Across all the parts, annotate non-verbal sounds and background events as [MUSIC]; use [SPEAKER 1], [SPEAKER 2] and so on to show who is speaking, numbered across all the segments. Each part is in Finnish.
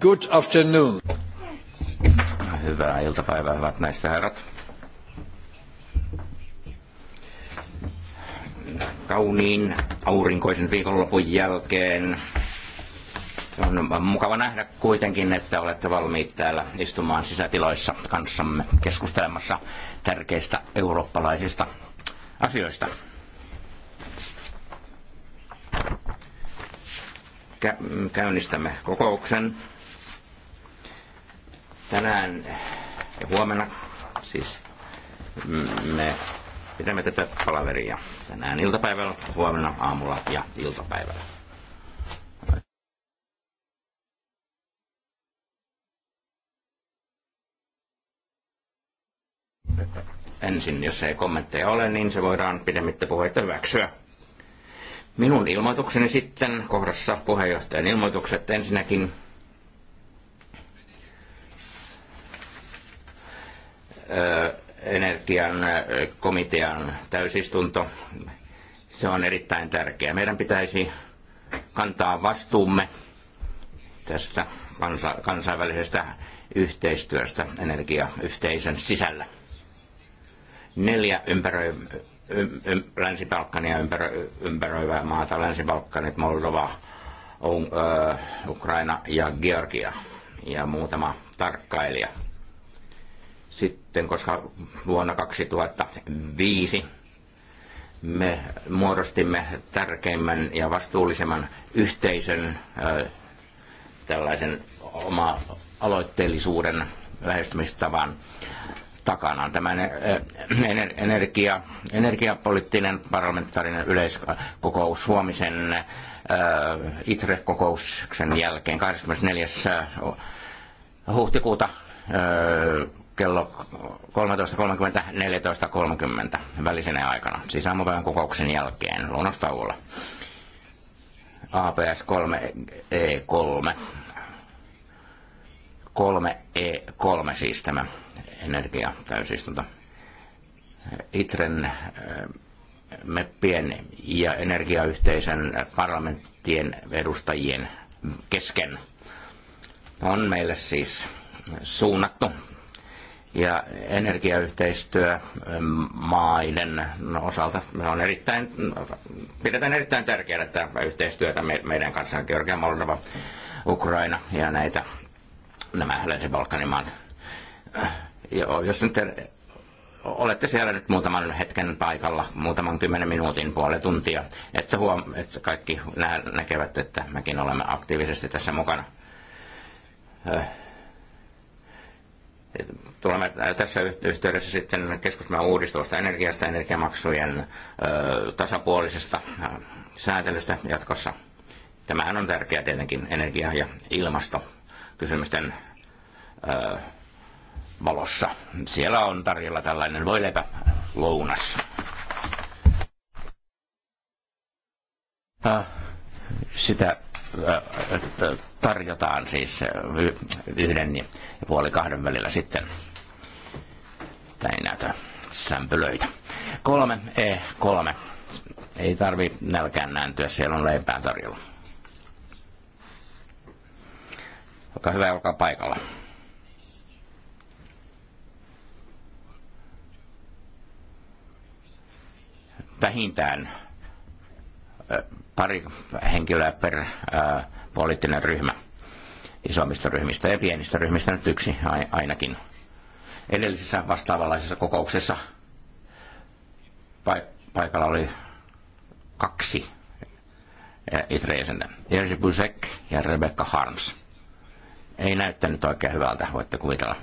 [SPEAKER 1] Good afternoon.
[SPEAKER 2] Hyvää iltapäivää, hyvät näistä herrat. Kauniin aurinkoisen viikonlopun jälkeen on mukava nähdä kuitenkin, että olette valmiit täällä istumaan sisätiloissa kanssamme keskustelemassa tärkeistä eurooppalaisista asioista. käynnistämme kokouksen tänään ja huomenna, siis me pidämme tätä palaveria tänään iltapäivällä, huomenna aamulla ja iltapäivällä. Ensin, jos ei kommentteja ole, niin se voidaan pidemmittä puheita hyväksyä. Minun ilmoitukseni sitten kohdassa puheenjohtajan ilmoitukset ensinnäkin energian komitean täysistunto. Se on erittäin tärkeää. Meidän pitäisi kantaa vastuumme tästä kansa- kansainvälisestä yhteistyöstä energiayhteisön sisällä. Neljä ympäröi, ym, ym, Länsi-Balkania ympärö, ympäröivää maata, Länsi-Balkanit, Moldova, Ukraina ja Georgia ja muutama tarkkailija – sitten, koska vuonna 2005 me muodostimme tärkeimmän ja vastuullisemman yhteisön tällaisen oma aloitteellisuuden lähestymistavan takana Tämä energia, energiapoliittinen parlamentaarinen yleiskokous Suomisen ITRE-kokouksen jälkeen 24. huhtikuuta kello 13.30-14.30 välisenä aikana, siis aamupäivän kokouksen jälkeen lounastauolla. APS 3E3. 3E3 e siis tämä energia täysistunto. Itren äh, meppien ja energiayhteisön parlamenttien edustajien kesken on meille siis suunnattu ja energiayhteistyö ähm, maiden osalta. Me on erittäin, pidetään erittäin tärkeänä tätä yhteistyötä meidän kanssa Georgia, Moldova, Ukraina ja näitä, nämä Länsi-Balkanin maat. Jos nyt olette siellä nyt muutaman hetken paikalla, muutaman kymmenen minuutin, puoli tuntia, että, huom- että kaikki nä- näkevät, että mekin olemme aktiivisesti tässä mukana. Äh, tulemme tässä yhteydessä sitten keskustelemaan uudistuvasta energiasta, energiamaksujen tasapuolisesta sääntelystä jatkossa. Tämähän on tärkeää tietenkin energia- ja ilmastokysymysten valossa. Siellä on tarjolla tällainen voileipä lounas. Äh, sitä tarjotaan siis yhden ja puoli kahden välillä sitten. Tai näitä sämpylöitä. Kolme, e, kolme. Ei tarvi nälkään nääntyä, siellä on leipää tarjolla. Olkaa hyvä, olkaa paikalla. Vähintään pari henkilöä per ää, poliittinen ryhmä isommista ryhmistä ja pienistä ryhmistä nyt yksi ainakin. Edellisessä vastaavanlaisessa kokouksessa paikalla oli kaksi Itreesentä. Jerzy Busek ja Rebecca Harms. Ei näyttänyt oikein hyvältä, voitte kuvitella.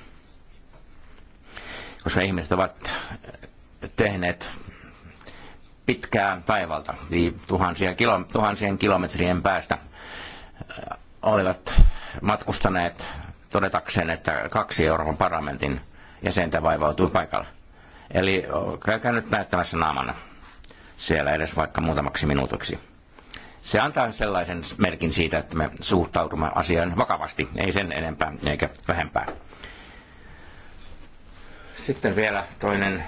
[SPEAKER 2] Koska ihmiset ovat tehneet pitkää taivalta, tuhansia kilo, tuhansien kilometrien päästä äh, olivat matkustaneet todetakseen, että kaksi Euroopan parlamentin jäsentä vaivautui paikalle. Eli käykää nyt näyttämässä naamana siellä edes vaikka muutamaksi minuutiksi. Se antaa sellaisen merkin siitä, että me suhtaudumme asiaan vakavasti, ei sen enempää eikä vähempää. Sitten vielä toinen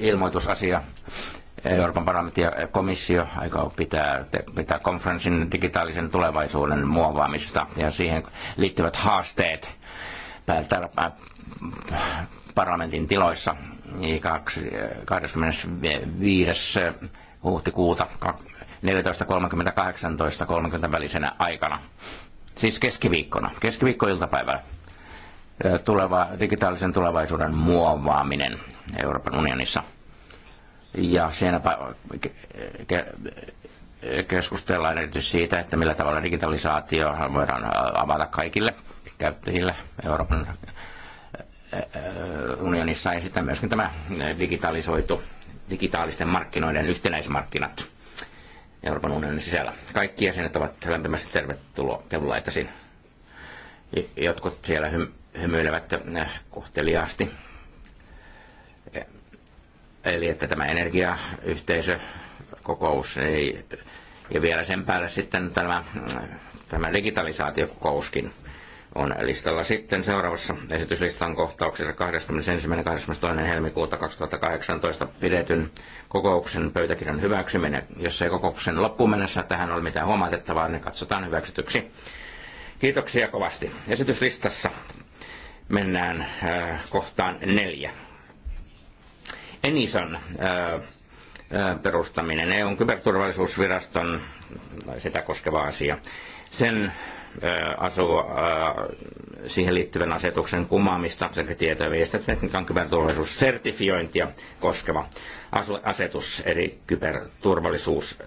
[SPEAKER 2] ilmoitusasia. Euroopan parlamentti ja komissio aikoo pitää, pitää konferenssin digitaalisen tulevaisuuden muovaamista ja siihen liittyvät haasteet päältä äh, parlamentin tiloissa 25. Äh, äh, huhtikuuta 14.30-18.30 välisenä aikana, siis keskiviikkona, keskiviikkoiltapäivällä tuleva, digitaalisen tulevaisuuden muovaaminen Euroopan unionissa. Ja siinä keskustellaan erityisesti siitä, että millä tavalla digitalisaatio voidaan avata kaikille käyttäjille Euroopan unionissa ja sitten myöskin tämä digitalisoitu, digitaalisten markkinoiden yhtenäismarkkinat Euroopan unionin sisällä. Kaikki jäsenet ovat lämpimästi tervetuloa, tervetuloa että jotkut siellä hym- hymyilevät äh, kohteliaasti. E, eli että tämä kokous ei, ja vielä sen päälle sitten tämä, tämä digitalisaatiokokouskin on listalla sitten seuraavassa esityslistan kohtauksessa 21.–22. helmikuuta 2018 pidetyn kokouksen pöytäkirjan hyväksyminen. Jos ei kokouksen loppuun mennessä tähän ole mitään huomautettavaa, niin katsotaan hyväksytyksi. Kiitoksia kovasti. Esityslistassa mennään äh, kohtaan neljä. Enison äh, äh, perustaminen, EUn kyberturvallisuusviraston sitä koskeva asia. Sen asuu siihen liittyvän asetuksen kumaamista sekä tieto- ja viestintätekniikan kyberturvallisuussertifiointia koskeva asetus eri kyberturvallisuus,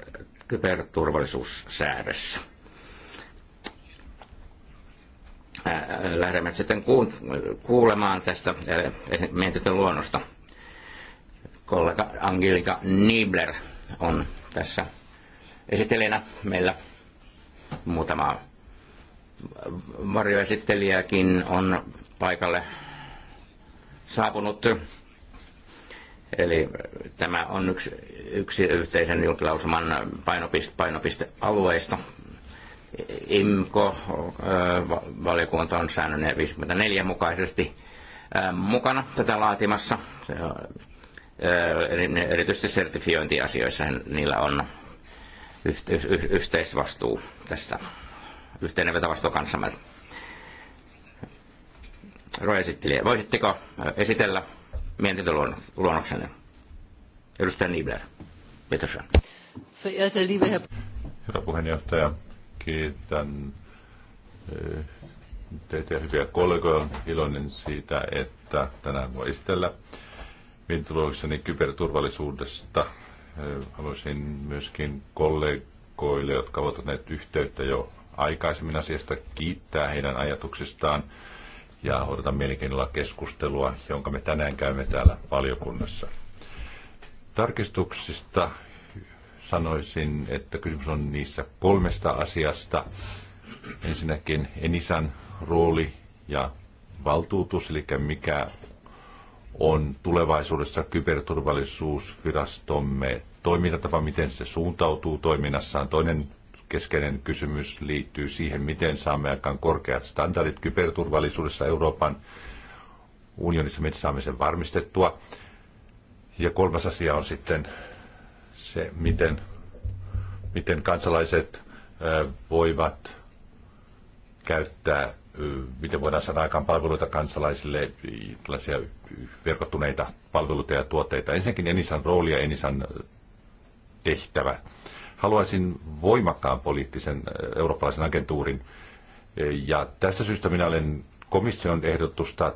[SPEAKER 2] kyberturvallisuussäädössä. lähdemme sitten kuulemaan tästä mietitön luonnosta. Kollega Angelika Niebler on tässä esittelijänä meillä muutama varjoesittelijäkin on paikalle saapunut. Eli tämä on yksi, yksi yhteisen julkilausuman painopiste, painopistealueista IMKO-valiokunta on säännön 54 mukaisesti mukana tätä laatimassa. Erityisesti sertifiointiasioissa niillä on yhteisvastuu tässä yhteinen vetovastuu kanssamme. Roja voisitteko esitellä mietintöluonnoksenne?
[SPEAKER 1] Edustaja Niebler, Peterson. Hyvä puheenjohtaja, kiitän eh, teitä hyviä kollegoja. Olen iloinen siitä, että tänään voi istellä mietintöluokseni kyberturvallisuudesta. Eh, haluaisin myöskin kollegoille, jotka ovat ottaneet yhteyttä jo aikaisemmin asiasta, kiittää heidän ajatuksistaan ja odotan mielenkiinnolla keskustelua, jonka me tänään käymme täällä valiokunnassa. Tarkistuksista, sanoisin, että kysymys on niissä kolmesta asiasta. Ensinnäkin Enisan rooli ja valtuutus, eli mikä on tulevaisuudessa kyberturvallisuusvirastomme toimintatapa, miten se suuntautuu toiminnassaan. Toinen keskeinen kysymys liittyy siihen, miten saamme aikaan korkeat standardit kyberturvallisuudessa Euroopan unionissa, miten saamme sen varmistettua. Ja kolmas asia on sitten se, miten, miten kansalaiset voivat käyttää, miten voidaan saada aikaan palveluita kansalaisille, tällaisia verkottuneita palveluita ja tuotteita. Ensinnäkin Enisan rooli ja Enisan tehtävä. Haluaisin voimakkaan poliittisen eurooppalaisen agentuurin, ja tässä syystä minä olen komission ehdotusta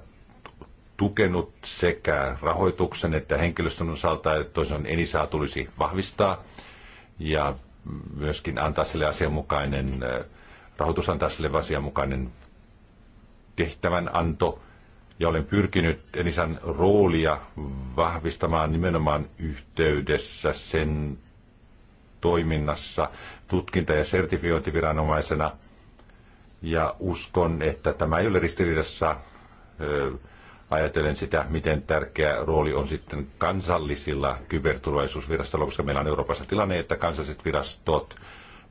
[SPEAKER 1] tukenut sekä rahoituksen että henkilöstön osalta, että toisaalta Enisaa tulisi vahvistaa ja myöskin antaa sille asianmukainen, rahoitus antaa sille asianmukainen tehtävän anto. Ja olen pyrkinyt Enisan roolia vahvistamaan nimenomaan yhteydessä sen toiminnassa tutkinta- ja sertifiointiviranomaisena. Ja uskon, että tämä ei ole ristiriidassa ajatellen sitä, miten tärkeä rooli on sitten kansallisilla kyberturvallisuusvirastolla, koska meillä on Euroopassa tilanne, että kansalliset virastot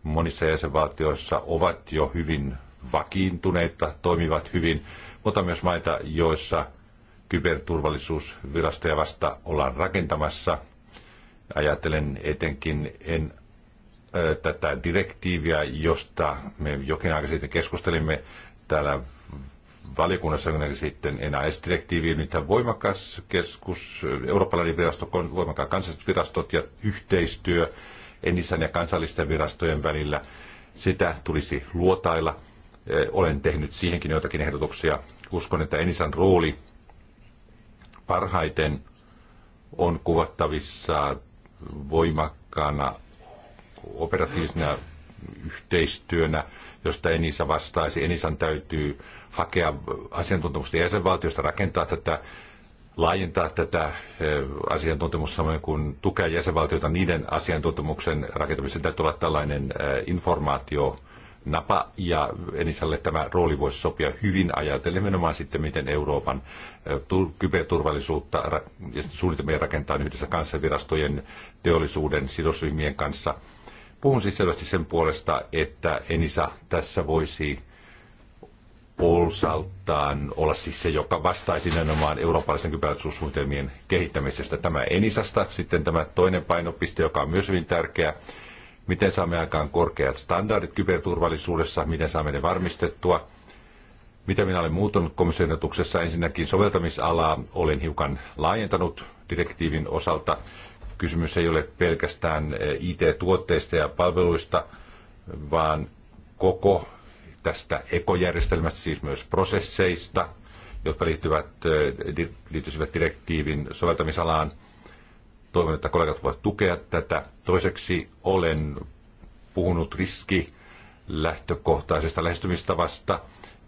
[SPEAKER 1] monissa jäsenvaltioissa ovat jo hyvin vakiintuneita, toimivat hyvin, mutta myös maita, joissa kyberturvallisuusvirastoja vasta ollaan rakentamassa. Ajattelen etenkin en, tätä direktiiviä, josta me jokin aika sitten keskustelimme täällä valiokunnassa sitten enää direktiiviin, niin tämä voimakas keskus, eurooppalainen virasto, voimakkaat kansalliset virastot ja yhteistyö Enisan ja kansallisten virastojen välillä, sitä tulisi luotailla. Eh, olen tehnyt siihenkin joitakin ehdotuksia. Uskon, että Enisan rooli parhaiten on kuvattavissa voimakkaana operatiivisena yhteistyönä josta Enisa vastaisi. Enisan täytyy hakea asiantuntemusta jäsenvaltiosta, rakentaa tätä laajentaa tätä eh, asiantuntemusta samoin kuin tukea jäsenvaltioita niiden asiantuntemuksen rakentamisen. Täytyy olla tällainen eh, informaatio napa ja Enisalle tämä rooli voisi sopia hyvin ajatellen nimenomaan sitten, miten Euroopan eh, kyberturvallisuutta ja suunnitelmia rakentaa yhdessä kansanvirastojen, teollisuuden, sidosryhmien kanssa – Puhun siis selvästi sen puolesta, että Enisa tässä voisi osaltaan olla siis se, joka vastaisi nimenomaan eurooppalaisen kybersuussuunnitelmien kehittämisestä. Tämä Enisasta, sitten tämä toinen painopiste, joka on myös hyvin tärkeä, miten saamme aikaan korkeat standardit kyberturvallisuudessa, miten saamme ne varmistettua. Mitä minä olen muuttanut komission ensinnäkin soveltamisalaa olen hiukan laajentanut direktiivin osalta Kysymys ei ole pelkästään eh, IT-tuotteista ja palveluista, vaan koko tästä ekojärjestelmästä, siis myös prosesseista, jotka liittyvät, eh, liittyisivät direktiivin soveltamisalaan. Toivon, että kollegat voivat tukea tätä. Toiseksi olen puhunut riski lähtökohtaisesta lähestymistavasta,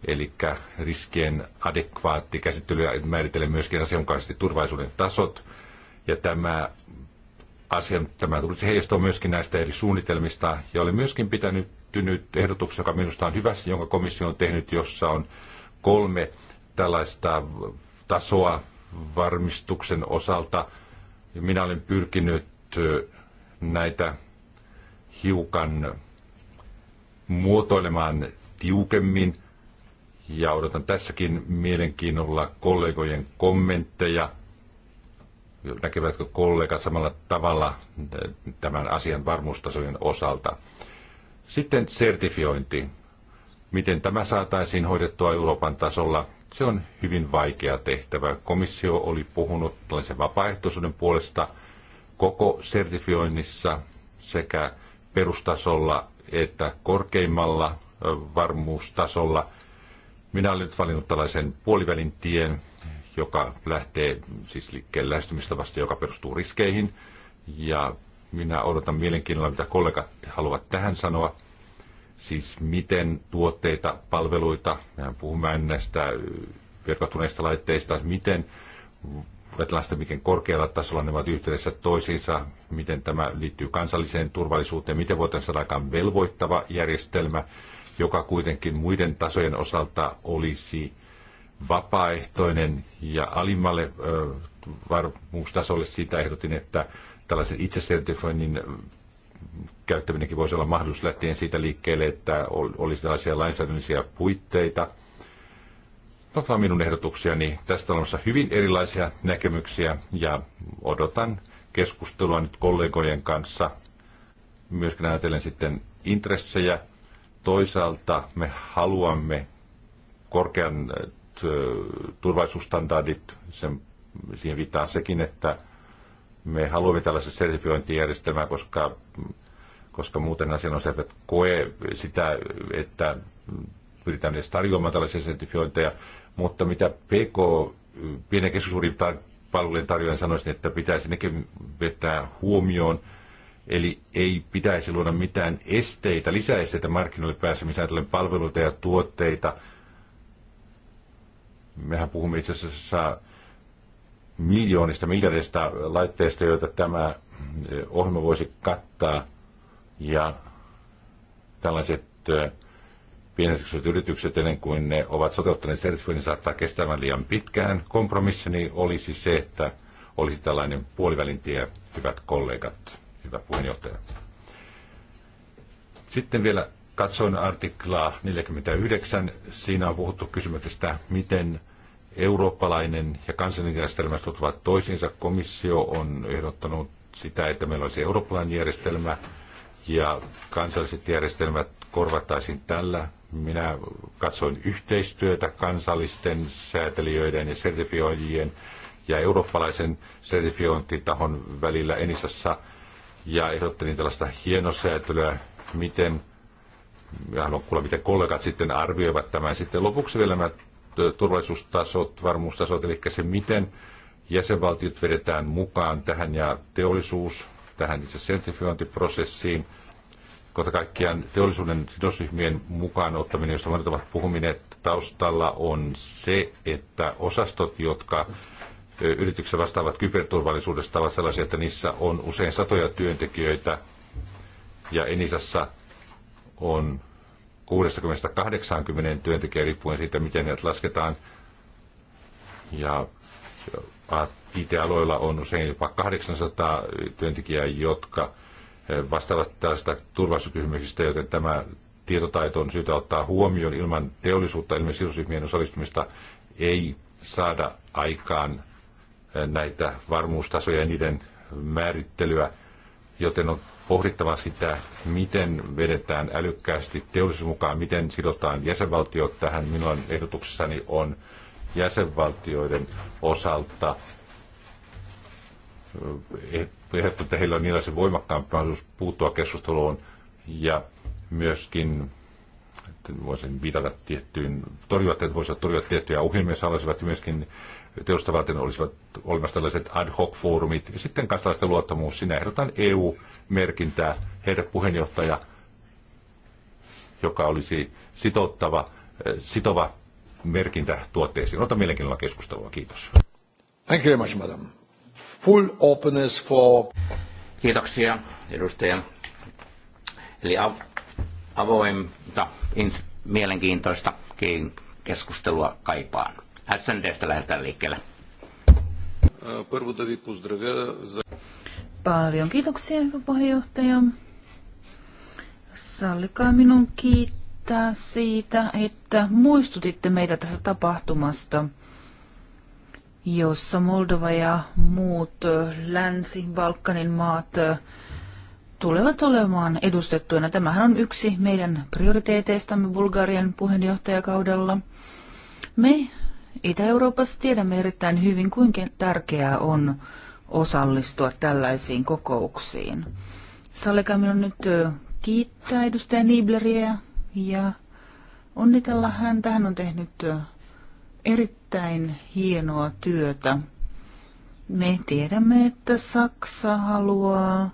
[SPEAKER 1] eli riskien adekvaatti käsittely ja määrittelee myöskin asianmukaisesti turvallisuuden tasot. Ja tämä asian. Tämä tulisi heijastua myöskin näistä eri suunnitelmista, ja olen myöskin pitänyt ehdotuksen, joka minusta on hyvässä, jonka komissio on tehnyt, jossa on kolme tällaista tasoa varmistuksen osalta. Minä olen pyrkinyt näitä hiukan muotoilemaan tiukemmin ja odotan tässäkin mielenkiinnolla kollegojen kommentteja näkevätkö kollegat samalla tavalla tämän asian varmuustasojen osalta. Sitten sertifiointi. Miten tämä saataisiin hoidettua Euroopan tasolla? Se on hyvin vaikea tehtävä. Komissio oli puhunut tällaisen vapaaehtoisuuden puolesta koko sertifioinnissa sekä perustasolla että korkeimmalla varmuustasolla. Minä olen nyt valinnut tällaisen puolivälin tien, joka lähtee siis liikkeen lähestymistavasta, joka perustuu riskeihin. Ja minä odotan mielenkiinnolla, mitä kollegat haluavat tähän sanoa. Siis miten tuotteita, palveluita, mehän puhumme näistä verkottuneista laitteista, miten sitä, miten korkealla tasolla ne ovat yhteydessä toisiinsa, miten tämä liittyy kansalliseen turvallisuuteen, miten voitaisiin saada aikaan velvoittava järjestelmä, joka kuitenkin muiden tasojen osalta olisi vapaaehtoinen ja alimmalle varmuustasolle siitä ehdotin, että tällaisen itsesertifioinnin käyttäminenkin voisi olla mahdollisuus lähtien siitä liikkeelle, että olisi tällaisia lainsäädännöllisiä puitteita. No, tämä on minun ehdotuksiani. Tästä on olemassa hyvin erilaisia näkemyksiä ja odotan keskustelua nyt kollegojen kanssa. Myöskin ajatellen sitten intressejä. Toisaalta me haluamme korkean Äh, turvallisuusstandardit, sen, siihen viittaa sekin, että me haluamme tällaisen sertifiointijärjestelmää, koska, koska muuten se, että koe sitä, että pyritään edes tarjoamaan tällaisia sertifiointeja, mutta mitä PK, pienen keskisuurin palvelujen tarjoajan sanoisin, niin että pitäisi nekin vetää huomioon, Eli ei pitäisi luoda mitään esteitä, lisäesteitä markkinoille pääsemiseen ajatellen palveluita ja tuotteita, mehän puhumme itse asiassa miljoonista, miljardista laitteista, joita tämä eh, ohjelma voisi kattaa. Ja tällaiset eh, pienet yritykset, ennen kuin ne ovat soteuttaneet sertifioinnin, saattaa kestävän liian pitkään. Kompromissini olisi se, että olisi tällainen puolivälintie, hyvät kollegat, hyvä puheenjohtaja. Sitten vielä katsoin artiklaa 49. Siinä on puhuttu kysymyksestä, miten eurooppalainen ja kansallinen järjestelmä sotuvat toisiinsa. Komissio on ehdottanut sitä, että meillä olisi eurooppalainen järjestelmä ja kansalliset järjestelmät korvattaisiin tällä. Minä katsoin yhteistyötä kansallisten säätelijöiden ja sertifioijien ja eurooppalaisen sertifiointitahon välillä Enisassa ja ehdottelin tällaista hienosäätelyä, miten ja haluan kuulla, miten kollegat sitten arvioivat tämän. Sitten lopuksi vielä mä turvallisuustasot, varmuustasot, eli se miten jäsenvaltiot vedetään mukaan tähän ja teollisuus, tähän itse sertifiointiprosessiin, Kota kaikkiaan teollisuuden sidosryhmien mukaan ottaminen, josta monet ovat puhuneet taustalla, on se, että osastot, jotka yrityksessä vastaavat kyberturvallisuudesta, ovat sellaisia, että niissä on usein satoja työntekijöitä ja Enisassa on 60-80 työntekijä riippuen siitä, miten ne lasketaan. Ja IT-aloilla on usein jopa 800 työntekijää, jotka vastaavat tästä turvallisuuskysymyksistä, joten tämä tietotaito on syytä ottaa huomioon. Ilman teollisuutta, ilman sidosryhmien osallistumista ei saada aikaan näitä varmuustasoja ja niiden määrittelyä, joten on pohdittava sitä, miten vedetään älykkäästi teollisuus mukaan, miten sidotaan jäsenvaltiot tähän. Minun ehdotuksessani on jäsenvaltioiden osalta eh, ehdottu, että heillä on niillä se voimakkaampi mahdollisuus puuttua keskusteluun ja myöskin voisin viitata tiettyyn, torjua, voisivat torjua tiettyjä ohjelmia, olisivat myöskin teosta varten olisivat olemassa tällaiset ad hoc foorumit. Ja sitten kansalaisten luottamus, sinä ehdotan EU-merkintää, herra puheenjohtaja, joka olisi sitouttava, sitova merkintä tuotteisiin. Ota mielenkiinnolla keskustelua. Kiitos. Thank you very much, madam. Full openness for...
[SPEAKER 2] Kiitoksia, edustaja. Eli avointa, mielenkiintoista keskustelua kaipaan. SNDstä lähdetään liikkeelle.
[SPEAKER 3] Paljon kiitoksia, hyvä puheenjohtaja. Sallikaa minun kiittää siitä, että muistutitte meitä tässä tapahtumasta, jossa Moldova ja muut Länsi-Balkanin maat tulevat olemaan edustettuina. Tämähän on yksi meidän prioriteeteistamme Bulgarian puheenjohtajakaudella. Me Itä-Euroopassa tiedämme erittäin hyvin, kuinka tärkeää on osallistua tällaisiin kokouksiin. Sallikaa minun nyt kiittää edustaja Nibleriä ja onnitella häntä. Hän on tehnyt erittäin hienoa työtä. Me tiedämme, että Saksa haluaa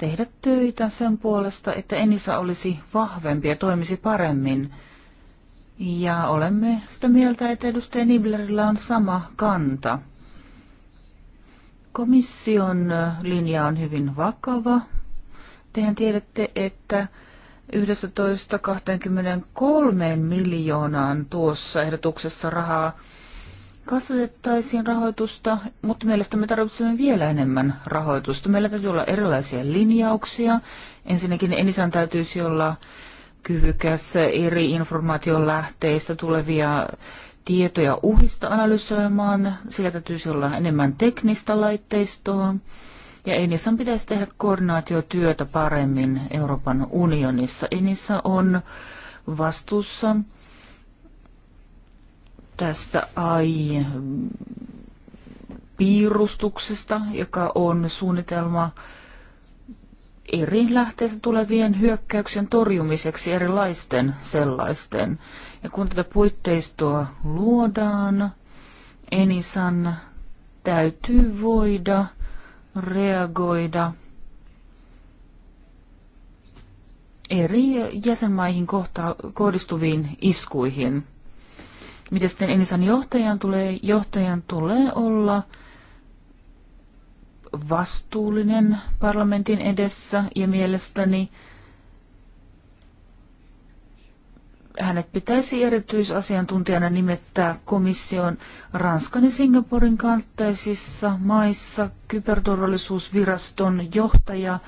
[SPEAKER 3] tehdä töitä sen puolesta, että Enisa olisi vahvempi ja toimisi paremmin. Ja olemme sitä mieltä, että edustaja Niblerillä on sama kanta. Komission linja on hyvin vakava. Tehän tiedätte, että 11.23 miljoonaan tuossa ehdotuksessa rahaa kasvatettaisiin rahoitusta, mutta mielestäni me tarvitsemme vielä enemmän rahoitusta. Meillä täytyy olla erilaisia linjauksia. Ensinnäkin Enisan täytyisi olla kyvykäs eri informaation lähteistä tulevia tietoja uhista analysoimaan. Sillä täytyisi olla enemmän teknistä laitteistoa. Ja Enisan pitäisi tehdä koordinaatiotyötä paremmin Euroopan unionissa. Enissa on vastuussa tästä AI piirustuksesta, joka on suunnitelma eri lähteistä tulevien hyökkäyksen torjumiseksi erilaisten sellaisten. Ja kun tätä puitteistoa luodaan, Enisan täytyy voida reagoida eri jäsenmaihin kohta, kohdistuviin iskuihin – mitä sitten Enisan johtajan tulee? Johtajan tulee olla vastuullinen parlamentin edessä ja mielestäni hänet pitäisi erityisasiantuntijana nimettää komission Ranskan ja Singaporen kanttaisissa maissa kyberturvallisuusviraston johtaja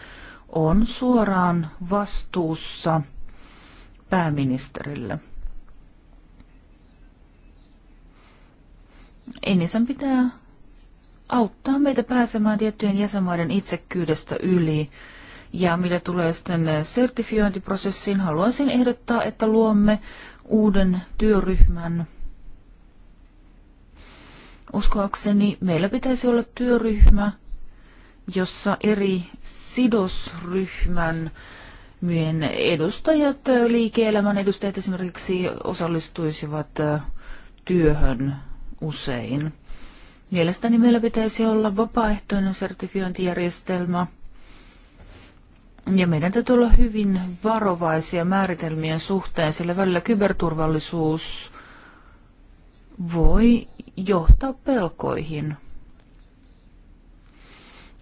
[SPEAKER 3] on suoraan vastuussa pääministerille. Enisan pitää auttaa meitä pääsemään tiettyjen jäsenmaiden itsekkyydestä yli. Ja mitä tulee sitten sertifiointiprosessiin, haluaisin ehdottaa, että luomme uuden työryhmän. Uskoakseni meillä pitäisi olla työryhmä, jossa eri sidosryhmän myön edustajat, liike-elämän edustajat esimerkiksi osallistuisivat työhön usein. Mielestäni meillä pitäisi olla vapaaehtoinen sertifiointijärjestelmä. Ja meidän täytyy olla hyvin varovaisia määritelmien suhteen, sillä välillä kyberturvallisuus voi johtaa pelkoihin.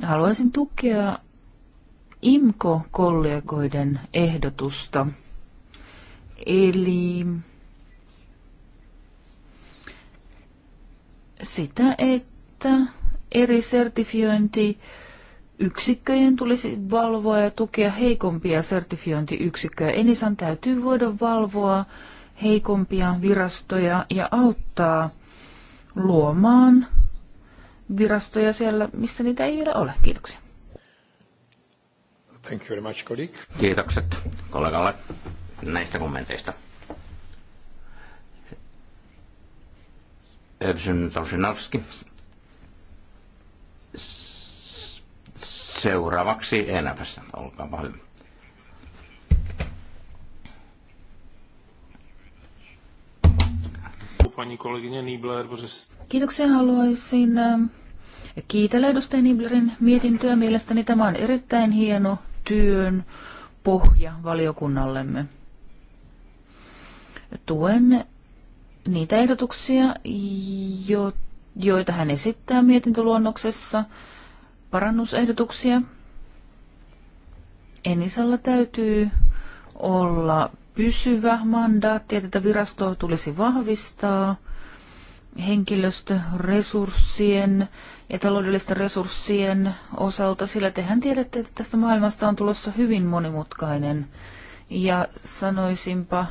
[SPEAKER 3] Haluaisin tukea IMKO-kollegoiden ehdotusta. Eli sitä, että eri sertifiointi Yksikköjen tulisi valvoa ja tukea heikompia sertifiointiyksikköjä. Enisan täytyy voida valvoa heikompia virastoja ja auttaa luomaan virastoja siellä, missä niitä ei vielä ole. Kiitoksia.
[SPEAKER 1] Thank you very much, colleague.
[SPEAKER 2] Kiitokset kollegalle näistä kommenteista. Brzynowski. Seuraavaksi Enäpästä, olkaapa hyvä.
[SPEAKER 3] Kiitoksia haluaisin äh, kiitellä edustaja Niblerin mietintöä. Mielestäni tämä on erittäin hieno työn pohja valiokunnallemme. Tuen niitä ehdotuksia, jo, joita hän esittää mietintöluonnoksessa, parannusehdotuksia. Enisalla täytyy olla pysyvä mandaatti, että tätä virastoa tulisi vahvistaa henkilöstöresurssien ja taloudellisten resurssien osalta, sillä tehän tiedätte, että tästä maailmasta on tulossa hyvin monimutkainen. Ja sanoisinpa,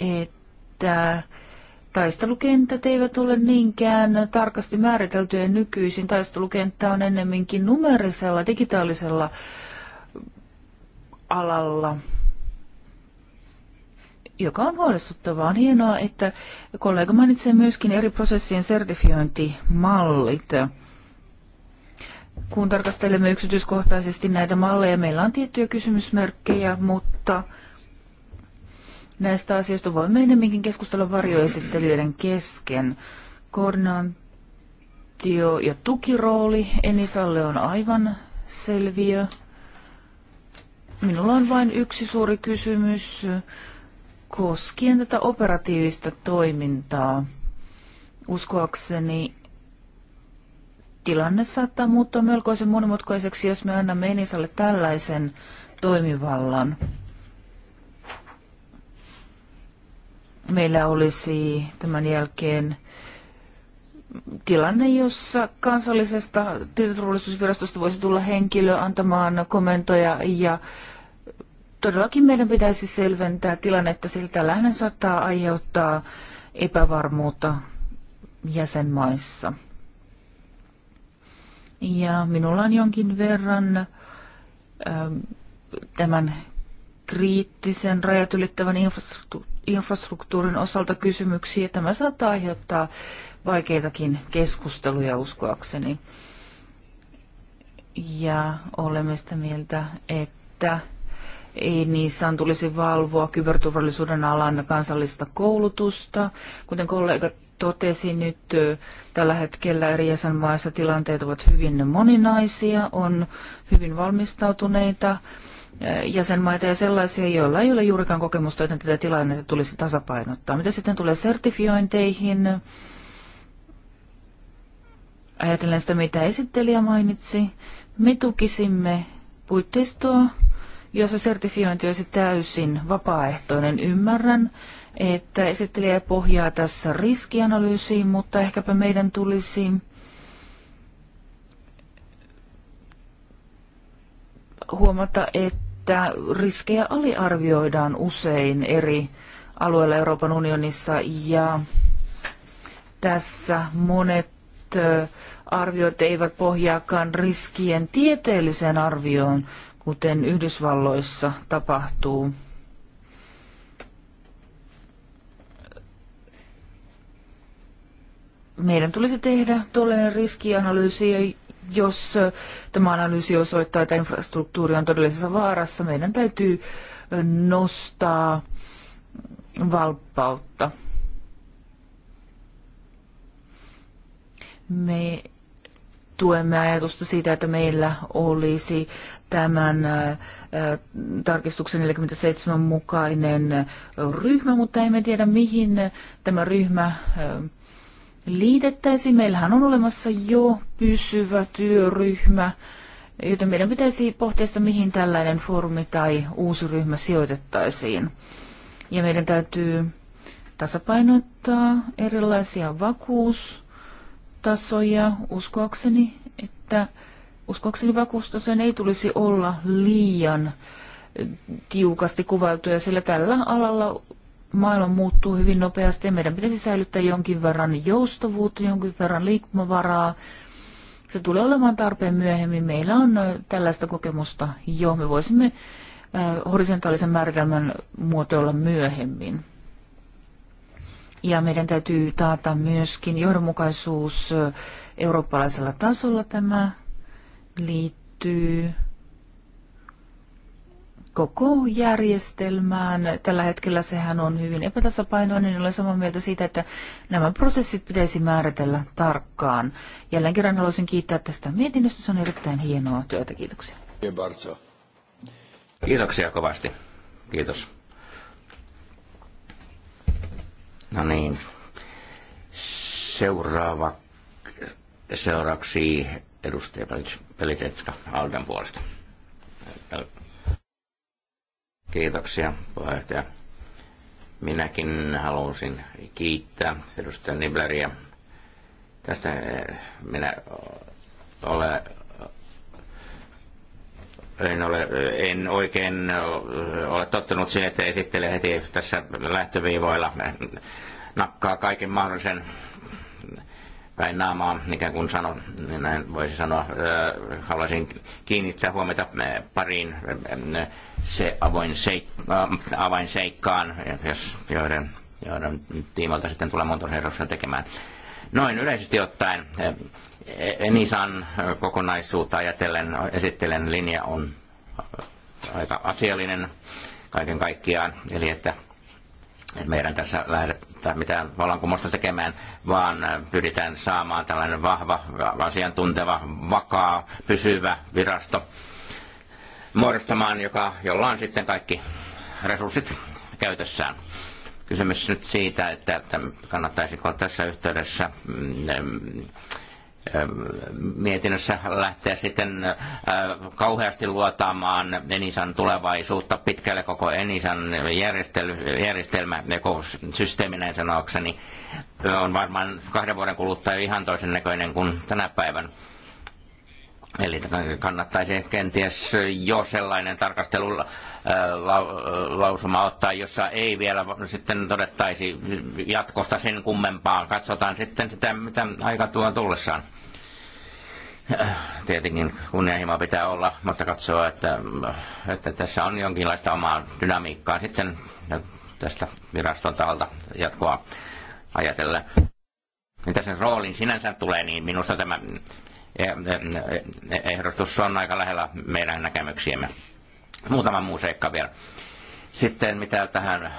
[SPEAKER 3] että taistelukentät eivät ole niinkään tarkasti määriteltyjä nykyisin. Taistelukenttä on ennemminkin numerisella, digitaalisella alalla, joka on huolestuttavaa. On hienoa, että kollega mainitsee myöskin eri prosessien sertifiointimallit. Kun tarkastelemme yksityiskohtaisesti näitä malleja, meillä on tiettyjä kysymysmerkkejä, mutta – näistä asioista voimme enemminkin keskustella varjoesittelijöiden kesken. Koordinaatio ja tukirooli Enisalle on aivan selviö. Minulla on vain yksi suuri kysymys koskien tätä operatiivista toimintaa. Uskoakseni tilanne saattaa muuttua melkoisen monimutkaiseksi, jos me annamme Enisalle tällaisen toimivallan. meillä olisi tämän jälkeen tilanne, jossa kansallisesta tietoturvallisuusvirastosta voisi tulla henkilö antamaan komentoja ja todellakin meidän pitäisi selventää että sillä tällähän saattaa aiheuttaa epävarmuutta jäsenmaissa. Ja minulla on jonkin verran ähm, tämän kriittisen rajat ylittävän infrastruktuurin infrastruktuurin osalta kysymyksiä. Tämä saattaa aiheuttaa vaikeitakin keskusteluja uskoakseni. Ja olemme sitä mieltä, että ei niissä on tulisi valvoa kyberturvallisuuden alan kansallista koulutusta. Kuten kollega totesi nyt, tällä hetkellä eri jäsenmaissa tilanteet ovat hyvin moninaisia, on hyvin valmistautuneita jäsenmaita ja sellaisia, joilla ei ole juurikaan kokemusta, joten tätä tilannetta tulisi tasapainottaa. Mitä sitten tulee sertifiointeihin? Ajatellen sitä, mitä esittelijä mainitsi, me tukisimme puitteistoa, jossa sertifiointi olisi täysin vapaaehtoinen. Ymmärrän, että esittelijä pohjaa tässä riskianalyysiin, mutta ehkäpä meidän tulisi huomata, että että riskejä aliarvioidaan usein eri alueilla Euroopan unionissa ja tässä monet arviot eivät pohjaakaan riskien tieteelliseen arvioon, kuten Yhdysvalloissa tapahtuu. Meidän tulisi tehdä tuollainen riskianalyysi, jos tämä analyysi osoittaa, että infrastruktuuri on todellisessa vaarassa, meidän täytyy nostaa valppautta. Me tuemme ajatusta siitä, että meillä olisi tämän tarkistuksen 47 mukainen ryhmä, mutta emme tiedä mihin tämä ryhmä liitettäisiin. Meillähän on olemassa jo pysyvä työryhmä, joten meidän pitäisi pohtia sitä, mihin tällainen foorumi tai uusi ryhmä sijoitettaisiin. Ja meidän täytyy tasapainottaa erilaisia vakuustasoja. Uskoakseni, että uskoakseni vakuustasojen ei tulisi olla liian tiukasti kuvailtuja, sillä tällä alalla maailma muuttuu hyvin nopeasti ja meidän pitäisi säilyttää jonkin verran joustavuutta, jonkin verran liikkumavaraa. Se tulee olemaan tarpeen myöhemmin. Meillä on tällaista kokemusta jo. Me voisimme horisontaalisen määritelmän muotoilla myöhemmin. Ja meidän täytyy taata myöskin johdonmukaisuus eurooppalaisella tasolla tämä liittyy koko järjestelmään. Tällä hetkellä sehän on hyvin epätasapainoinen, niin olen samaa mieltä siitä, että nämä prosessit pitäisi määritellä tarkkaan. Jälleen kerran haluaisin kiittää tästä mietinnöstä, se on erittäin hienoa työtä, kiitoksia.
[SPEAKER 2] Kiitoksia kovasti, kiitos. No niin, seuraava, seuraavaksi edustaja Pelitetska Aldan puolesta. Kiitoksia puheenjohtaja. Minäkin halusin kiittää edustaja Nibleriä. Tästä eh, minä ole, en, ole, en oikein ole tottunut siihen, että esittelee heti tässä lähtöviivoilla nakkaa kaiken mahdollisen päin naamaa, ikään kuin sanon, näin voisi sanoa, haluaisin kiinnittää huomiota pariin se avoin seik, avainseikkaan, jos joiden, joiden tiimalta sitten tulee muutosehdotuksia tekemään. Noin yleisesti ottaen Enisan kokonaisuutta ajatellen esittelen linja on aika asiallinen kaiken kaikkiaan, eli että meidän tässä lähdetään mitään vallankumousta tekemään, vaan äh, pyritään saamaan tällainen vahva, asiantunteva, vakaa, pysyvä virasto muodostamaan, joka, jolla on sitten kaikki resurssit käytössään. Kysymys nyt siitä, että kannattaisiko tässä yhteydessä mm, Ähm, mietinnössä lähteä sitten äh, kauheasti luotaamaan Enisan tulevaisuutta pitkälle koko Enisan järjestel, järjestelmä, systeemi näin sanokseni, on varmaan kahden vuoden kuluttua ihan toisen näköinen kuin tänä päivänä. Eli kannattaisi kenties jo sellainen tarkastelun äh, lausuma ottaa, jossa ei vielä sitten todettaisi jatkosta sen kummempaa. Katsotaan sitten sitä, mitä aika tuo tullessaan. Tietenkin kunnianhimo pitää olla, mutta katsoa, että, että tässä on jonkinlaista omaa dynamiikkaa sitten tästä viraston taholta jatkoa ajatellen. Mitä sen roolin sinänsä tulee, niin minusta tämä ehdotus on aika lähellä meidän näkemyksiämme. Muutama muu seikka vielä. Sitten mitä tähän äh,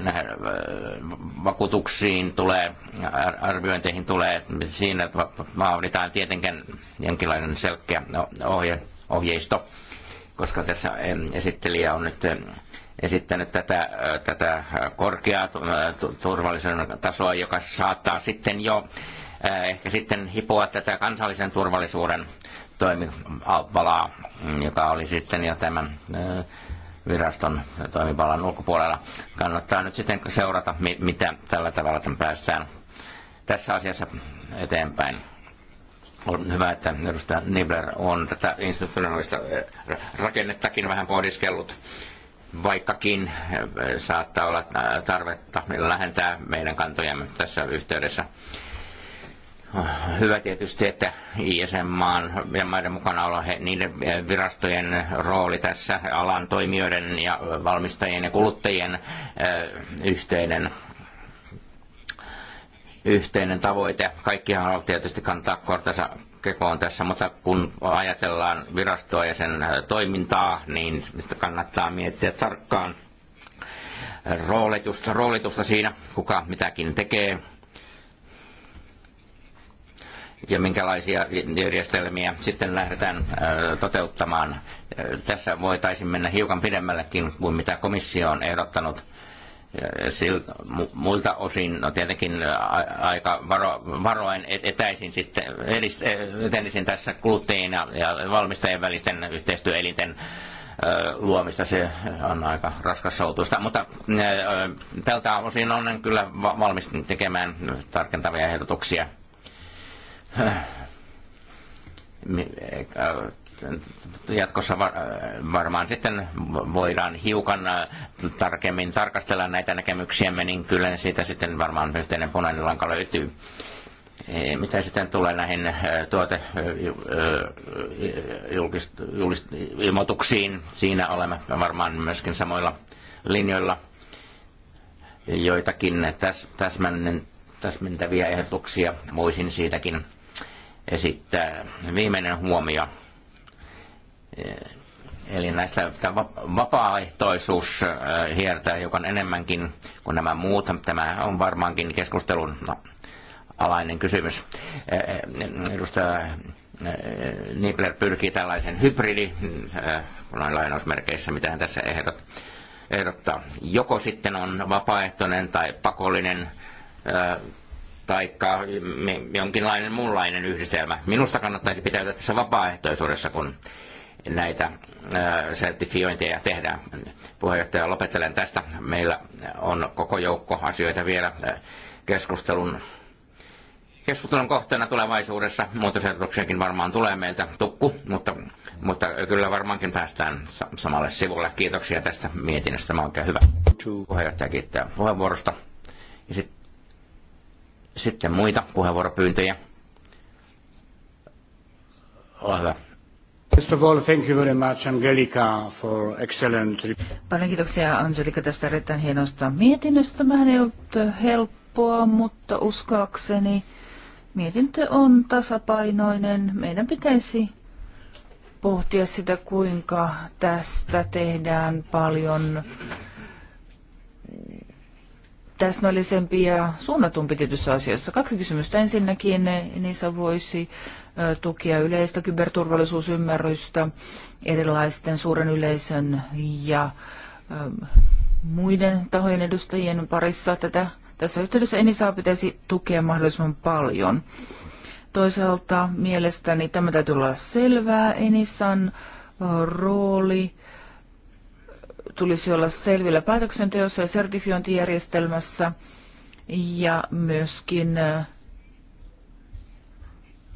[SPEAKER 2] näihin äh, vakuutuksiin tulee, arviointeihin tulee, siinä vaaditaan tietenkin jonkinlainen selkeä ohje, ohjeisto, koska tässä esittelijä on nyt esittänyt tätä, äh, tätä korkeaa turvallisuuden tasoa, joka saattaa sitten jo ehkä sitten hipoa tätä kansallisen turvallisuuden toimivalaa, joka oli sitten jo tämän viraston toimivallan ulkopuolella. Kannattaa nyt sitten seurata, mitä tällä tavalla päästään tässä asiassa eteenpäin. On hyvä, että edustaja Nibler on tätä institutionaalista rakennettakin vähän pohdiskellut, vaikkakin saattaa olla tarvetta lähentää meidän kantojamme tässä yhteydessä hyvä tietysti, että ISM-maan ja maiden mukana olla he, niiden eh, virastojen rooli tässä, alan toimijoiden ja eh, valmistajien ja kuluttajien eh, yhteinen yhteinen tavoite. Kaikkihan haluavat tietysti kantaa kortensa kekoon tässä, mutta kun ajatellaan virastoa ja sen toimintaa, niin kannattaa miettiä tarkkaan roolitusta, roolitusta siinä, kuka mitäkin tekee, ja minkälaisia järjestelmiä sitten lähdetään toteuttamaan. Tässä voitaisiin mennä hiukan pidemmällekin kuin mitä komissio on ehdottanut. Siltä, muilta osin no tietenkin aika varo, varoen etäisin sitten e-, etenisin tässä kuluttajien ja valmistajien välisten yhteistyöelinten luomista. Se on aika raskas soutusta, mutta tältä osin on kyllä valmis tekemään tarkentavia ehdotuksia Äh, äh, jatkossa äh, varmaan sitten voidaan hiukan tarkemmin tarkastella näitä näkemyksiämme, niin kyllä siitä sitten varmaan yhteinen punainen lanka löytyy. Mitä sitten tulee näihin tuote ilmoituksiin, siinä olemme varmaan myöskin samoilla linjoilla joitakin täs, täsmäntäviä ehdotuksia voisin siitäkin esittää viimeinen huomio. Eli näistä vapaaehtoisuus joka äh, on enemmänkin kuin nämä muut. Tämä on varmaankin keskustelun no, alainen kysymys. Äh, edustaja äh, Nibler pyrkii tällaisen hybridi, noin lainausmerkeissä, mitä hän tässä ehdot, ehdottaa. Joko sitten on vapaaehtoinen tai pakollinen tai jonkinlainen muunlainen yhdistelmä. Minusta kannattaisi pitää tässä vapaaehtoisuudessa, kun näitä sertifiointeja tehdään. Puheenjohtaja, lopettelen tästä. Meillä on koko joukko asioita vielä keskustelun keskustelun kohteena tulevaisuudessa. Muutosehdotuksiakin varmaan tulee meiltä tukku, mutta, mutta kyllä varmaankin päästään samalle sivulle. Kiitoksia tästä mietinnöstä. Tämä on oikein hyvä. Puheenjohtaja kiittää puheenvuorosta. Ja sitten sitten muita puheenvuoropyyntöjä.
[SPEAKER 3] Ole hyvä. First of all, thank you very much Angelica for excellent... Paljon kiitoksia Angelika tästä erittäin hienosta mietinnöstä. Tämähän ei ollut helppoa, mutta uskoakseni mietintö on tasapainoinen. Meidän pitäisi pohtia sitä, kuinka tästä tehdään paljon täsmällisempi ja suunnatumpi tietyissä asioissa. Kaksi kysymystä. Ensinnäkin niissä voisi tukea yleistä kyberturvallisuusymmärrystä erilaisten suuren yleisön ja muiden tahojen edustajien parissa. Tätä, tässä yhteydessä Enisaa pitäisi tukea mahdollisimman paljon. Toisaalta mielestäni tämä täytyy olla selvää. Enisan rooli tulisi olla selvillä päätöksenteossa ja sertifiointijärjestelmässä ja myöskin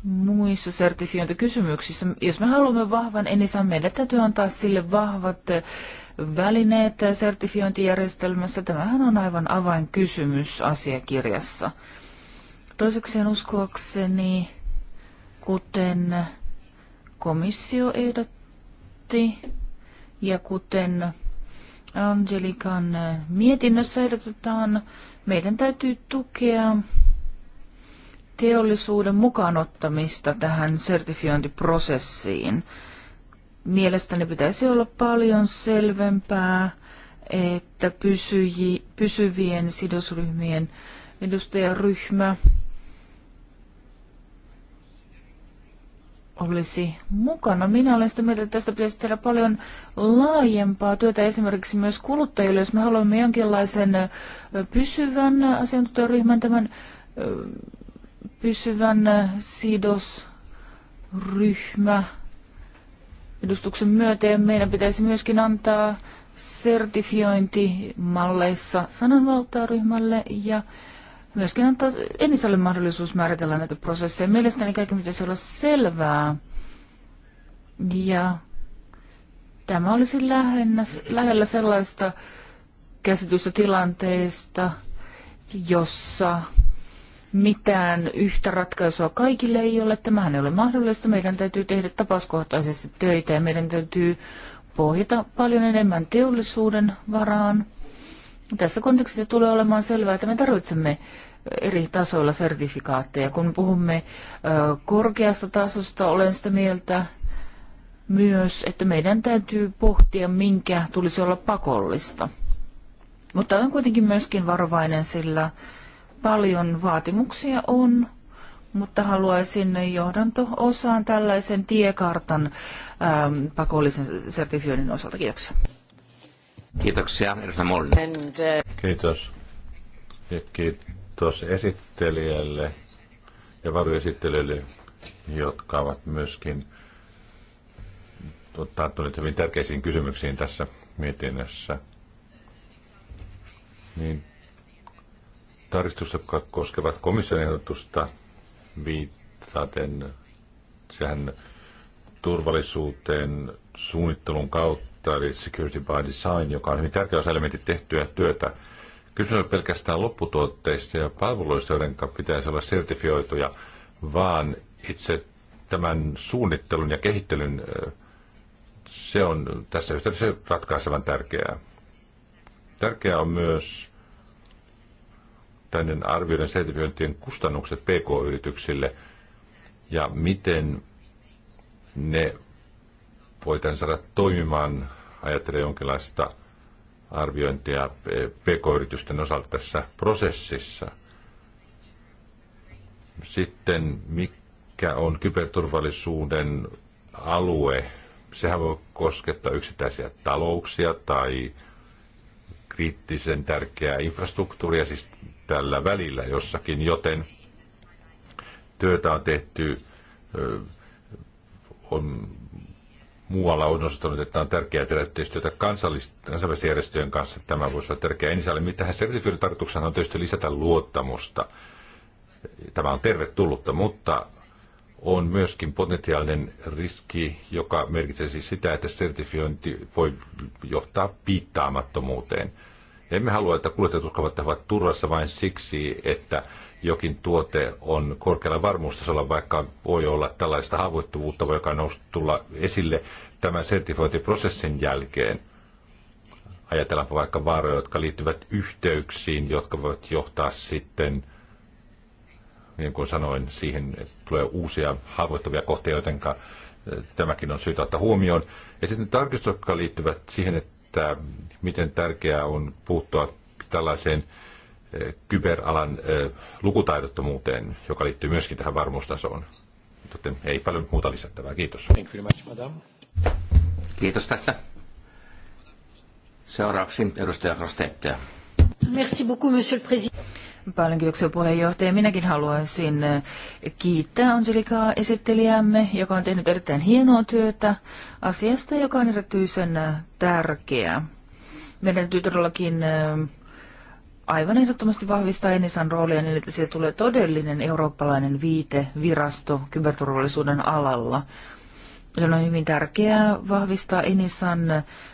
[SPEAKER 3] muissa sertifiointikysymyksissä. Jos me haluamme vahvan enisän, meidän täytyy antaa sille vahvat välineet sertifiointijärjestelmässä. Tämähän on aivan avainkysymys asiakirjassa. Toisekseen uskoakseni, kuten komissio ehdotti ja kuten Angelikan mietinnössä ehdotetaan, meidän täytyy tukea teollisuuden mukaanottamista tähän sertifiointiprosessiin. Mielestäni pitäisi olla paljon selvempää, että pysyji, pysyvien sidosryhmien edustajaryhmä olisi mukana. Minä olen sitä mieltä, että tästä pitäisi tehdä paljon laajempaa työtä esimerkiksi myös kuluttajille, jos me haluamme jonkinlaisen pysyvän asiantuntijaryhmän, tämän pysyvän sidosryhmä edustuksen myötä ja meidän pitäisi myöskin antaa sertifiointimalleissa sananvaltaa ryhmälle ja myöskin antaa Enisalle mahdollisuus määritellä näitä prosesseja. Mielestäni kaikki pitäisi olla selvää. Ja tämä olisi lähennä, lähellä sellaista käsitystä tilanteesta, jossa mitään yhtä ratkaisua kaikille ei ole. Tämähän ei ole mahdollista. Meidän täytyy tehdä tapauskohtaisesti töitä ja meidän täytyy pohjata paljon enemmän teollisuuden varaan – tässä kontekstissa tulee olemaan selvää, että me tarvitsemme eri tasoilla sertifikaatteja. Kun puhumme korkeasta tasosta, olen sitä mieltä myös, että meidän täytyy pohtia, minkä tulisi olla pakollista. Mutta olen kuitenkin myöskin varovainen, sillä paljon vaatimuksia on, mutta haluaisin johdanto-osaan tällaisen tiekartan ähm, pakollisen sertifioinnin osalta. Kiitoksia.
[SPEAKER 1] Kiitoksia, edustaja Uh... Kiitos. Ja kiitos esittelijälle ja varjoesittelijöille, jotka ovat myöskin tarttuneet hyvin tärkeisiin kysymyksiin tässä mietinnössä. Niin, tarkistus, jotka koskevat komission ehdotusta viitaten sehän turvallisuuteen suunnittelun kautta eli Security by Design, joka on hyvin tärkeä osa elementti tehtyä työtä. Kysymys on pelkästään lopputuotteista ja palveluista, joiden pitäisi olla sertifioituja, vaan itse tämän suunnittelun ja kehittelyn, se on tässä yhteydessä ratkaisevan tärkeää. Tärkeää on myös tänne arvioiden sertifiointien kustannukset PK-yrityksille ja miten ne voidaan saada toimimaan, ajattelee jonkinlaista arviointia pk-yritysten osalta tässä prosessissa. Sitten mikä on kyberturvallisuuden alue? Sehän voi koskettaa yksittäisiä talouksia tai kriittisen tärkeää infrastruktuuria, siis tällä välillä jossakin, joten työtä on tehty, on muualla on nostanut, että on tärkeää tehdä yhteistyötä kansainvälisten järjestöjen kanssa. Tämä voisi olla tärkeää ensialle. Tähän sertifioinnin tarkoituksena on tietysti lisätä luottamusta. Tämä on tervetullutta, mutta on myöskin potentiaalinen riski, joka merkitsee siis sitä, että sertifiointi voi johtaa piittaamattomuuteen. Emme halua, että kuljettajat ovat turvassa vain siksi, että jokin tuote on korkealla varmuustasolla, vaikka voi olla tällaista haavoittuvuutta, voi joka nousta tulla esille tämän sertifiointiprosessin jälkeen. Ajatellaanpa vaikka vaaroja, jotka liittyvät yhteyksiin, jotka voivat johtaa sitten, niin kuin sanoin, siihen, että tulee uusia haavoittuvia kohteita, jotenka eh, tämäkin on syytä ottaa huomioon. Ja sitten tarkistukset, jotka liittyvät siihen, että miten tärkeää on puuttua tällaiseen kyberalan lukutaidottomuuteen, joka liittyy myöskin tähän varmuustasoon. Joten ei paljon muuta lisättävää. Kiitos. Kiitos tässä. Seuraavaksi edustaja Rostetta.
[SPEAKER 3] Merci beaucoup, monsieur le président. Paljon kiitoksia puheenjohtaja. Minäkin haluaisin kiittää Angelikaa esittelijämme, joka on tehnyt erittäin hienoa työtä asiasta, joka on erityisen tärkeä. Meidän täytyy todellakin äh, aivan ehdottomasti vahvistaa Enisan roolia niin, että siitä tulee todellinen eurooppalainen viitevirasto kyberturvallisuuden alalla. Se on hyvin tärkeää vahvistaa Enisan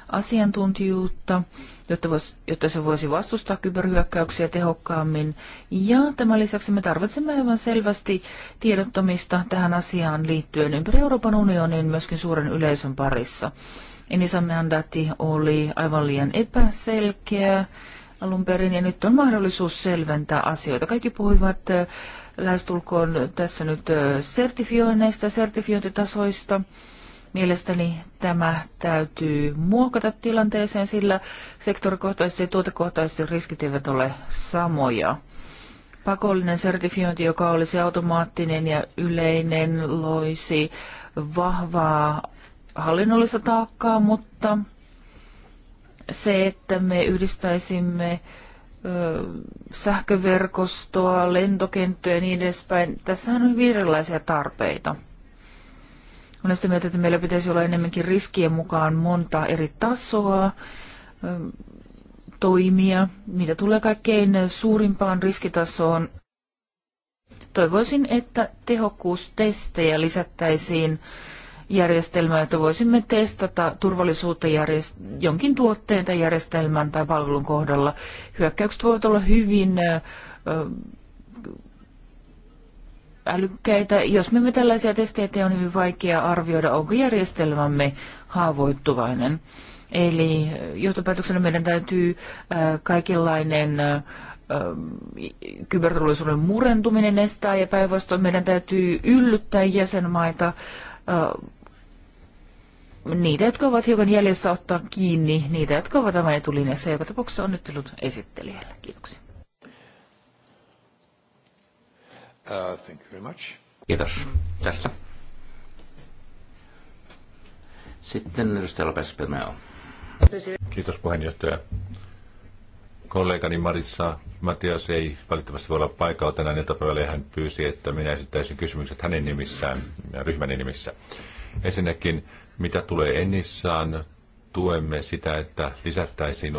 [SPEAKER 3] asiantuntijuutta, jotta, vois, jotta se voisi vastustaa kyberhyökkäyksiä tehokkaammin. Ja tämän lisäksi me tarvitsemme aivan selvästi tiedottamista tähän asiaan liittyen ympäri Euroopan unionin myöskin suuren yleisön parissa. Enisan mandaatti oli aivan liian epäselkeä alun perin ja nyt on mahdollisuus selventää asioita. Kaikki puhuivat lähestulkoon tässä nyt sertifioinneista, sertifiointitasoista. Mielestäni tämä täytyy muokata tilanteeseen, sillä sektorikohtaisesti ja tuotekohtaisesti riskit eivät ole samoja. Pakollinen sertifiointi, joka olisi automaattinen ja yleinen, loisi vahvaa hallinnollista taakkaa, mutta se, että me yhdistäisimme sähköverkostoa, lentokenttöä ja niin edespäin. Tässähän on hyvin erilaisia tarpeita. Olen sitä mieltä, että meillä pitäisi olla enemmänkin riskien mukaan monta eri tasoa, toimia, mitä tulee kaikkein suurimpaan riskitasoon. Toivoisin, että tehokkuustestejä lisättäisiin järjestelmää, että voisimme testata turvallisuutta järjest- jonkin tuotteen tai järjestelmän tai palvelun kohdalla. Hyökkäykset voivat olla hyvin älykkäitä. Jos me emme tällaisia testejä tee, on hyvin vaikea arvioida, onko järjestelmämme haavoittuvainen. Eli johtopäätöksenä meidän täytyy kaikenlainen kyberturvallisuuden murentuminen estää ja päinvastoin meidän täytyy yllyttää jäsenmaita niitä, jotka ovat hiukan jäljessä ottaa kiinni, niitä, jotka ovat aivan etulinjassa. Joka tapauksessa tullut esittelijälle. Kiitoksia.
[SPEAKER 1] Uh, thank you very much. Kiitos tästä. Sitten edustaja Lopes Pimeo. Kiitos puheenjohtaja kollegani Marissa Matias ei valitettavasti voi olla paikalla tänään iltapäivällä ja hän pyysi, että minä esittäisin kysymykset hänen nimissään ja ryhmän nimissä. Ensinnäkin, mitä tulee Ennissaan, tuemme sitä, että lisättäisiin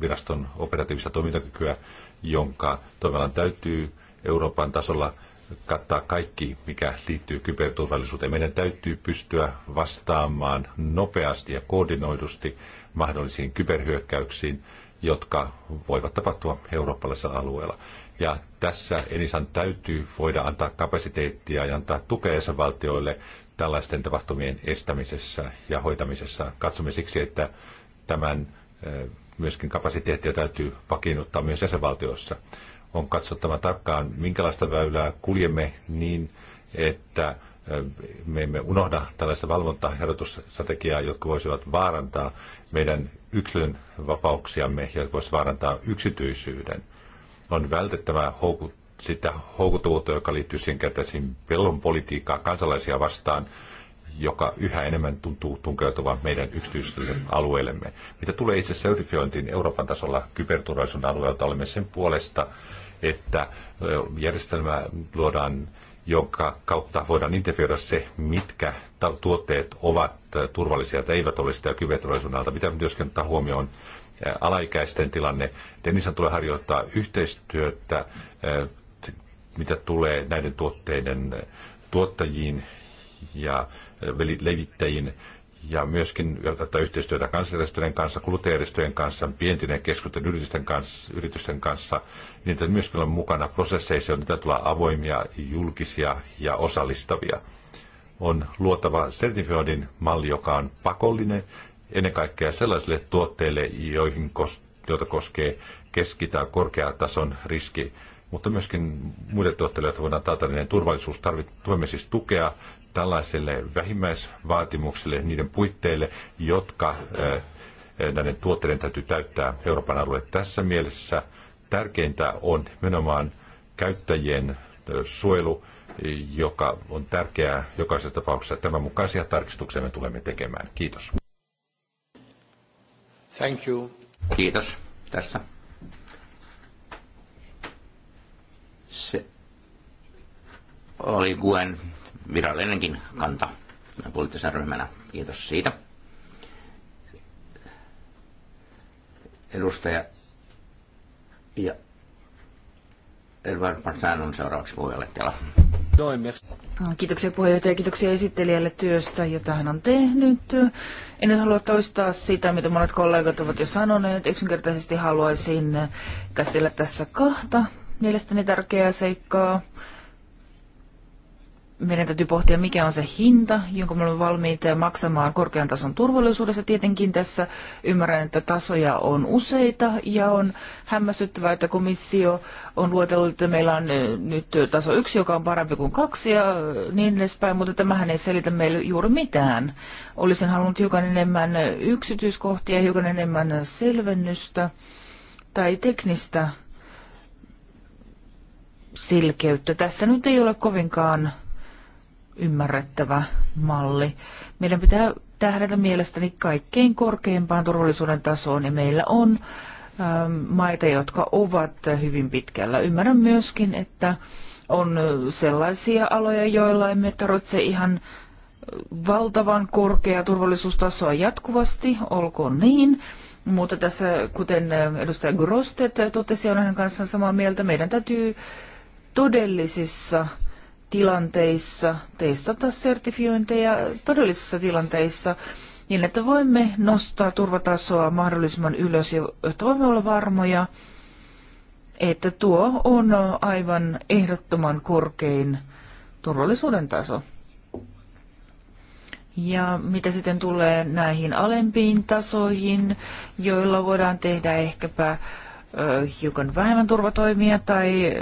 [SPEAKER 1] viraston operatiivista toimintakykyä, jonka toivellaan täytyy Euroopan tasolla kattaa kaikki, mikä liittyy kyberturvallisuuteen. Meidän täytyy pystyä vastaamaan nopeasti ja koordinoidusti mahdollisiin kyberhyökkäyksiin jotka voivat tapahtua eurooppalaisella alueella. Ja tässä Enisan täytyy voida antaa kapasiteettia ja antaa tukea jäsenvaltioille tällaisten tapahtumien estämisessä ja hoitamisessa. Katsomme siksi, että tämän eh, myöskin kapasiteettia täytyy vakiinnuttaa myös jäsenvaltioissa. On katsottava tarkkaan, minkälaista väylää kuljemme niin, että eh, me emme unohda tällaista valvonta- ja jotka voisivat vaarantaa meidän yksilön vapauksiamme, jotka voisivat vaarantaa yksityisyyden. On vältettävä houkut, sitä houkutuvuutta, joka liittyy siihen käytäisiin pellon politiikkaa kansalaisia vastaan, joka yhä enemmän tuntuu tunkeutuvan meidän yksityisille alueellemme. Mitä tulee itse seurifiointiin Euroopan tasolla kyberturvallisuuden alueelta, olemme sen puolesta, että järjestelmä luodaan jonka kautta voidaan intervioida se, mitkä tuotteet ovat turvallisia tai eivät ole sitä kyberturvallisuuden alta. Pitää myöskin ottaa huomioon alaikäisten tilanne. Denisan tulee harjoittaa yhteistyötä, mitä tulee näiden tuotteiden tuottajiin ja levittäjiin ja myöskin että yhteistyötä kansalaisjärjestöjen kanssa, kuluttajärjestöjen kanssa, pienten ja keskusten yritysten kanssa, yritysten kanssa, niin että myöskin on mukana prosesseissa, on täytyy olla avoimia, julkisia ja osallistavia. On luotava sertifioidin malli, joka on pakollinen ennen kaikkea sellaisille tuotteille, joihin kos- joita koskee keski- tai korkeatason riski, mutta myöskin muille tuotteille, joita voidaan taata, niin turvallisuus tarvitsee siis tukea tällaisille vähimmäisvaatimukselle, niiden puitteille, jotka eh, näiden tuotteiden täytyy täyttää Euroopan alue. Tässä mielessä tärkeintä on nimenomaan käyttäjien eh, suojelu, joka on tärkeää jokaisessa tapauksessa. Tämän mukaisia tarkistuksia me tulemme tekemään. Kiitos. Thank you. Kiitos tästä.
[SPEAKER 2] Se oli Gwen virallinenkin kanta poliittisena ryhmänä. Kiitos siitä. Edustaja ja Edward Martin on seuraavaksi tila.
[SPEAKER 3] Kiitoksia puheenjohtaja, kiitoksia esittelijälle työstä, jota hän on tehnyt. En nyt halua toistaa sitä, mitä monet kollegat ovat jo sanoneet. Yksinkertaisesti haluaisin käsitellä tässä kahta mielestäni tärkeää seikkaa meidän täytyy pohtia, mikä on se hinta, jonka me olemme valmiita maksamaan korkean tason turvallisuudessa. Tietenkin tässä ymmärrän, että tasoja on useita ja on hämmästyttävää, että komissio on luotellut että meillä on eh, nyt taso yksi, joka on parempi kuin kaksi ja eh, niin edespäin, mutta tämähän ei selitä meille juuri mitään. Olisin halunnut hiukan enemmän yksityiskohtia, hiukan enemmän selvennystä tai teknistä selkeyttä. Tässä nyt ei ole kovinkaan ymmärrettävä malli. Meidän pitää tähdätä mielestäni kaikkein korkeimpaan turvallisuuden tasoon ja meillä on ähm, maita, jotka ovat hyvin pitkällä. Ymmärrän myöskin, että on sellaisia aloja, joilla emme tarvitse ihan äh, valtavan korkeaa turvallisuustasoa jatkuvasti, olkoon niin. Mutta tässä, kuten äh, edustaja Grostet totesi, on hänen kanssaan samaa mieltä, meidän täytyy todellisissa tilanteissa testata sertifiointeja todellisissa tilanteissa niin, että voimme nostaa turvatasoa mahdollisimman ylös, jotta voimme olla varmoja, että tuo on aivan ehdottoman korkein turvallisuuden taso. Ja mitä sitten tulee näihin alempiin tasoihin, joilla voidaan tehdä ehkäpä hiukan vähemmän turvatoimia tai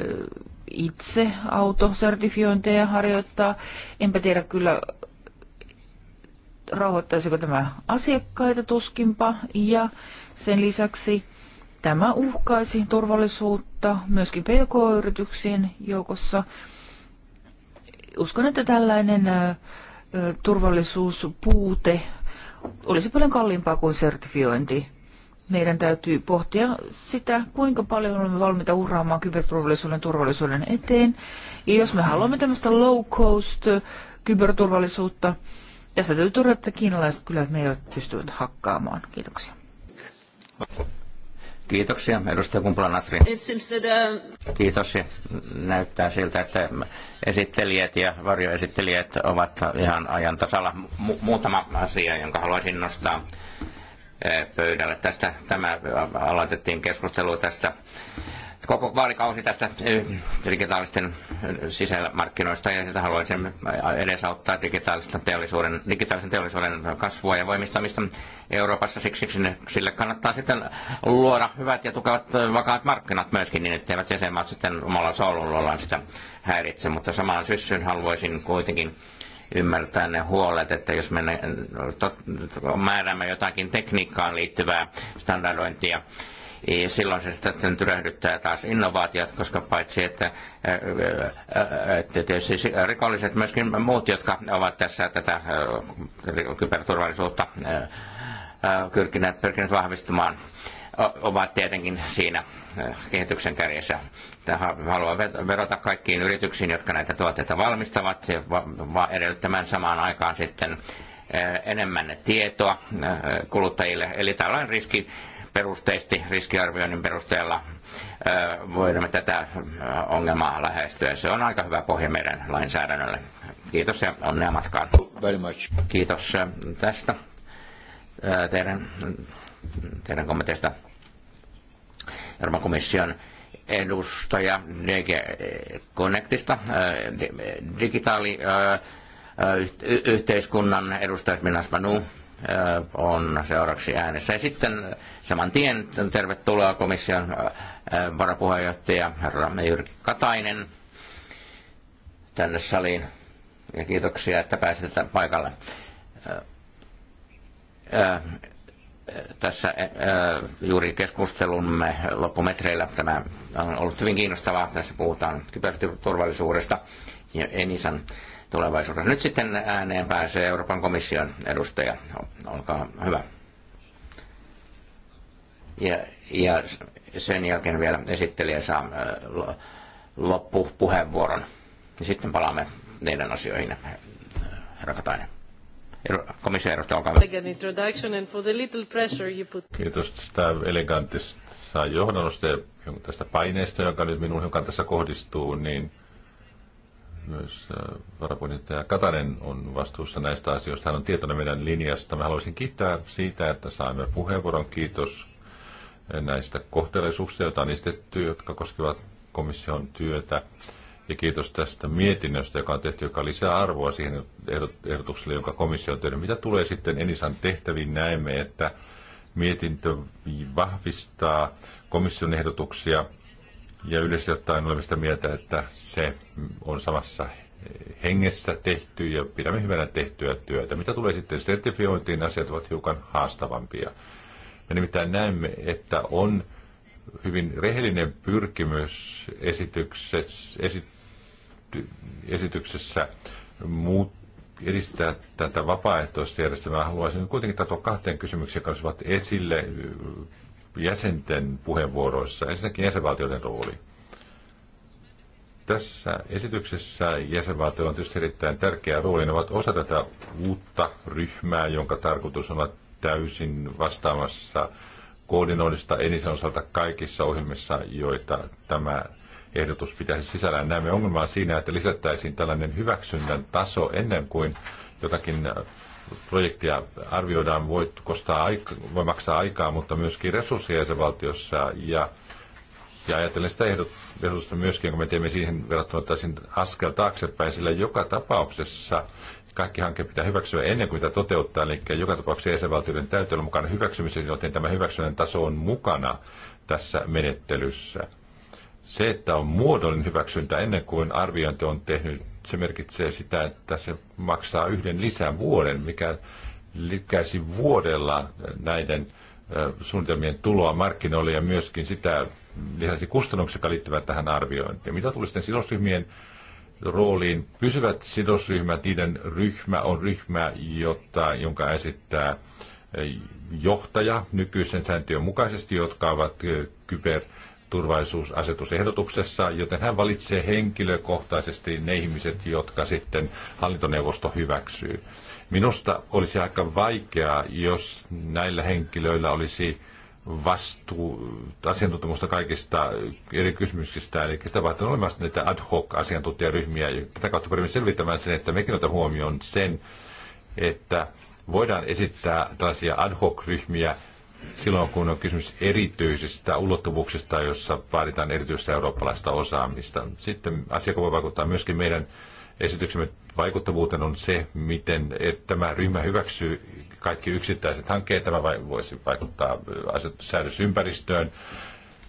[SPEAKER 3] itse autosertifiointeja harjoittaa. Enpä tiedä kyllä, rauhoittaisiko tämä asiakkaita tuskinpa. Ja sen lisäksi tämä uhkaisi turvallisuutta myöskin PK-yrityksien joukossa. Uskon, että tällainen turvallisuuspuute olisi paljon kalliimpaa kuin sertifiointi meidän täytyy pohtia sitä, kuinka paljon olemme valmiita uhraamaan kyberturvallisuuden turvallisuuden eteen. Ja jos me haluamme tämmöistä low cost kyberturvallisuutta, tässä täytyy todeta, että kiinalaiset kyllä meidät pystyvät hakkaamaan. Kiitoksia.
[SPEAKER 2] Kiitoksia, edustaja Kumpula Nasri.
[SPEAKER 3] Uh,
[SPEAKER 2] Kiitos. Näyttää siltä, että esittelijät ja varjoesittelijät ovat ihan ajan tasalla. Mu- muutama asia, jonka haluaisin nostaa Eh, pöydällä. Tästä tämä äh, aloitettiin keskustelua tästä koko vaalikausi tästä eh, digitaalisten eh, sisämarkkinoista ja sitä haluaisimme edesauttaa digitaalisen teollisuuden, digitaalisen teollisuuden kasvua ja voimistamista Euroopassa. Siksi sinne, sille kannattaa sitten luoda hyvät ja tukevat vakaat markkinat myöskin, niin etteivät jäsenmaat sitten omalla soolollaan sitä häiritse. Mutta samaan syssyn haluaisin kuitenkin ymmärtää ne huolet, että jos me tot, määräämme jotakin tekniikkaan liittyvää standardointia, ja niin silloin se sitten tyrehdyttää taas innovaatiot, koska paitsi että, äh, äh, että tietysti rikolliset, myöskin muut, jotka ovat tässä tätä äh, kyberturvallisuutta pyrkineet, pyrkineet vahvistamaan, ovat tietenkin siinä kehityksen kärjessä haluaa verota kaikkiin yrityksiin, jotka näitä tuotteita valmistavat, edellyttämään samaan aikaan sitten eh, enemmän tietoa eh, kuluttajille. Eli tällainen riski perusteisesti riskiarvioinnin perusteella eh, voidaan tätä ongelmaa lähestyä. Se on aika hyvä pohja meidän lainsäädännölle. Kiitos ja onnea matkaan. Very much. Kiitos tästä teidän, teidän kommenteista. Euroopan komission edustaja DG eh, Connectista, eh, digitaali eh, yhteiskunnan edustaja Minas Manu on seuraavaksi äänessä. Ja sitten saman tien tervetuloa komission varapuheenjohtaja herra Jyrki Katainen tänne saliin. Ja kiitoksia, että pääsitte paikalle tässä juuri keskustelumme loppumetreillä. Tämä on ollut hyvin kiinnostavaa. Tässä puhutaan kyberturvallisuudesta ja Enisan tulevaisuudessa. Nyt sitten ääneen pääsee Euroopan komission edustaja. Olkaa hyvä. Ja, ja sen jälkeen vielä esittelijä saa loppupuheenvuoron. Ja sitten palaamme teidän asioihin,
[SPEAKER 1] herra Katainen. Komissio edustaa, olkaa hyvä. Kiitos tästä elegantista johdannosta ja tästä paineesta, joka nyt minun hiukan tässä kohdistuu, niin myös äh, varapuheenjohtaja Katanen on vastuussa näistä asioista. Hän on tietoinen meidän linjasta. Mä haluaisin kiittää siitä, että saimme puheenvuoron. Kiitos äh, näistä kohteellisuuksista, joita on esitetty, jotka koskevat komission työtä. Ja kiitos tästä mietinnöstä, joka on tehty, joka lisää arvoa siihen ehdotukselle, jonka komissio on tehnyt. Mitä tulee sitten Enisan tehtäviin, näemme, että mietintö vahvistaa komission ehdotuksia ja yleisesti ottaen olemme sitä mieltä, että se on samassa hengessä tehty ja pidämme hyvänä tehtyä työtä. Mitä tulee sitten sertifiointiin, asiat ovat hiukan haastavampia. Me nimittäin näemme, että on hyvin rehellinen pyrkimys esityksessä, esit, esityksessä muut, edistää tätä vapaaehtoista järjestelmää. Haluaisin kuitenkin tarttua kahteen kysymykseen, jotka olisivat esille jäsenten puheenvuoroissa. Ensinnäkin jäsenvaltioiden rooli. Tässä esityksessä jäsenvaltio on tietysti erittäin tärkeä rooli. Ne ovat osa tätä uutta ryhmää, jonka tarkoitus on olla täysin vastaamassa koordinoinnista enisen osalta kaikissa ohjelmissa, joita tämä ehdotus pitäisi sisällään. Näemme ongelmaa siinä, että lisättäisiin tällainen hyväksynnän taso ennen kuin jotakin äh, projektia arvioidaan, voi, kostaa aika, voi maksaa aikaa, mutta myöskin resursseja jäsenvaltiossa. Ja, ja ajatellen sitä ehdotusta myöskin, kun me teemme siihen verrattuna ottaisin askel taaksepäin, sillä joka tapauksessa kaikki hanke pitää hyväksyä ennen kuin sitä toteuttaa, eli joka tapauksessa jäsenvaltioiden täytyy olla mukana hyväksymisen joten tämä hyväksynnän taso on mukana tässä menettelyssä. Se, että on muodollinen hyväksyntä ennen kuin arviointi on tehnyt, se merkitsee sitä, että se maksaa yhden vuoden, mikä lykkäisi vuodella näiden suunnitelmien tuloa markkinoille ja myöskin sitä lisäisi kustannuksia, jotka liittyvät tähän arviointiin. Mitä tulee sitten sidosryhmien rooliin? Pysyvät sidosryhmät, niiden ryhmä on ryhmä, jota, jonka esittää johtaja nykyisen sääntöjen mukaisesti, jotka ovat kyber- turvallisuusasetusehdotuksessa, joten hän valitsee henkilökohtaisesti ne ihmiset, jotka sitten hallintoneuvosto hyväksyy. Minusta olisi aika vaikeaa, jos näillä henkilöillä olisi vastuu, asiantuntemusta kaikista eri kysymyksistä, eli sitä varten on olemassa näitä ad hoc asiantuntijaryhmiä, ja tätä kautta pyrimme selvittämään sen, että mekin otamme huomioon sen, että voidaan esittää tällaisia ad hoc ryhmiä, silloin, kun on kysymys erityisistä ulottuvuuksista, jossa vaaditaan erityistä eurooppalaista osaamista. Sitten asia, voi vaikuttaa myöskin meidän esityksemme vaikuttavuuteen, on se, miten eh, tämä ryhmä hyväksyy kaikki yksittäiset hankkeet. Tämä voisi vaikuttaa eh, säädösympäristöön.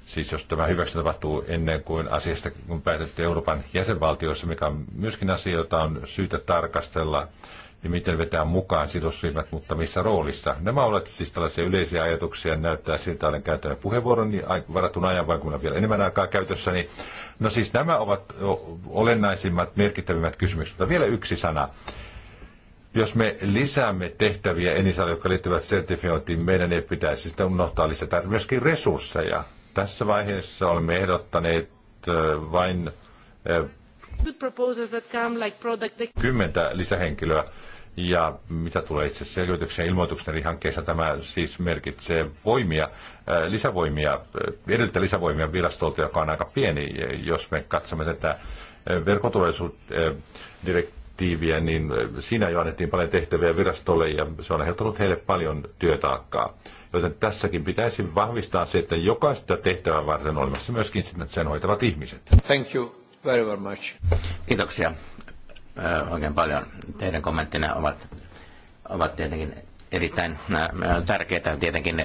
[SPEAKER 1] Siis jos tämä hyväksy tapahtuu ennen kuin asiasta on päätetty Euroopan jäsenvaltioissa, mikä on myöskin asia, jota on syytä tarkastella – ja miten vetää mukaan sidosryhmät, mutta missä roolissa. Nämä ovat siis tällaisia yleisiä ajatuksia. Näyttää siltä, olen käyttänyt puheenvuoron, niin varatun ajan, vaikka minulla on vielä enemmän aikaa Niin... No siis nämä ovat olennaisimmat, merkittävimmät kysymykset. Mutta vielä yksi sana. Jos me lisäämme tehtäviä enisalle, jotka liittyvät sertifiointiin, meidän ei pitäisi sitä unohtaa lisätä myöskin resursseja. Tässä vaiheessa olemme ehdottaneet vain kymmentä lisähenkilöä ja mitä tulee itse selvitykseen ilmoituksen eri hankkeissa, tämä siis merkitsee voimia, äh, lisävoimia, äh, edeltä lisävoimia virastolta, joka on aika pieni. Jos me katsomme tätä äh, verkkoturvallisuusdirektiiviä, niin siinä jo annettiin paljon tehtäviä virastolle ja se on aiheuttanut heille paljon työtaakkaa. Joten tässäkin pitäisi vahvistaa se, että jokaista tehtävää varten on olemassa myöskin sen hoitavat ihmiset. Thank you very much. Kiitoksia oikein paljon. Teidän
[SPEAKER 2] kommenttina ovat, ovat tietenkin erittäin tärkeitä tietenkin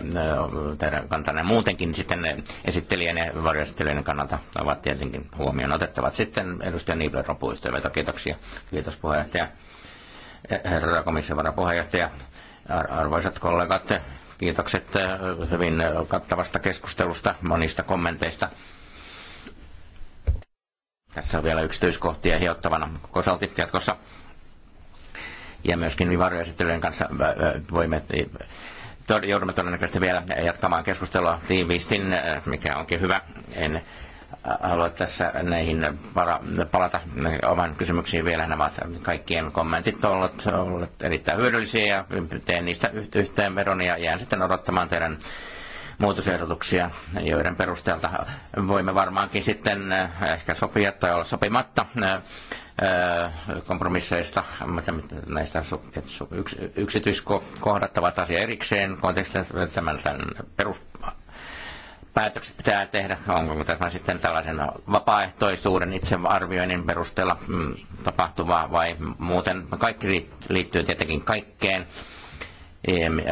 [SPEAKER 2] teidän kantanne muutenkin sitten esittelijän ja varjoesittelijän kannalta ovat tietenkin huomioon otettavat. Sitten edustaja Niivel Ropuistovelta, kiitoksia. Kiitos puheenjohtaja. Herra komission varapuheenjohtaja, arvoisat kollegat, kiitokset hyvin kattavasta keskustelusta, monista kommenteista. Tässä on vielä yksityiskohtia hiottavana kosalti jatkossa. Ja myöskin Vivaro-esittelyjen kanssa äh, äh, voimme äh, joudumme todennäköisesti vielä jatkamaan keskustelua tiivistin, mikä onkin hyvä. En halua tässä näihin palata oman kysymyksiin vielä. Nämä ovat kaikkien kommentit olleet, olleet erittäin hyödyllisiä ja teen niistä yhteenvedon ja jään sitten odottamaan teidän muutosehdotuksia, joiden perusteelta voimme varmaankin sitten eh, ehkä sopia tai olla sopimatta eh, eh, kompromisseista, näistä yksityiskohdat ovat asia erikseen, kontekstissa tämän, tämän perus päätökset pitää tehdä, onko tämä sitten tällaisen vapaaehtoisuuden itsearvioinnin perusteella mm, tapahtuvaa vai muuten. Kaikki liittyy tietenkin kaikkeen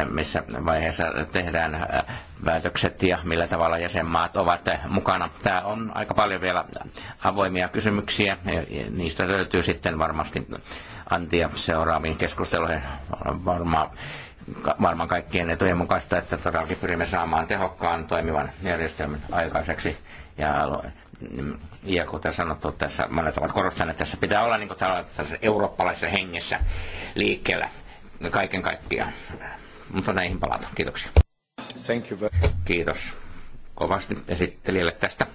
[SPEAKER 2] missä vaiheessa tehdään äh, päätökset ja millä tavalla jäsenmaat ovat mukana. Tämä on aika paljon vielä avoimia kysymyksiä. Niistä löytyy sitten varmasti antia seuraaviin keskusteluihin varmaan varmaan kaikkien etujen mukaista, että todellakin pyrimme saamaan tehokkaan toimivan järjestelmän aikaiseksi. Ja, ja kuten sanottu, tässä monet ovat korostaneet, että tässä pitää olla niin kuin tällaisessa eurooppalaisessa hengessä liikkeellä kaiken kaikkiaan. Mutta näihin palataan. Kiitoksia. Thank you. Kiitos kovasti esittelijälle tästä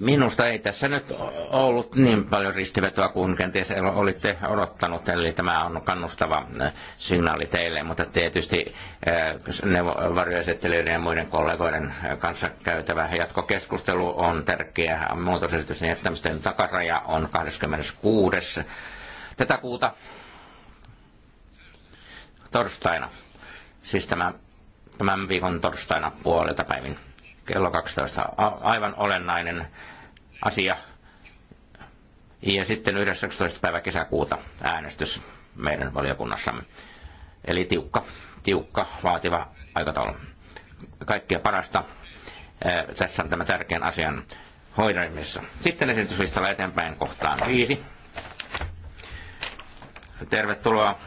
[SPEAKER 2] minusta ei tässä nyt ollut niin paljon ristivetoa kuin kenties olitte odottanut, eli tämä on kannustava äh, signaali teille, mutta tietysti äh, varjoesittelyiden ja muiden kollegoiden äh, kanssa käytävä jatkokeskustelu on tärkeä. Muutosesitysten niin jättämisten takaraja on 26. tätä kuuta torstaina, siis tämän, tämän viikon torstaina puolelta päivin kello 12. Aivan olennainen asia. Ja sitten 19. päivä kesäkuuta äänestys meidän valiokunnassamme. Eli tiukka, tiukka, vaativa aikataulu. Kaikkea parasta tässä on tämä tärkeän asian hoidamisessa. Sitten esityslistalla eteenpäin kohtaan viisi. Tervetuloa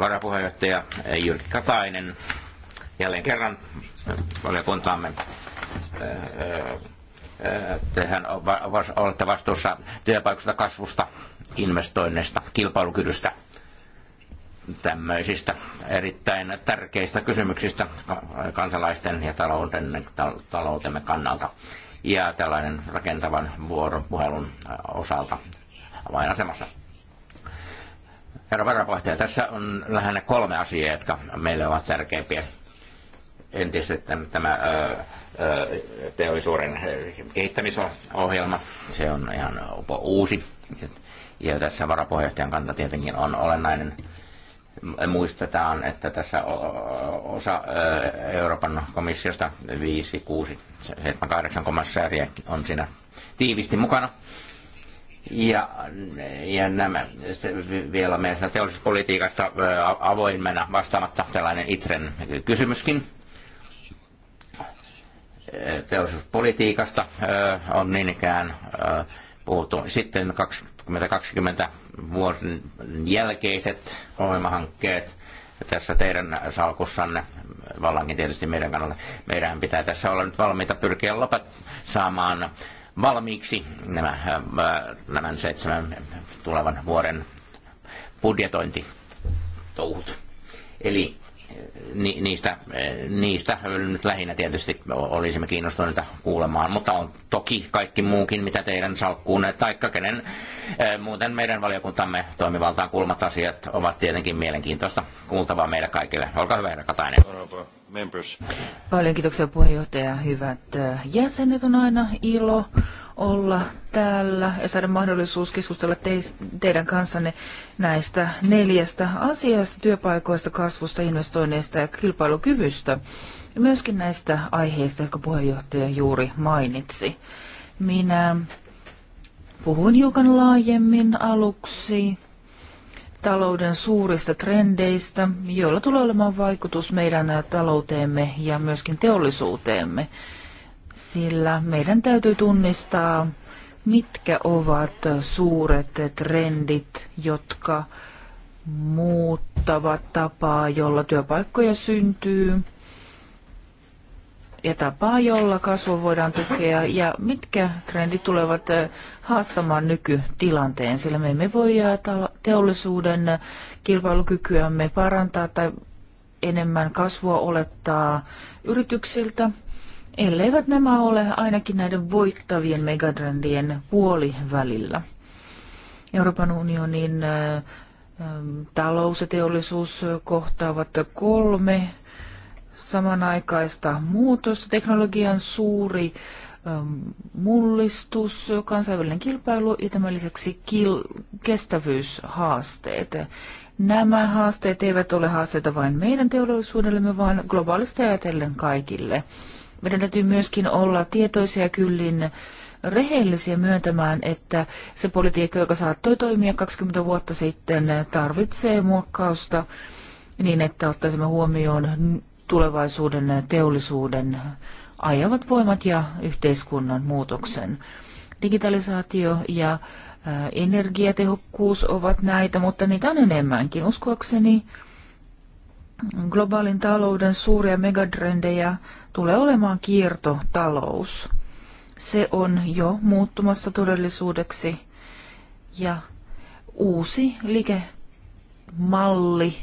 [SPEAKER 2] varapuheenjohtaja Jyrki Katainen jälleen kerran äh, valiokuntaamme äh, äh, tehän olette vastuussa työpaikasta kasvusta, investoinneista, kilpailukyvystä, tämmöisistä erittäin tärkeistä kysymyksistä kansalaisten ja talouden, taloutemme kannalta. Ja tällainen rakentavan vuoropuhelun osalta avainasemassa. Herra varapuheenjohtaja, tässä on lähinnä kolme asiaa, jotka meille ovat tärkeimpiä entiset tämä teollisuuden kehittämisohjelma. Se on ihan uusi. Ja tässä varapuheenjohtajan kanta tietenkin on olennainen. Muistetaan, että tässä osa Euroopan komissiosta 5, 6, 7, 8 komissaaria on siinä tiivisti mukana. Ja, ja nämä vielä meidän teollisuuspolitiikasta avoimena vastaamatta tällainen Itren kysymyskin teollisuuspolitiikasta on niin ikään puhuttu. Sitten 2020 vuoden jälkeiset ohjelmahankkeet tässä teidän salkussanne, vallankin tietysti meidän kannalta. Meidän pitää tässä olla nyt valmiita pyrkiä lopet saamaan valmiiksi nämä, nämä seitsemän tulevan vuoden budjetointitouhut. Eli ni, niistä, eh, niistä nyt lähinnä tietysti olisimme kiinnostuneita kuulemaan, mutta on toki kaikki muukin, mitä teidän salkkuunne, taikka kenen eh, muuten meidän valiokuntamme toimivaltaan kulmat asiat ovat tietenkin mielenkiintoista kuultavaa meille kaikille. Olkaa hyvä, herra Katainen members.
[SPEAKER 3] Paljon kiitoksia puheenjohtaja. Hyvät äh, jäsenet, on aina ilo olla täällä ja saada mahdollisuus keskustella teidän kanssanne näistä neljästä asiasta, työpaikoista, kasvusta, investoinneista ja kilpailukyvystä. Ja myöskin näistä aiheista, jotka puheenjohtaja juuri mainitsi. Minä puhun hiukan laajemmin aluksi talouden suurista trendeistä, joilla tulee olemaan vaikutus meidän talouteemme ja myöskin teollisuuteemme, sillä meidän täytyy tunnistaa, mitkä ovat suuret trendit, jotka muuttavat tapaa, jolla työpaikkoja syntyy, ja tapaa, jolla kasvu voidaan tukea ja mitkä trendit tulevat eh, haastamaan nykytilanteen, sillä me emme voi eh, teollisuuden eh, kilpailukykyämme parantaa tai enemmän kasvua olettaa yrityksiltä, elleivät nämä ole ainakin näiden voittavien megatrendien puolivälillä. Euroopan unionin talous ja teollisuus kohtaavat kolme samanaikaista muutosta, teknologian suuri ähm, mullistus, kansainvälinen kilpailu ja tämän lisäksi kil- kestävyyshaasteet. Nämä haasteet eivät ole haasteita vain meidän teollisuudellemme, vaan globaalista ajatellen kaikille. Meidän täytyy myöskin olla tietoisia kyllin rehellisiä myöntämään, että se politiikka, joka saattoi toimia 20 vuotta sitten, tarvitsee muokkausta niin, että ottaisimme huomioon tulevaisuuden teollisuuden ajavat voimat ja yhteiskunnan muutoksen. Digitalisaatio ja energiatehokkuus ovat näitä, mutta niitä on enemmänkin. Uskoakseni globaalin talouden suuria megatrendejä tulee olemaan kiertotalous. Se on jo muuttumassa todellisuudeksi ja uusi liikemalli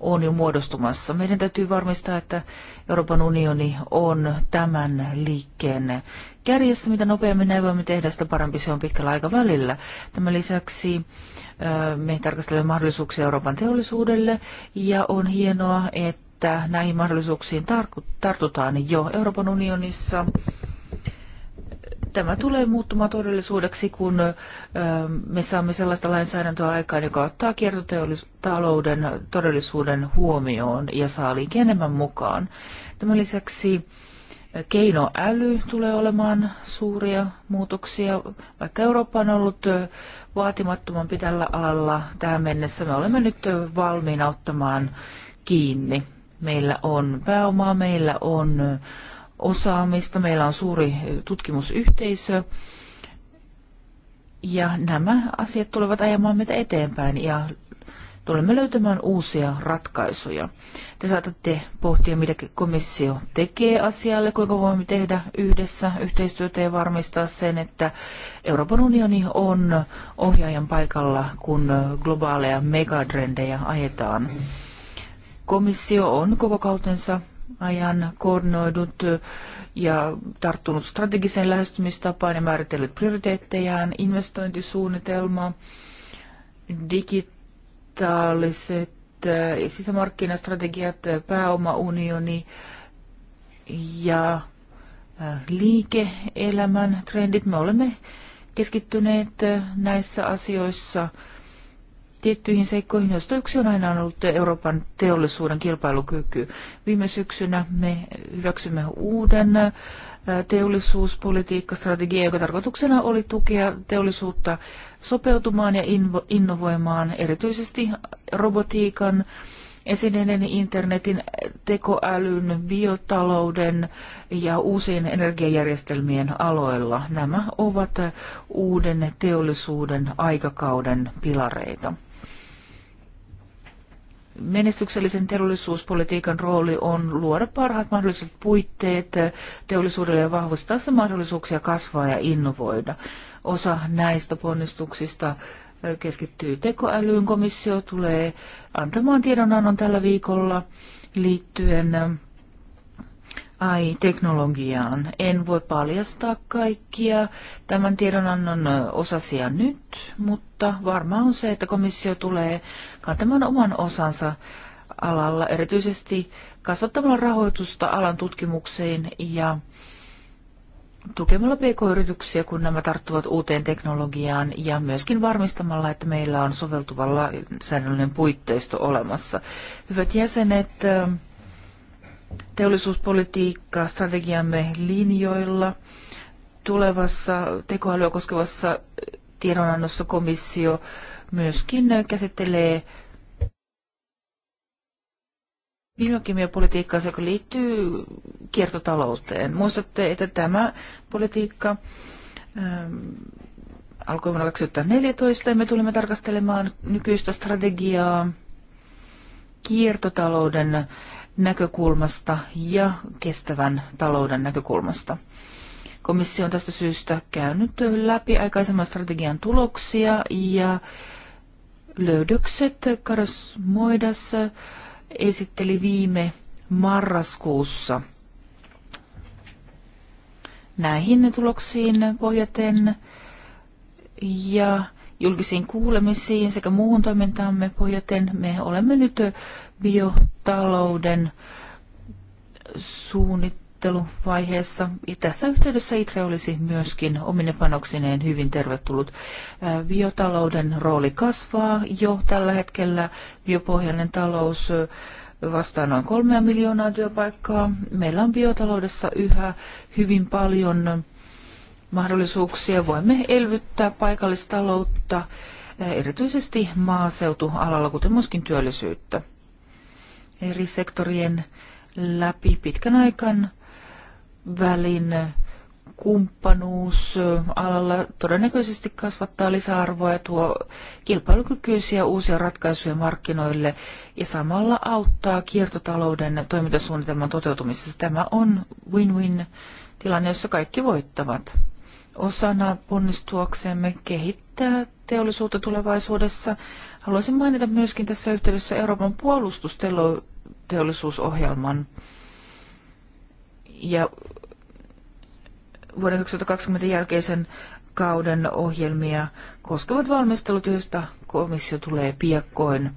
[SPEAKER 3] on jo muodostumassa. Meidän täytyy varmistaa, että Euroopan unioni on tämän liikkeen kärjessä. Mitä nopeammin näin voimme tehdä, sitä parempi se on pitkällä aikavälillä. Tämän lisäksi me tarkastelemme mahdollisuuksia Euroopan teollisuudelle ja on hienoa, että näihin mahdollisuuksiin tartutaan jo Euroopan unionissa tämä tulee muuttumaan todellisuudeksi, kun me saamme sellaista lainsäädäntöä aikaan, joka ottaa kiertotalouden todellisuuden huomioon ja saa enemmän mukaan. Tämän lisäksi keinoäly tulee olemaan suuria muutoksia. Vaikka Eurooppa on ollut vaatimattomampi tällä alalla tähän mennessä, me olemme nyt valmiina ottamaan kiinni. Meillä on pääomaa, meillä on osaamista, meillä on suuri tutkimusyhteisö ja nämä asiat tulevat ajamaan meitä eteenpäin ja tulemme löytämään uusia ratkaisuja. Te saatatte pohtia, mitä komissio tekee asialle, kuinka voimme tehdä yhdessä yhteistyötä ja varmistaa sen, että Euroopan unioni on ohjaajan paikalla, kun globaaleja megatrendejä ajetaan. Komissio on koko kautensa ajan koordinoidut ja tarttunut strategiseen lähestymistapaan ja määritellyt prioriteettejaan, investointisuunnitelma, digitaaliset sisämarkkinastrategiat, pääomaunioni ja liike-elämän trendit. Me olemme keskittyneet näissä asioissa tiettyihin seikkoihin, joista yksi on aina ollut Euroopan teollisuuden kilpailukyky. Viime syksynä me hyväksymme uuden äh, teollisuuspolitiikkastrategian, joka tarkoituksena oli tukea teollisuutta sopeutumaan ja innovoimaan erityisesti robotiikan, esineiden, internetin, tekoälyn, biotalouden ja uusien energiajärjestelmien aloilla. Nämä ovat uuden teollisuuden aikakauden pilareita. Menestyksellisen teollisuuspolitiikan rooli on luoda parhaat mahdolliset puitteet teollisuudelle ja vahvistaa sen mahdollisuuksia kasvaa ja innovoida. Osa näistä ponnistuksista äh, keskittyy tekoälyyn. Komissio tulee antamaan tiedonannon tällä viikolla liittyen äh, Ai, teknologiaan. En voi paljastaa kaikkia tämän tiedonannon osasia nyt, mutta varmaan on se, että komissio tulee kantamaan oman osansa alalla, erityisesti kasvattamalla rahoitusta alan tutkimukseen ja tukemalla pk-yrityksiä, kun nämä tarttuvat uuteen teknologiaan ja myöskin varmistamalla, että meillä on soveltuvalla säännöllinen puitteisto olemassa. Hyvät jäsenet, teollisuuspolitiikkaa strategiamme linjoilla. Tulevassa tekoälyä koskevassa tiedonannossa komissio myöskin käsittelee biokemiapolitiikkaa, joka liittyy kiertotalouteen. Muistatte, että tämä politiikka ähm, alkoi vuonna 2014 ja me tulimme tarkastelemaan nykyistä strategiaa kiertotalouden näkökulmasta ja kestävän talouden näkökulmasta. Komissio on tästä syystä käynyt läpi aikaisemman strategian tuloksia ja löydökset Karas Moidas esitteli viime marraskuussa. Näihin tuloksiin pohjaten ja julkisiin kuulemisiin sekä muuhun toimintaamme pohjaten me olemme nyt biotalouden suunnitteluvaiheessa. Ja tässä yhteydessä ITRE olisi myöskin omine panoksineen hyvin tervetullut. Biotalouden rooli kasvaa jo tällä hetkellä. Biopohjainen talous vastaa noin kolmea miljoonaa työpaikkaa. Meillä on biotaloudessa yhä hyvin paljon mahdollisuuksia. Voimme elvyttää paikallistaloutta, erityisesti maaseutualalla, kuten myöskin työllisyyttä eri sektorien läpi pitkän aikan välin kumppanuus alalla todennäköisesti kasvattaa lisäarvoa ja tuo kilpailukykyisiä uusia ratkaisuja markkinoille ja samalla auttaa kiertotalouden toimintasuunnitelman toteutumisessa. Tämä on win-win tilanne, jossa kaikki voittavat. Osana ponnistuaksemme kehittää kehittää teollisuutta tulevaisuudessa. Haluaisin mainita myöskin tässä yhteydessä Euroopan puolustusteollisuusohjelman ja vuoden 2020 jälkeisen kauden ohjelmia koskevat valmistelut, joista komissio tulee piakkoin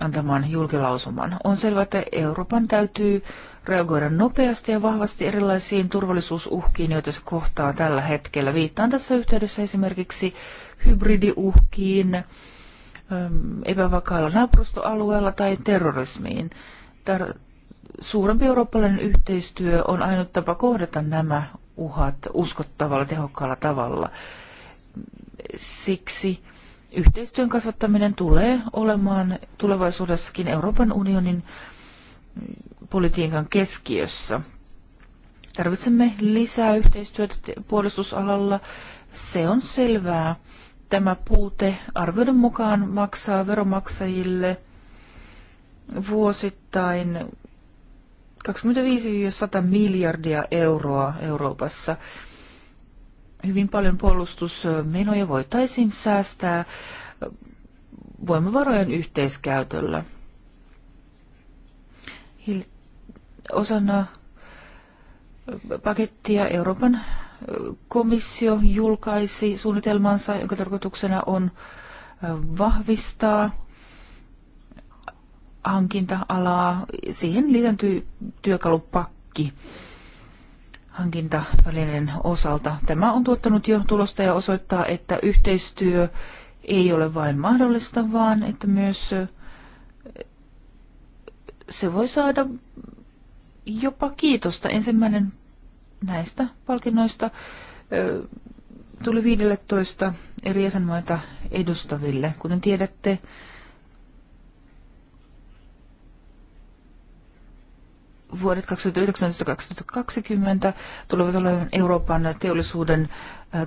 [SPEAKER 3] antamaan julkilausuman. On selvää, että Euroopan täytyy reagoida nopeasti ja vahvasti erilaisiin turvallisuusuhkiin, joita se kohtaa tällä hetkellä. Viittaan tässä yhteydessä esimerkiksi hybridiuhkiin, ähm, epävakaalla naapurustoalueella tai terrorismiin. Tar- suurempi eurooppalainen yhteistyö on ainut tapa kohdata nämä uhat uskottavalla, tehokkaalla tavalla. Siksi yhteistyön kasvattaminen tulee olemaan tulevaisuudessakin Euroopan unionin politiikan keskiössä. Tarvitsemme lisää yhteistyötä puolustusalalla. Se on selvää. Tämä puute arvioiden mukaan maksaa veromaksajille vuosittain 25-100 miljardia euroa Euroopassa. Hyvin paljon puolustusmenoja voitaisiin säästää voimavarojen yhteiskäytöllä hil- osana pakettia Euroopan komissio julkaisi suunnitelmansa, jonka tarkoituksena on vahvistaa hankinta-alaa. Siihen lisääntyy työkalupakki hankintavälinen osalta. Tämä on tuottanut jo tulosta ja osoittaa, että yhteistyö ei ole vain mahdollista, vaan että myös se voi saada jopa kiitosta. Ensimmäinen näistä palkinnoista tuli 15 eri jäsenmaita edustaville. Kuten tiedätte, vuodet 2019-2020 tulevat olemaan Euroopan teollisuuden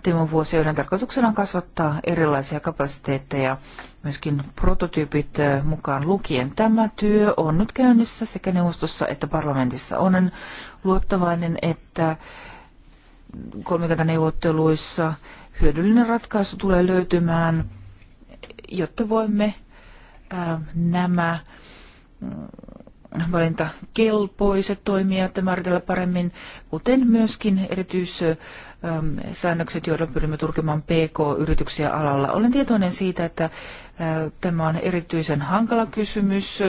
[SPEAKER 3] Teemon vuosi, joiden tarkoituksena on kasvattaa erilaisia kapasiteetteja, myöskin prototyypit mukaan lukien. Tämä työ on nyt käynnissä sekä neuvostossa että parlamentissa. Olen luottavainen, että kolmikantaneuvotteluissa hyödyllinen ratkaisu tulee löytymään, jotta voimme nämä mm, valintakelpoiset toimijat määritellä paremmin, kuten myöskin erityisesti säännökset, joilla pyrimme turkimaan PK-yrityksiä alalla. Olen tietoinen siitä, että tämä on erityisen hankala kysymys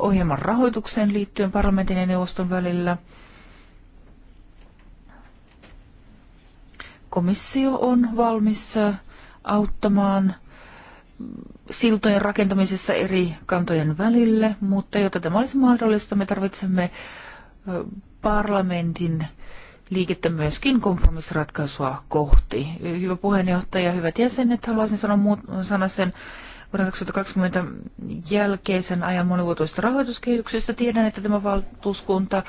[SPEAKER 3] ohjelman rahoitukseen liittyen parlamentin ja neuvoston välillä. Komissio on valmis auttamaan siltojen rakentamisessa eri kantojen välille, mutta jotta tämä olisi mahdollista, me tarvitsemme parlamentin liikettä myöskin kompromissiratkaisua kohti. Hyvä puheenjohtaja, hyvät jäsenet, haluaisin sanoa muut, sana sen vuoden 2020 jälkeisen ajan monivuotoisesta rahoituskehityksestä. Tiedän, että tämä valtuuskunta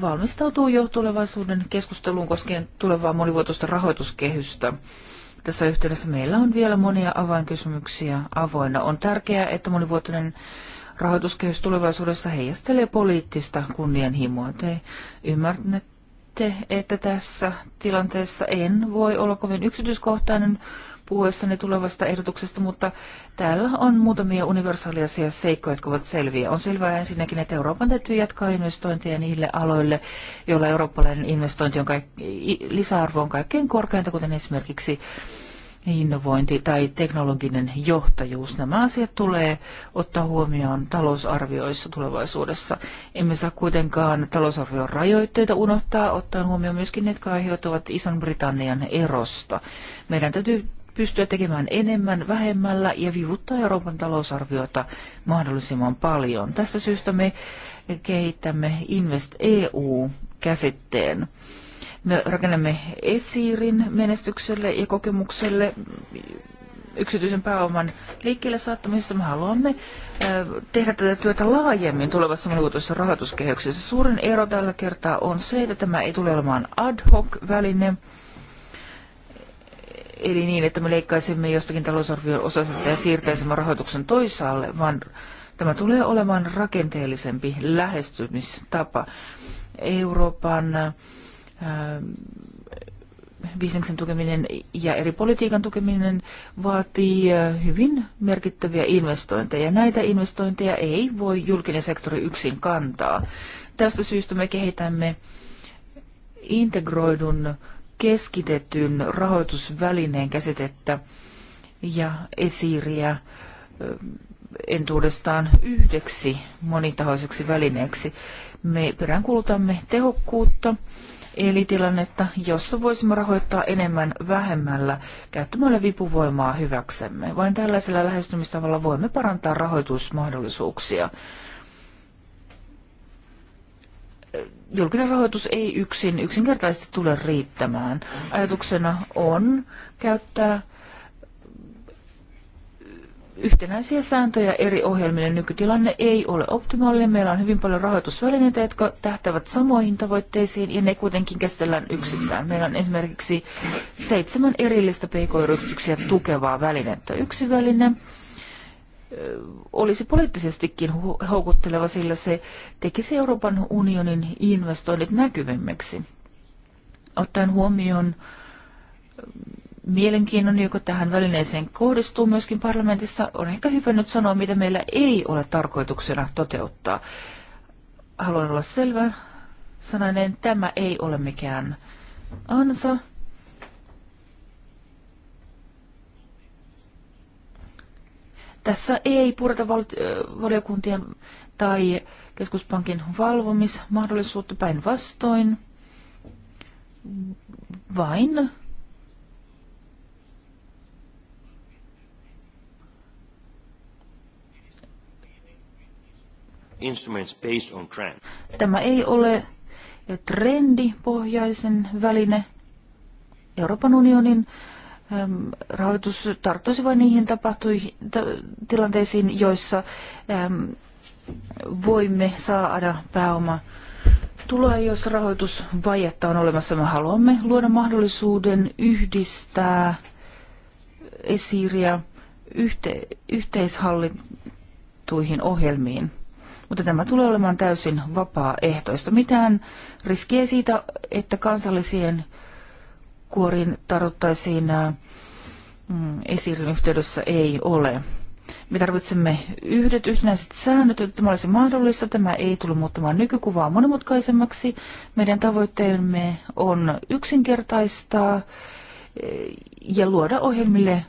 [SPEAKER 3] valmistautuu jo tulevaisuuden keskusteluun koskien tulevaa monivuotoista rahoituskehystä. Tässä yhteydessä meillä on vielä monia avainkysymyksiä avoinna. On tärkeää, että monivuotinen rahoituskehys tulevaisuudessa heijastelee poliittista kunnianhimoa. Te ymmärrätte, Tiedätte, että tässä tilanteessa en voi olla kovin yksityiskohtainen puhuessani tulevasta ehdotuksesta, mutta täällä on muutamia universaalisia seikkoja, jotka ovat selviä. On selvää ensinnäkin, että Euroopan täytyy jatkaa investointeja niille aloille, joilla eurooppalainen investointi on kaik- lisäarvo on kaikkein korkeinta, kuten esimerkiksi innovointi tai teknologinen johtajuus. Nämä asiat tulee ottaa huomioon talousarvioissa tulevaisuudessa. Emme saa kuitenkaan talousarvion rajoitteita unohtaa, ottaen huomioon myöskin ne, jotka aiheutuvat Ison-Britannian erosta. Meidän täytyy pystyä tekemään enemmän vähemmällä ja vivuttaa Euroopan talousarviota mahdollisimman paljon. Tästä syystä me kehittämme Invest EU-käsitteen. Me rakennamme esiirin menestykselle ja kokemukselle yksityisen pääoman liikkeelle saattamisessa. Me haluamme tehdä tätä työtä laajemmin tulevassa muutossa rahoituskehyksessä. Suurin ero tällä kertaa on se, että tämä ei tule olemaan ad hoc-väline, eli niin, että me leikkaisimme jostakin talousarvion osasesta ja siirtäisimme rahoituksen toisaalle, vaan tämä tulee olemaan rakenteellisempi lähestymistapa. Euroopan Ähm, bisneksen tukeminen ja eri politiikan tukeminen vaatii äh, hyvin merkittäviä investointeja. Näitä investointeja ei voi julkinen sektori yksin kantaa. Tästä syystä me kehitämme integroidun keskitetyn rahoitusvälineen käsitettä ja esiiriä ähm, entuudestaan yhdeksi monitahoiseksi välineeksi. Me peräänkuulutamme tehokkuutta Eli tilannetta, jossa voisimme rahoittaa enemmän vähemmällä käyttämällä vipuvoimaa hyväksemme. Vain tällaisella lähestymistavalla voimme parantaa rahoitusmahdollisuuksia. Julkinen rahoitus ei yksin yksinkertaisesti tule riittämään. Ajatuksena on käyttää yhtenäisiä sääntöjä eri ohjelmille. Nykytilanne ei ole optimaalinen. Meillä on hyvin paljon rahoitusvälineitä, jotka tähtävät samoihin tavoitteisiin ja ne kuitenkin käsitellään yksittäin. Meillä on esimerkiksi seitsemän erillistä pk-yrityksiä tukevaa välinettä. Yksi väline olisi poliittisestikin houkutteleva, sillä se tekisi Euroopan unionin investoinnit näkyvimmiksi. Ottaen huomioon mielenkiinnon, joka tähän välineeseen kohdistuu myöskin parlamentissa. On ehkä hyvä nyt sanoa, mitä meillä ei ole tarkoituksena toteuttaa. Haluan olla selvä sananen, tämä ei ole mikään ansa. Tässä ei pureta val- valiokuntien tai keskuspankin valvomismahdollisuutta päinvastoin, vain
[SPEAKER 2] instruments based on trend.
[SPEAKER 3] Tämä ei ole trendipohjaisen väline. Euroopan unionin ähm, rahoitus tarttuisi vain niihin tapahtui, tilanteisiin, joissa ähm, voimme saada pääoma tuloa, jos rahoitusvajetta on olemassa. Me haluamme luoda mahdollisuuden yhdistää esiiriä yhte, ohjelmiin mutta tämä tulee olemaan täysin vapaaehtoista. Mitään riskiä siitä, että kansallisien kuoriin tarvittaisiin äh, mm, esirin yhteydessä ei ole. Me tarvitsemme yhdet yhtenäiset säännöt, että tämä olisi mahdollista. Tämä ei tule muuttamaan nykykuvaa monimutkaisemmaksi. Meidän tavoitteemme on yksinkertaistaa äh, ja luoda ohjelmille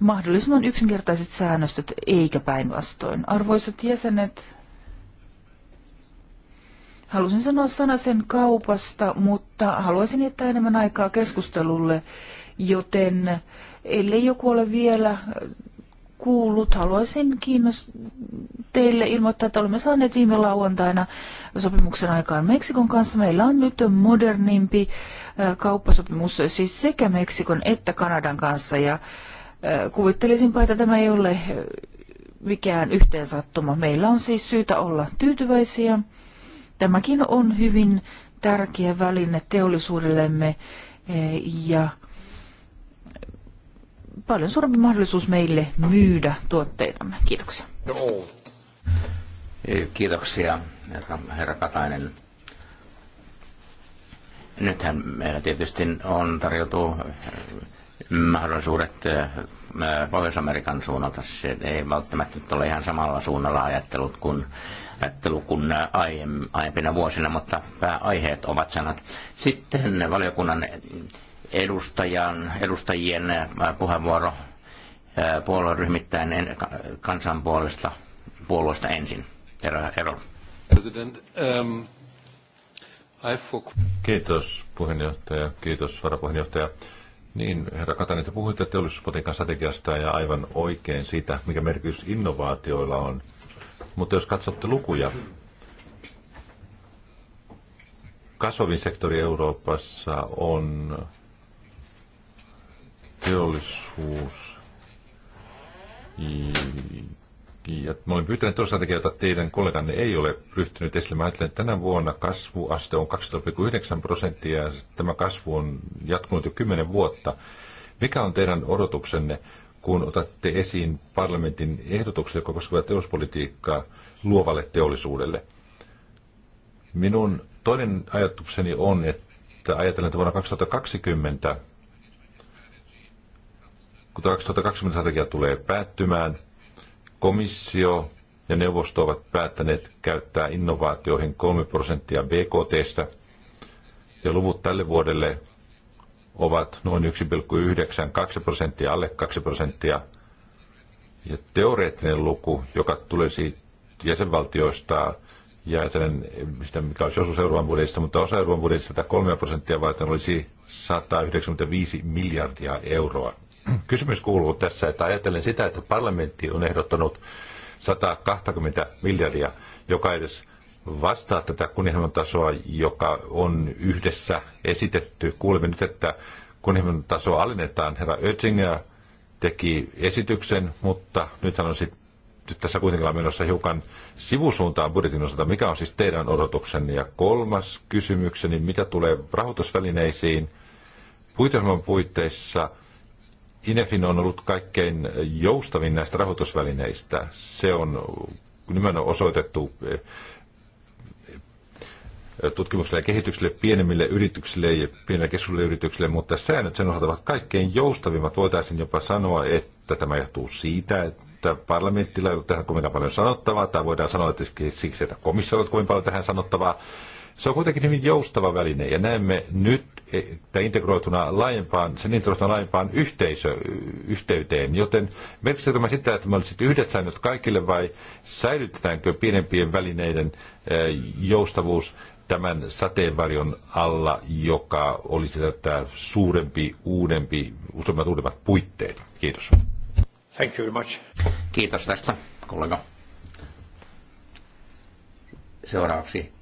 [SPEAKER 3] mahdollisimman yksinkertaiset säännöstöt, eikä päinvastoin. Arvoisat jäsenet, Halusin sanoa sana sen kaupasta, mutta haluaisin jättää enemmän aikaa keskustelulle, joten ellei joku ole vielä kuullut, haluaisin kiinnost- teille ilmoittaa, että olemme saaneet viime lauantaina sopimuksen aikaan Meksikon kanssa. Meillä on nyt modernimpi kauppasopimus siis sekä Meksikon että Kanadan kanssa ja kuvittelisinpa, että tämä ei ole mikään yhteensattuma. Meillä on siis syytä olla tyytyväisiä. Tämäkin on hyvin tärkeä väline teollisuudellemme eh, ja paljon suurempi mahdollisuus meille myydä tuotteitamme. Kiitoksia. Joo.
[SPEAKER 2] Kiitoksia, herra Katainen. Nythän meillä tietysti on tarjottu mahdollisuudet eh, Pohjois-Amerikan suunnalta. Se ei välttämättä ole ihan samalla suunnalla ajattelut kuin ajattelu kuin aiempina vuosina, mutta pääaiheet ovat sanat. Sitten valiokunnan edustajan, edustajien puheenvuoro puolueryhmittäin kansan puolesta, puolueesta ensin.
[SPEAKER 1] Herra Ero. Um, kiitos puheenjohtaja, kiitos varapuheenjohtaja. Niin, herra Katainen, te puhuitte teollisuuspotikan strategiasta ja aivan oikein siitä, mikä merkitys innovaatioilla on – mutta jos katsotte lukuja, kasvavin sektori Euroopassa on teollisuus. Ja mä olen pyytänyt toisaalta että teidän kolleganne ei ole ryhtynyt esille. Mä ajattelen, että tänä vuonna kasvuaste on 2,9 prosenttia ja tämä kasvu on jatkunut jo 10 vuotta. Mikä on teidän odotuksenne kun otatte esiin parlamentin ehdotuksia, jotka koskevat teollisuuspolitiikkaa luovalle teollisuudelle. Minun toinen ajatukseni on, että ajatellen, että vuonna 2020, kun 2020 strategia tulee päättymään, komissio ja neuvosto ovat päättäneet käyttää innovaatioihin 3 prosenttia BKTstä, ja luvut tälle vuodelle ovat noin 1,9-2 prosenttia, alle 2 prosenttia. Ja teoreettinen luku, joka tulisi jäsenvaltioista ja ajatellen sitä, mikä olisi osuus Euroopan budjetista, mutta osa Euroopan budjetista 3 prosenttia varten olisi 195 miljardia euroa. Kysymys kuuluu tässä, että ajatellen sitä, että parlamentti on ehdottanut 120 miljardia, joka edes vastaa tätä kunnianhimon tasoa, joka on yhdessä esitetty. Kuulemme nyt, että kunnianhimon tasoa alennetaan. Herra Oettinger teki esityksen, mutta nythän on sitten tässä kuitenkin on menossa hiukan sivusuuntaan budjetin osalta. Mikä on siis teidän odotuksenne? Ja kolmas kysymykseni, mitä tulee rahoitusvälineisiin? Puitelman puitteissa INEFIN on ollut kaikkein joustavin näistä rahoitusvälineistä. Se on nimenomaan osoitettu tutkimukselle ja kehitykselle, pienemmille yrityksille ja pienille keskuksille yrityksille, mutta säännöt sen osalta ovat kaikkein joustavimmat. Voitaisiin jopa sanoa, että tämä johtuu siitä, että parlamentilla ei ole tähän kovinkaan paljon sanottavaa, tai voidaan sanoa, että siksi, että komissio on kovin paljon tähän sanottavaa. Se on kuitenkin hyvin joustava väline, ja näemme nyt, että integroituna laajempaan, sen integroituna laajempaan yhteisö, yhteyteen, joten merkitsekö tämä sitä, että me olisit yhdet säännöt kaikille, vai säilytetäänkö pienempien välineiden eh, joustavuus, tämän sateenvarjon alla, joka olisi tätä suurempi, uudempi, useimmat uudemmat puitteet. Kiitos. Thank you very much. Kiitos tästä, kollega.
[SPEAKER 2] Seuraavaksi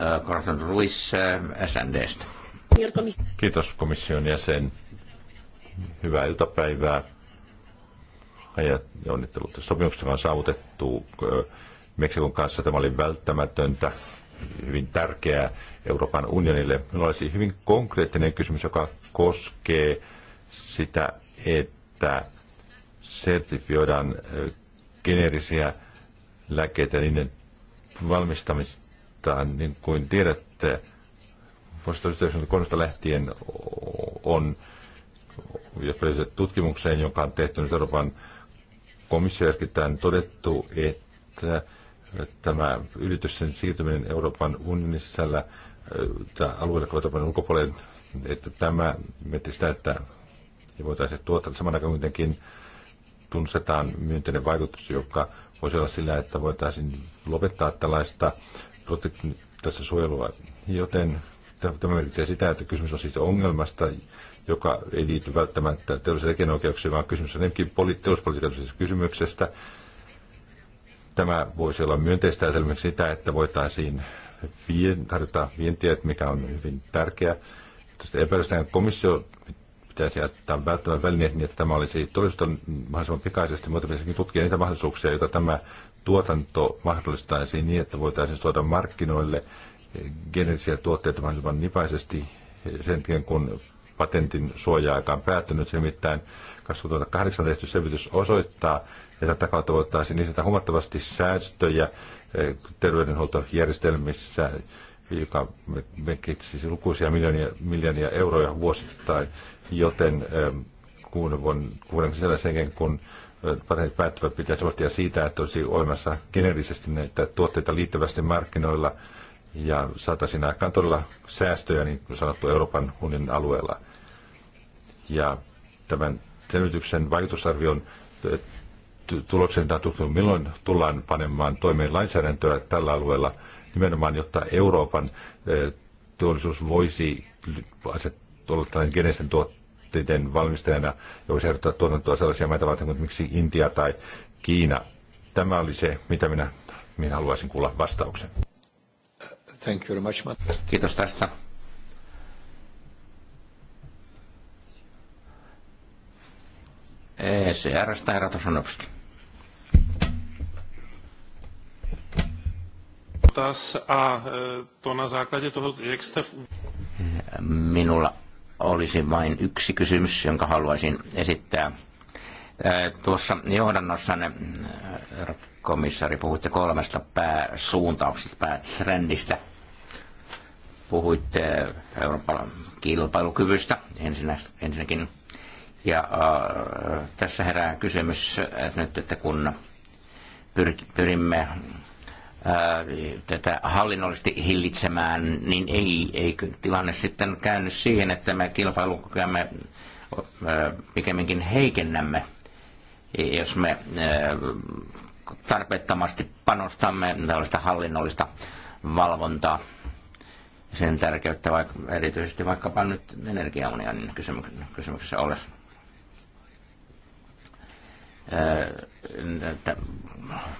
[SPEAKER 2] äh, Carson Ruiz
[SPEAKER 1] äh, SNDstä. Kiitos komission jäsen. Hyvää iltapäivää. Ja onnittelut sopimuksesta on saavutettu äh, Meksikon kanssa. Tämä oli välttämätöntä, hyvin tärkeää Euroopan unionille. Minulla olisi hyvin konkreettinen kysymys, joka koskee sitä, että sertifioidaan geneerisiä lääkkeitä niiden valmistamista, niin kuin tiedätte, vuosi 1993 lähtien on tutkimukseen, jonka on tehty nyt Euroopan komissio todettu, että tämä yritysten siirtyminen Euroopan unionin sisällä alueella Euroopan ulkopuolelle, että tämä miettii sitä, että voitaisiin tuottaa saman aikaan kuitenkin tunnustetaan myönteinen vaikutus, joka voisi olla sillä, että voitaisiin lopettaa tällaista tässä suojelua. Joten tämä merkitsee sitä, että kysymys on siis ongelmasta, joka ei liity välttämättä teollisiin tekijänoikeuksiin, vaan kysymys on enemmänkin teollispolitiikallisesta kysymyksestä, Tämä voisi olla myönteistä esimerkiksi sitä, että voitaisiin vien, harjoittaa vientiä, mikä on hyvin tärkeä. Tästä epäilystä komissio pitäisi jättää välttämään välineet niin, että tämä olisi todistettu mahdollisimman pikaisesti, mutta pitäisi tutkia niitä mahdollisuuksia, joita tämä tuotanto mahdollistaisi niin, että voitaisiin tuoda markkinoille geneellisiä tuotteita mahdollisimman nipaisesti sen tien, kun patentin suoja-aika on päättynyt. Se nimittäin 2008 tehty selvitys osoittaa, ja tätä kautta voitaisiin lisätä huomattavasti säästöjä eh, terveydenhuoltojärjestelmissä, joka merkitsisi lukuisia miljoonia, miljoonia euroja vuosittain, joten eh, kuuden vuoden, kuuden sen kun eh, patentit päättävät, pitää huolehtia siitä, että olisi olemassa geneerisesti näitä tuotteita liittyvästi markkinoilla ja saataisiin aikaan todella säästöjä, niin kuin sanottu, Euroopan unionin alueella. Ja tämän selvityksen vaikutusarvion tuloksen tutkinut, milloin tullaan panemaan toimeen lainsäädäntöä tällä alueella, nimenomaan jotta Euroopan eh, teollisuus voisi olla tällainen geneisten tuotteiden valmistajana ja voisi ehdottaa tuotantoa sellaisia maita varten kuin miksi Intia tai Kiina. Tämä oli se, mitä minä, minä haluaisin kuulla vastauksen. Thank you very much, Matt. Kiitos tästä.
[SPEAKER 2] ECR-stä herra Tosanovski.
[SPEAKER 1] dotaz a e, to na základě toho, jak jste...
[SPEAKER 2] Minulla olisi vain yksi kysymys, jonka haluaisin esittää. E, tuossa johdannossanne, e, komissaari, puhuitte kolmesta pääsuuntauksesta, päätrendistä. Puhuitte Euroopan kilpailukyvystä ensinnäkin. Ja äh, tässä herää kysymys että nyt, että kun pyrimme tätä hallinnollisesti hillitsemään, niin ei, ei tilanne sitten käynyt siihen, että me kilpailukykyämme pikemminkin heikennämme, jos me tarpeettomasti panostamme tällaista hallinnollista valvontaa sen tärkeyttä vaikka, erityisesti vaikkapa nyt energiaunionin kysymyksessä olisi.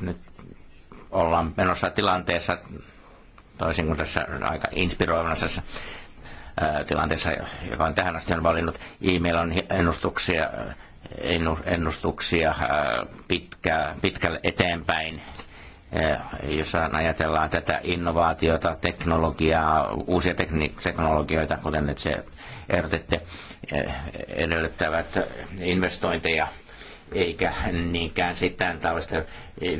[SPEAKER 2] Nyt ollaan menossa tilanteessa, toisin kuin tässä aika inspiroivassa äh, tilanteessa, joka on tähän asti on valinnut. E-mail on ennustuksia, ennustuksia äh, pitkä, pitkälle eteenpäin äh, jos ajatellaan tätä innovaatiota, teknologiaa, uusia teknologioita, kuten nyt se erotette, edellyttävät investointeja – eikä niinkään sitten tällaista eh,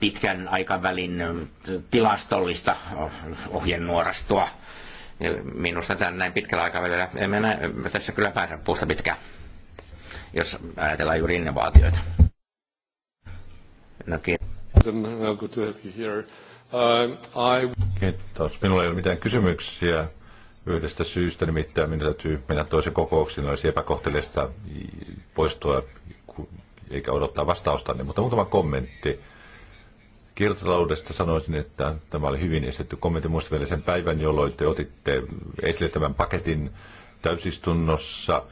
[SPEAKER 2] pitkän aikavälin eh, tilastollista ohjenuorastoa. Minusta tämän näin pitkällä aikavälillä emme näe, eh, tässä kyllä pääse puusta pitkään, jos ajatellaan juuri innovaatioita. No, Kiitos.
[SPEAKER 1] Minulla ei ole mitään kysymyksiä yhdestä syystä, nimittäin minun täytyy mennä toisen kokouksiin, olisi epäkohteliasta poistua eikä odottaa vastaustanne, niin mutta muutama kommentti. Kiertotaloudesta sanoisin, että tämä oli hyvin esitetty kommentti muistaville sen päivän, jolloin te otitte esille tämän paketin täysistunnossa.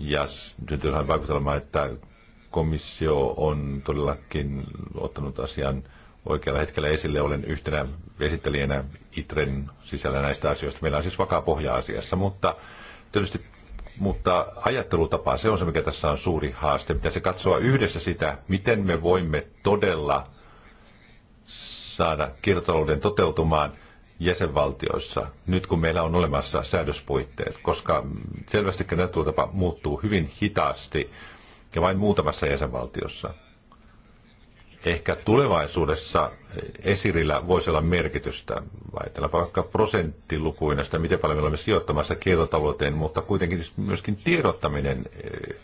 [SPEAKER 1] Ja nyt on vaikutelma, että komissio on todellakin ottanut asian oikealla hetkellä esille. Olen yhtenä esittelijänä ITREN sisällä näistä asioista. Meillä on siis vakaa pohja asiassa, mutta tietysti mutta ajattelutapa, se on se, mikä tässä on suuri haaste. se katsoa yhdessä sitä, miten me voimme todella saada kiertotalouden toteutumaan jäsenvaltioissa, nyt kun meillä on olemassa säädöspuitteet, koska selvästikin ajattelutapa muuttuu hyvin hitaasti ja vain muutamassa jäsenvaltiossa ehkä tulevaisuudessa esirillä voisi olla merkitystä. Ajatellaanpa vaikka prosenttilukuina sitä, miten paljon me olemme sijoittamassa kiertotalouteen, mutta kuitenkin myöskin tiedottaminen eh,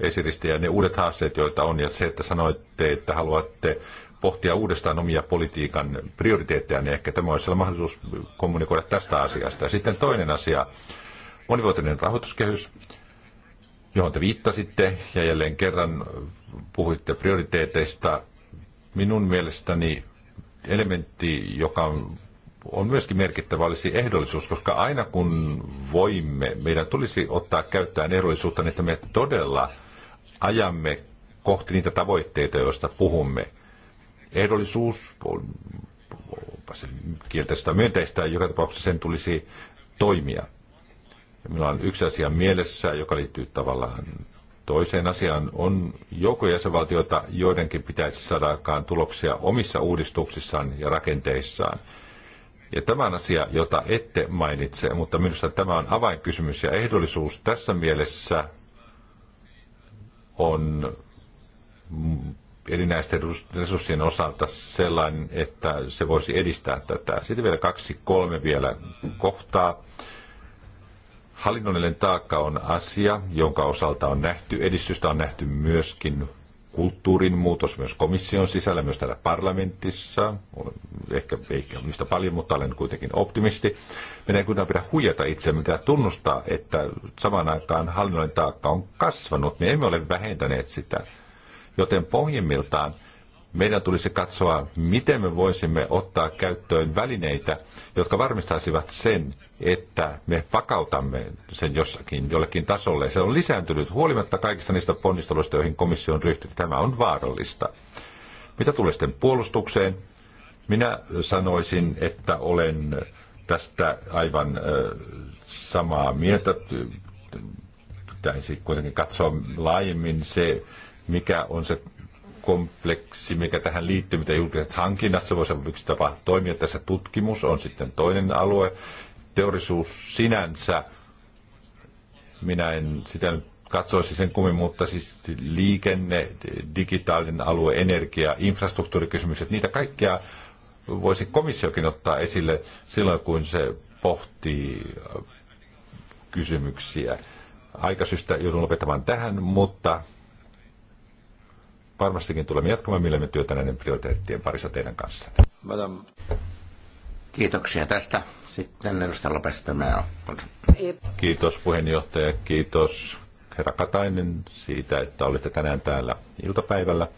[SPEAKER 1] esiristä ja ne uudet haasteet, joita on, ja se, että sanoitte, että haluatte pohtia uudestaan omia politiikan prioriteetteja, niin ehkä tämä olisi mahdollisuus kommunikoida tästä asiasta. Ja sitten toinen asia, monivuotinen rahoituskehys, johon te viittasitte, ja jälleen kerran puhuitte prioriteeteista, Minun mielestäni elementti, joka on myöskin merkittävä, olisi ehdollisuus, koska aina kun voimme, meidän tulisi ottaa käyttöön ehdollisuutta, niin että me todella ajamme kohti niitä tavoitteita, joista puhumme. Ehdollisuus on kielteistä myönteistä, joka tapauksessa sen tulisi toimia. Ja minulla on yksi asia mielessä, joka liittyy tavallaan Toiseen asiaan on joukko jäsenvaltioita, joidenkin pitäisi saada aikaan tuloksia omissa uudistuksissaan ja rakenteissaan. Ja tämä on asia, jota ette mainitse, mutta minusta tämä on avainkysymys ja ehdollisuus tässä mielessä on erinäisten resurssien osalta sellainen, että se voisi edistää tätä. Sitten vielä kaksi, kolme vielä kohtaa. Hallinnollinen taakka on asia, jonka osalta on nähty edistystä, on nähty myöskin kulttuurin muutos myös komission sisällä, myös täällä parlamentissa. Ehkä, ehkä mistä paljon, mutta olen kuitenkin optimisti. Meidän ei kuitenkaan pidä huijata itseämme, pitää tunnustaa, että samaan aikaan hallinnollinen taakka on kasvanut, me emme ole vähentäneet sitä. Joten pohjimmiltaan – meidän tulisi katsoa, miten me voisimme ottaa käyttöön välineitä, jotka varmistaisivat sen, että me vakautamme sen jossakin, jollekin tasolle. Se on lisääntynyt huolimatta kaikista niistä ponnisteluista, joihin komissio on ryhtynyt. Tämä on vaarallista. Mitä tulee sitten puolustukseen? Minä sanoisin, että olen tästä aivan samaa mieltä. Pitäisi kuitenkin katsoa laajemmin se, mikä on se kompleksi, mikä tähän liittyy, mitä julkiset hankinnat, se voisi olla yksi tapa toimia tässä. Tutkimus on sitten toinen alue. Teollisuus sinänsä, minä en sitä nyt katsoisi sen kummin, mutta siis liikenne, digitaalinen alue, energia, infrastruktuurikysymykset, niitä kaikkia voisi komissiokin ottaa esille silloin, kun se pohtii kysymyksiä. Aikasystä joudun lopettamaan tähän, mutta varmastikin tulemme jatkamaan mielemme työtä näiden prioriteettien parissa teidän kanssa. Madame. Kiitoksia tästä. Sitten edustaja Lopes Kiitos puheenjohtaja, kiitos herra Katainen siitä, että olitte tänään täällä iltapäivällä.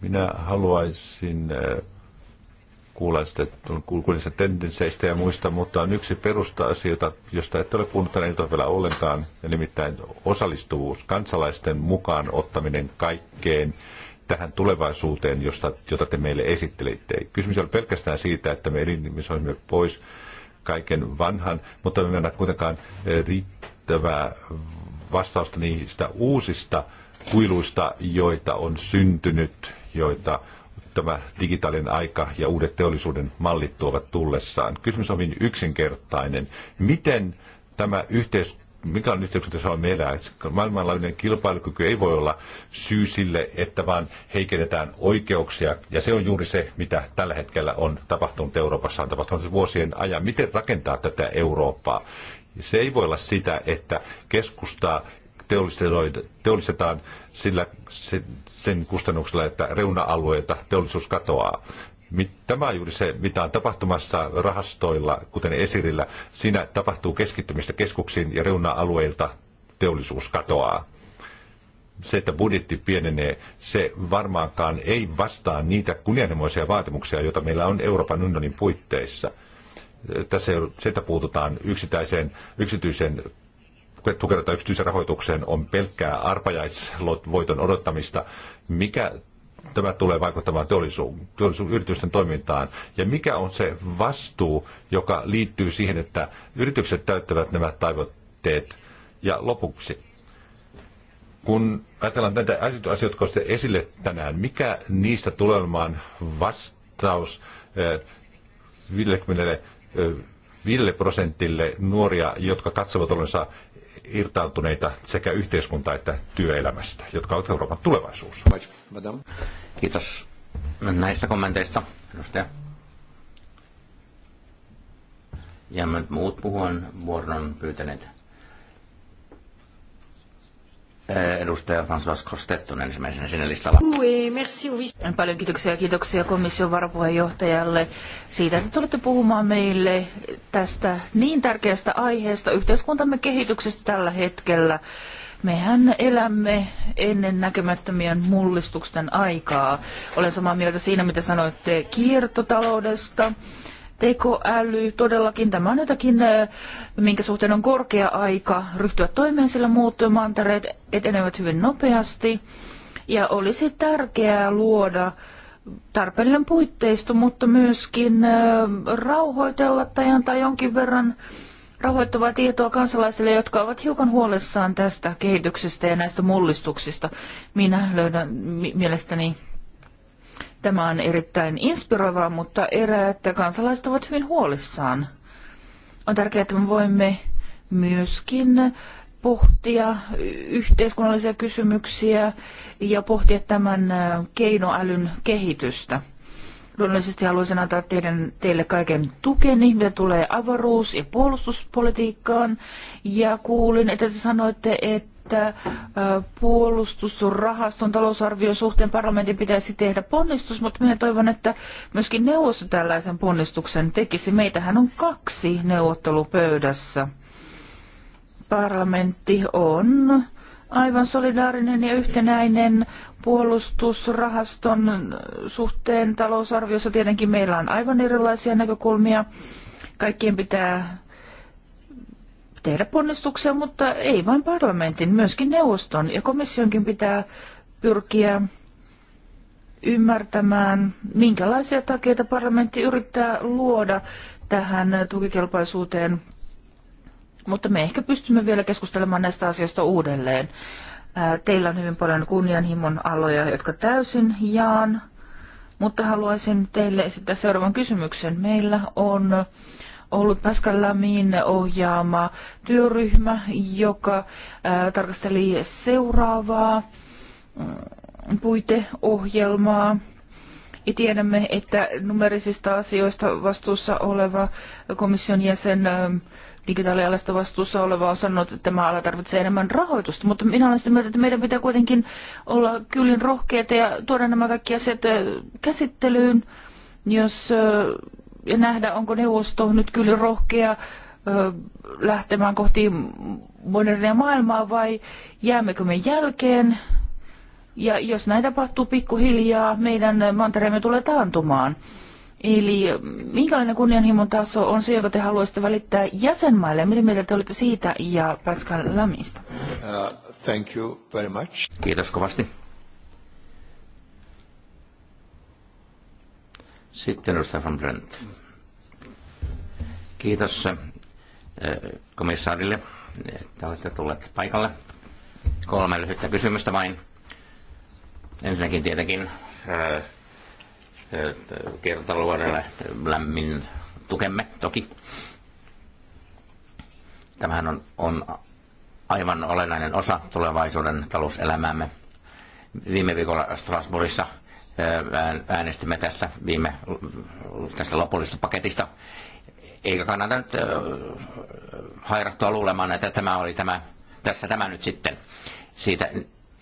[SPEAKER 1] Minä haluaisin eh, kuulisista tendensseistä ja muista, mutta on yksi perusta asioita, josta et ole puhunut tänä vielä ollenkaan, ja nimittäin osallistuvuus, kansalaisten mukaan ottaminen kaikkeen tähän tulevaisuuteen, josta, jota te meille esittelitte. Kysymys on pelkästään siitä, että me elinimisoimme pois kaiken vanhan, mutta me anna kuitenkaan eh, riittävää vastausta niistä uusista kuiluista, joita on syntynyt, joita välittömä digitaalinen aika ja uudet teollisuuden mallit tuovat tullessaan. Kysymys on hyvin yksinkertainen. Miten tämä yhteis, mikä on yhteiskunta on meillä? Maailmanlaajuinen kilpailukyky ei voi olla syy sille, että vaan heikennetään oikeuksia. Ja se on juuri se, mitä tällä hetkellä on tapahtunut Euroopassa, on tapahtunut vuosien ajan. Miten rakentaa tätä Eurooppaa? Se ei voi olla sitä, että keskustaa teollistetaan sillä sen kustannuksella, että reuna-alueilta teollisuus katoaa. Tämä on juuri se, mitä on tapahtumassa rahastoilla, kuten esirillä. Siinä tapahtuu keskittymistä keskuksiin ja reuna-alueilta teollisuus katoaa. Se, että budjetti pienenee, se varmaankaan ei vastaa niitä kunnianhimoisia vaatimuksia, joita meillä on Euroopan unionin puitteissa. Tässä se, että puututaan yksityisen tukeuduta yksityisen rahoitukseen, on pelkkää arpajaisvoiton odottamista. Mikä tämä tulee vaikuttamaan teollisuuden yritysten toimintaan? Ja mikä on se vastuu, joka liittyy siihen, että yritykset täyttävät nämä tavoitteet? Ja lopuksi, kun ajatellaan näitä asioita, jotka olette esille tänään, mikä niistä tulee olemaan vastaus 50, eh, eh, prosentille nuoria, jotka katsovat olensa irtautuneita sekä yhteiskunta- että työelämästä, jotka ovat Euroopan tulevaisuus. Kiitos näistä
[SPEAKER 2] kommenteista, edustaja. Ja muut puhujan vuoron pyytäneet. Eh, edustaja François Kostetton ensimmäisenä sinne listalla.
[SPEAKER 3] Paljon kiitoksia ja kiitoksia komission varapuheenjohtajalle siitä, että tulette puhumaan meille tästä niin tärkeästä aiheesta yhteiskuntamme kehityksestä tällä hetkellä. Mehän elämme ennen näkemättömien mullistusten aikaa. Olen samaa mieltä siinä, mitä sanoitte kiertotaloudesta, tekoäly todellakin. Tämä on jotakin, minkä suhteen on korkea aika ryhtyä toimeen, sillä muut mantereet etenevät hyvin nopeasti. Ja olisi tärkeää luoda tarpeellinen puitteisto, mutta myöskin rauhoitella tai antaa jonkin verran rauhoittavaa tietoa kansalaisille, jotka ovat hiukan huolissaan tästä kehityksestä ja näistä mullistuksista. Minä löydän mielestäni Tämä on erittäin inspiroivaa, mutta eräät kansalaiset ovat hyvin huolissaan. On tärkeää, että me voimme myöskin pohtia yhteiskunnallisia kysymyksiä ja pohtia tämän keinoälyn kehitystä. Luonnollisesti haluaisin antaa teidän, teille kaiken tukeni, mitä tulee avaruus- ja puolustuspolitiikkaan. Ja kuulin, että te sanoitte, että että puolustusrahaston talousarvion suhteen parlamentin pitäisi tehdä ponnistus, mutta minä toivon, että myöskin neuvosto tällaisen ponnistuksen tekisi. Meitähän on kaksi neuvottelupöydässä. Parlamentti on aivan solidaarinen ja yhtenäinen puolustusrahaston suhteen talousarviossa. Tietenkin meillä on aivan erilaisia näkökulmia. Kaikkien pitää tehdä ponnistuksia, mutta ei vain parlamentin, myöskin neuvoston ja komissionkin pitää pyrkiä ymmärtämään, minkälaisia takeita parlamentti yrittää luoda tähän tukikelpoisuuteen. Mutta me ehkä pystymme vielä keskustelemaan näistä asioista uudelleen. Äh, teillä on hyvin paljon kunnianhimon aloja, jotka täysin jaan, mutta haluaisin teille esittää seuraavan kysymyksen. Meillä on ollut Pascal Lamin ohjaama työryhmä, joka tarkasteli seuraavaa mm, puiteohjelmaa. Ja tiedämme, että numerisista asioista vastuussa oleva komission jäsen digitaalialasta vastuussa oleva on sanonut, että tämä ala tarvitsee enemmän rahoitusta, mutta minä olen sitä mieltä, että meidän pitää kuitenkin olla kyllin rohkeita ja tuoda nämä kaikki asiat käsittelyyn, jos ja nähdä, onko neuvosto nyt kyllä rohkea lähtemään kohti modernia maailmaa vai jäämmekö me jälkeen. Ja jos näin tapahtuu pikkuhiljaa, meidän mantereemme tulee taantumaan. Eli minkälainen kunnianhimon taso on se, jonka te haluaisitte välittää jäsenmaille? Miten mieltä te olette siitä ja Pascal Lamista? Uh, thank you
[SPEAKER 1] very much.
[SPEAKER 2] Kiitos kovasti. Sitten Rosa van Brent. Kiitos eh, komissaarille, että olette tulleet paikalle. Kolme lyhyttä kysymystä vain. Ensinnäkin tietenkin eh, eh, kertaluodelle lämmin tukemme toki. Tämähän on, on aivan olennainen osa tulevaisuuden talouselämäämme. Viime viikolla Strasbourgissa äänestimme tästä, viime, tästä lopullisesta paketista eikä kannata nyt hairahtua luulemaan, että tämä oli tämä, tässä tämä nyt sitten. Siitä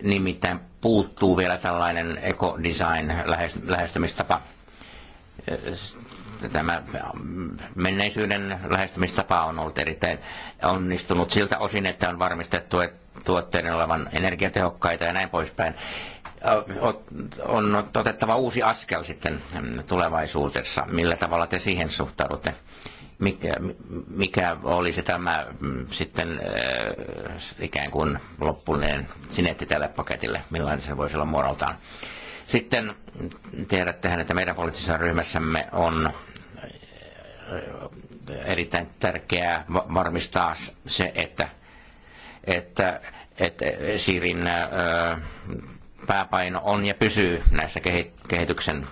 [SPEAKER 2] nimittäin puuttuu vielä tällainen ekodesign lähestymistapa. Tämä menneisyyden lähestymistapa on ollut erittäin onnistunut siltä osin, että on varmistettu että tuotteiden olevan energiatehokkaita ja näin poispäin. On otettava uusi askel sitten tulevaisuudessa. Millä tavalla te siihen suhtaudutte? mikä, mikä olisi tämä mm, sitten äh, ikään kuin loppuneen sinetti tälle paketille, millainen se voisi olla muodoltaan. Sitten tiedättehän, että meidän poliittisessa ryhmässämme on äh, erittäin tärkeää varmistaa se, että, että, että Siirin äh, pääpaino on ja pysyy näissä kehityksen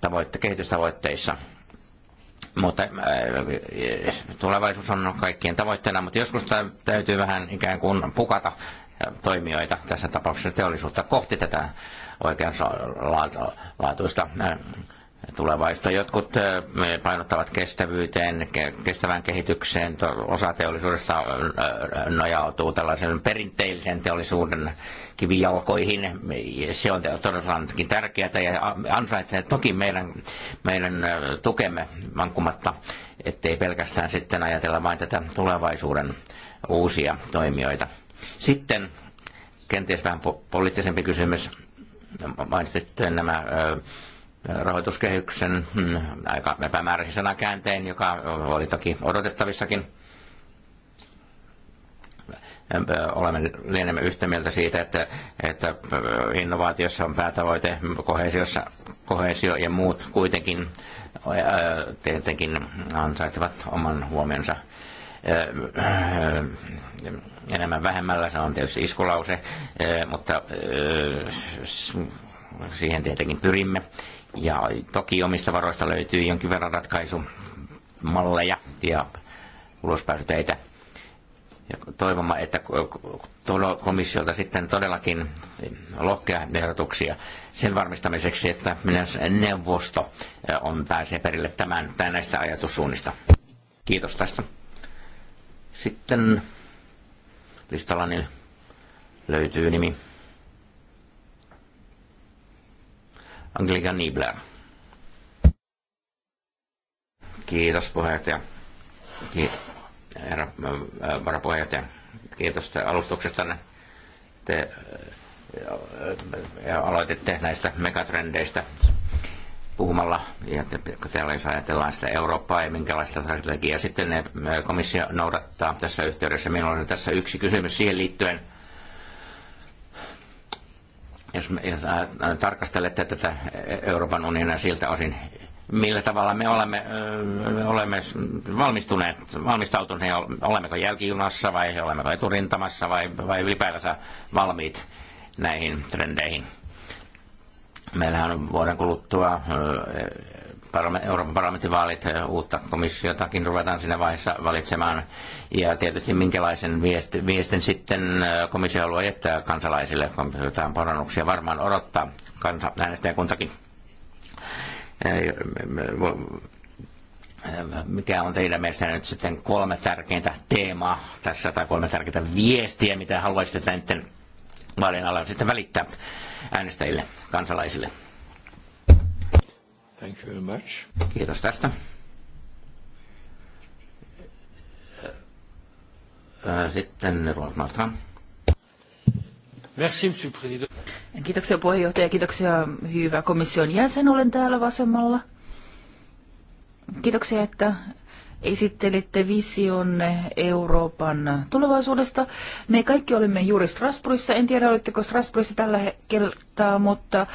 [SPEAKER 2] tavoitte- kehitystavoitteissa – mutta äh, tulevaisuus on kaikkien tavoitteena, mutta joskus täytyy vähän ikään kuin pukata toimijoita, tässä tapauksessa teollisuutta, kohti tätä oikeanlaatuista äh, tulevaisuutta. Jotkut eh, painottavat kestävyyteen, kestävään kehitykseen. Osa teollisuudesta eh, eh, nojautuu tällaisen perinteellisen teollisuuden kivijalkoihin. Se on todellakin tärkeää ja ansaitsee toki meidän, meidän tukemme vankkumatta, ettei pelkästään sitten ajatella vain tätä tulevaisuuden uusia toimijoita. Sitten kenties vähän poliittisempi kysymys. Mainitsitte nämä rahoituskehyksen mm, aika epämääräisen sanakäänteen, joka oli toki odotettavissakin. Olemme lienemme yhtä mieltä siitä, että, että innovaatiossa on päätavoite, kohesiossa, kohesio ja muut kuitenkin tietenkin ansaitsevat oman huomionsa enemmän vähemmällä, se on tietysti iskulause, mutta siihen tietenkin pyrimme. Ja toki omista varoista löytyy jonkin verran ratkaisumalleja ja ulospääsyteitä. Ja toivomme, että komissiolta sitten todellakin lohkea ehdotuksia sen varmistamiseksi, että myös neuvosto on pääsee perille tämän, tämän näistä ajatussuunnista. Kiitos tästä. Sitten listallani niin löytyy nimi. Anglika nibler, Kiitos puheenjohtaja. Ki- herra äh, varapuheenjohtaja, kiitos alustuksestanne. Te äh, ja aloititte näistä megatrendeistä puhumalla, ja täällä jos ajatellaan sitä Eurooppaa ja minkälaista strategiaa sitten äh, komissio noudattaa tässä yhteydessä. Minulla on tässä yksi kysymys siihen liittyen – jos, me tarkastelette tätä Euroopan unionia siltä osin, millä tavalla me olemme, me olemme valmistuneet, valmistautuneet, olemmeko jälkijunassa vai olemmeko eturintamassa vai, vai ylipäätänsä valmiit näihin trendeihin. Meillähän on vuoden kuluttua Euroopan parlamentin vaalit, eh, uutta komissiotakin ruvetaan siinä vaiheessa valitsemaan. Ja tietysti minkälaisen viestin, viestin sitten eh, komissio haluaa jättää kansalaisille, kun jotain parannuksia varmaan odottaa kansa, äänestäjäkuntakin. Eh, mikä on teidän mielestä nyt sitten kolme tärkeintä teemaa tässä, tai kolme tärkeintä viestiä, mitä haluaisitte näiden vaalien alla sitten välittää äänestäjille, kansalaisille? Thank you very much. Kiitos tästä. Sitten Roland Martin.
[SPEAKER 3] Merci, monsieur le président. Kiitoksia puheenjohtaja, kiitoksia hyvä komission jäsen, olen täällä vasemmalla. Kiitoksia, että esittelitte visionne Euroopan tulevaisuudesta. Me kaikki olimme juuri Strasbourgissa, en tiedä olitteko Strasbourgissa tällä kertaa, mutta äh,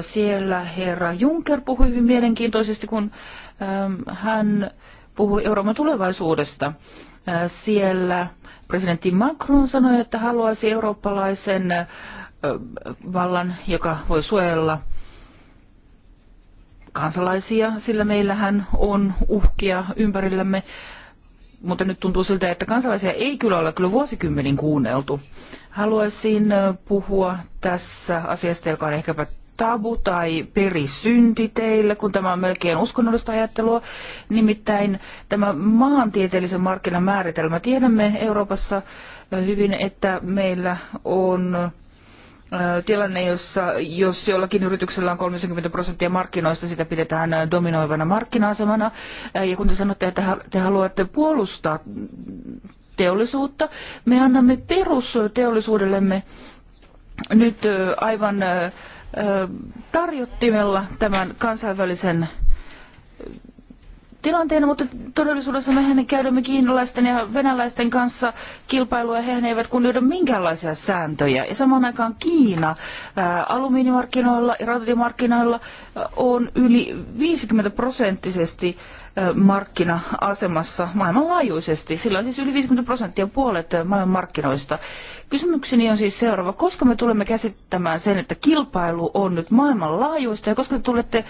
[SPEAKER 3] siellä herra Juncker puhui hyvin mielenkiintoisesti, kun ähm, hän puhui Euroopan tulevaisuudesta. Äh, siellä presidentti Macron sanoi, että haluaisi eurooppalaisen äh, vallan, joka voi suojella kansalaisia, sillä meillähän on uhkia ympärillämme, mutta nyt tuntuu siltä, että kansalaisia ei kyllä ole kyllä vuosikymmenin kuunneltu. Haluaisin puhua tässä asiasta, joka on ehkäpä tabu tai perisynti teille, kun tämä on melkein uskonnollista ajattelua. Nimittäin tämä maantieteellisen markkinan määritelmä. Tiedämme Euroopassa hyvin, että meillä on tilanne, jossa jos jollakin yrityksellä on 30 prosenttia markkinoista, sitä pidetään dominoivana markkina-asemana. Ja kun te sanotte, että te haluatte puolustaa teollisuutta, me annamme perusteollisuudellemme nyt aivan tarjottimella tämän kansainvälisen tilanteena, mutta todellisuudessa mehän käydämme kiinalaisten ja venäläisten kanssa kilpailua ja he eivät kunnioida minkäänlaisia sääntöjä. Ja samaan aikaan Kiina alumiinimarkkinoilla ja rautatiemarkkinoilla on yli 50 prosenttisesti markkina-asemassa maailmanlaajuisesti. Sillä on siis yli 50 prosenttia puolet maailman markkinoista. Kysymykseni on siis seuraava. Koska me tulemme käsittämään sen, että kilpailu on nyt maailmanlaajuista ja koska te tulette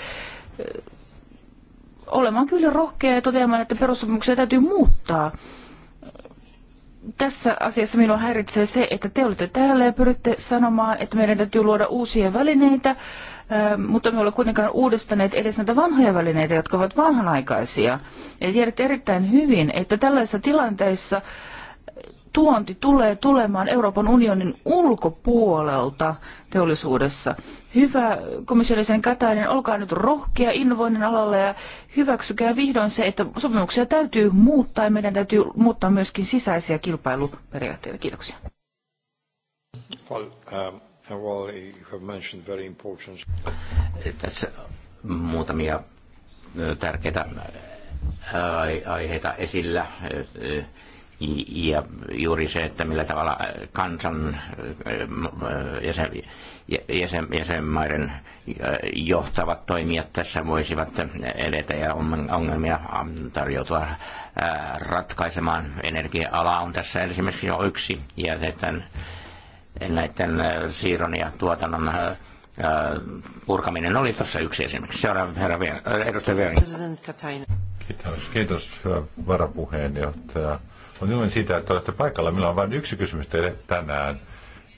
[SPEAKER 3] olemaan kyllä rohkea ja toteamaan, että perussopimuksia täytyy muuttaa. Tässä asiassa minua häiritsee se, että te olette täällä ja pyritte sanomaan, että meidän täytyy luoda uusia välineitä, ähm, mutta me olemme kuitenkaan uudistaneet edes näitä vanhoja välineitä, jotka ovat vanhanaikaisia. Ja tiedätte erittäin hyvin, että tällaisissa tilanteissa äh, tuonti tulee tulemaan Euroopan unionin ulkopuolelta teollisuudessa. Hyvä komissiolisen Katainen, olkaa nyt rohkea innovoinnin alalla ja hyväksykää vihdoin se, että sopimuksia täytyy muuttaa ja meidän täytyy muuttaa myöskin sisäisiä kilpailuperiaatteita. Kiitoksia.
[SPEAKER 2] Well, um, well, important... Tässä muutamia tärkeitä aiheita esillä ja juuri se, että millä tavalla äh, kansan äh, jäsen, jäsen, jäsenmaiden äh, johtavat toimijat tässä voisivat edetä ja ongelmia tarjoutua ratkaisemaan. Energia-ala on tässä esimerkiksi jo yksi ja tämän, näiden siirron ja tuotannon purkaminen oli tuossa yksi esimerkiksi. Seuraava
[SPEAKER 1] herra, edustaja Vieri. Kiitos, kiitos varapuheenjohtaja on iloinen siitä, että olette paikalla. Meillä on vain yksi kysymys teille tänään.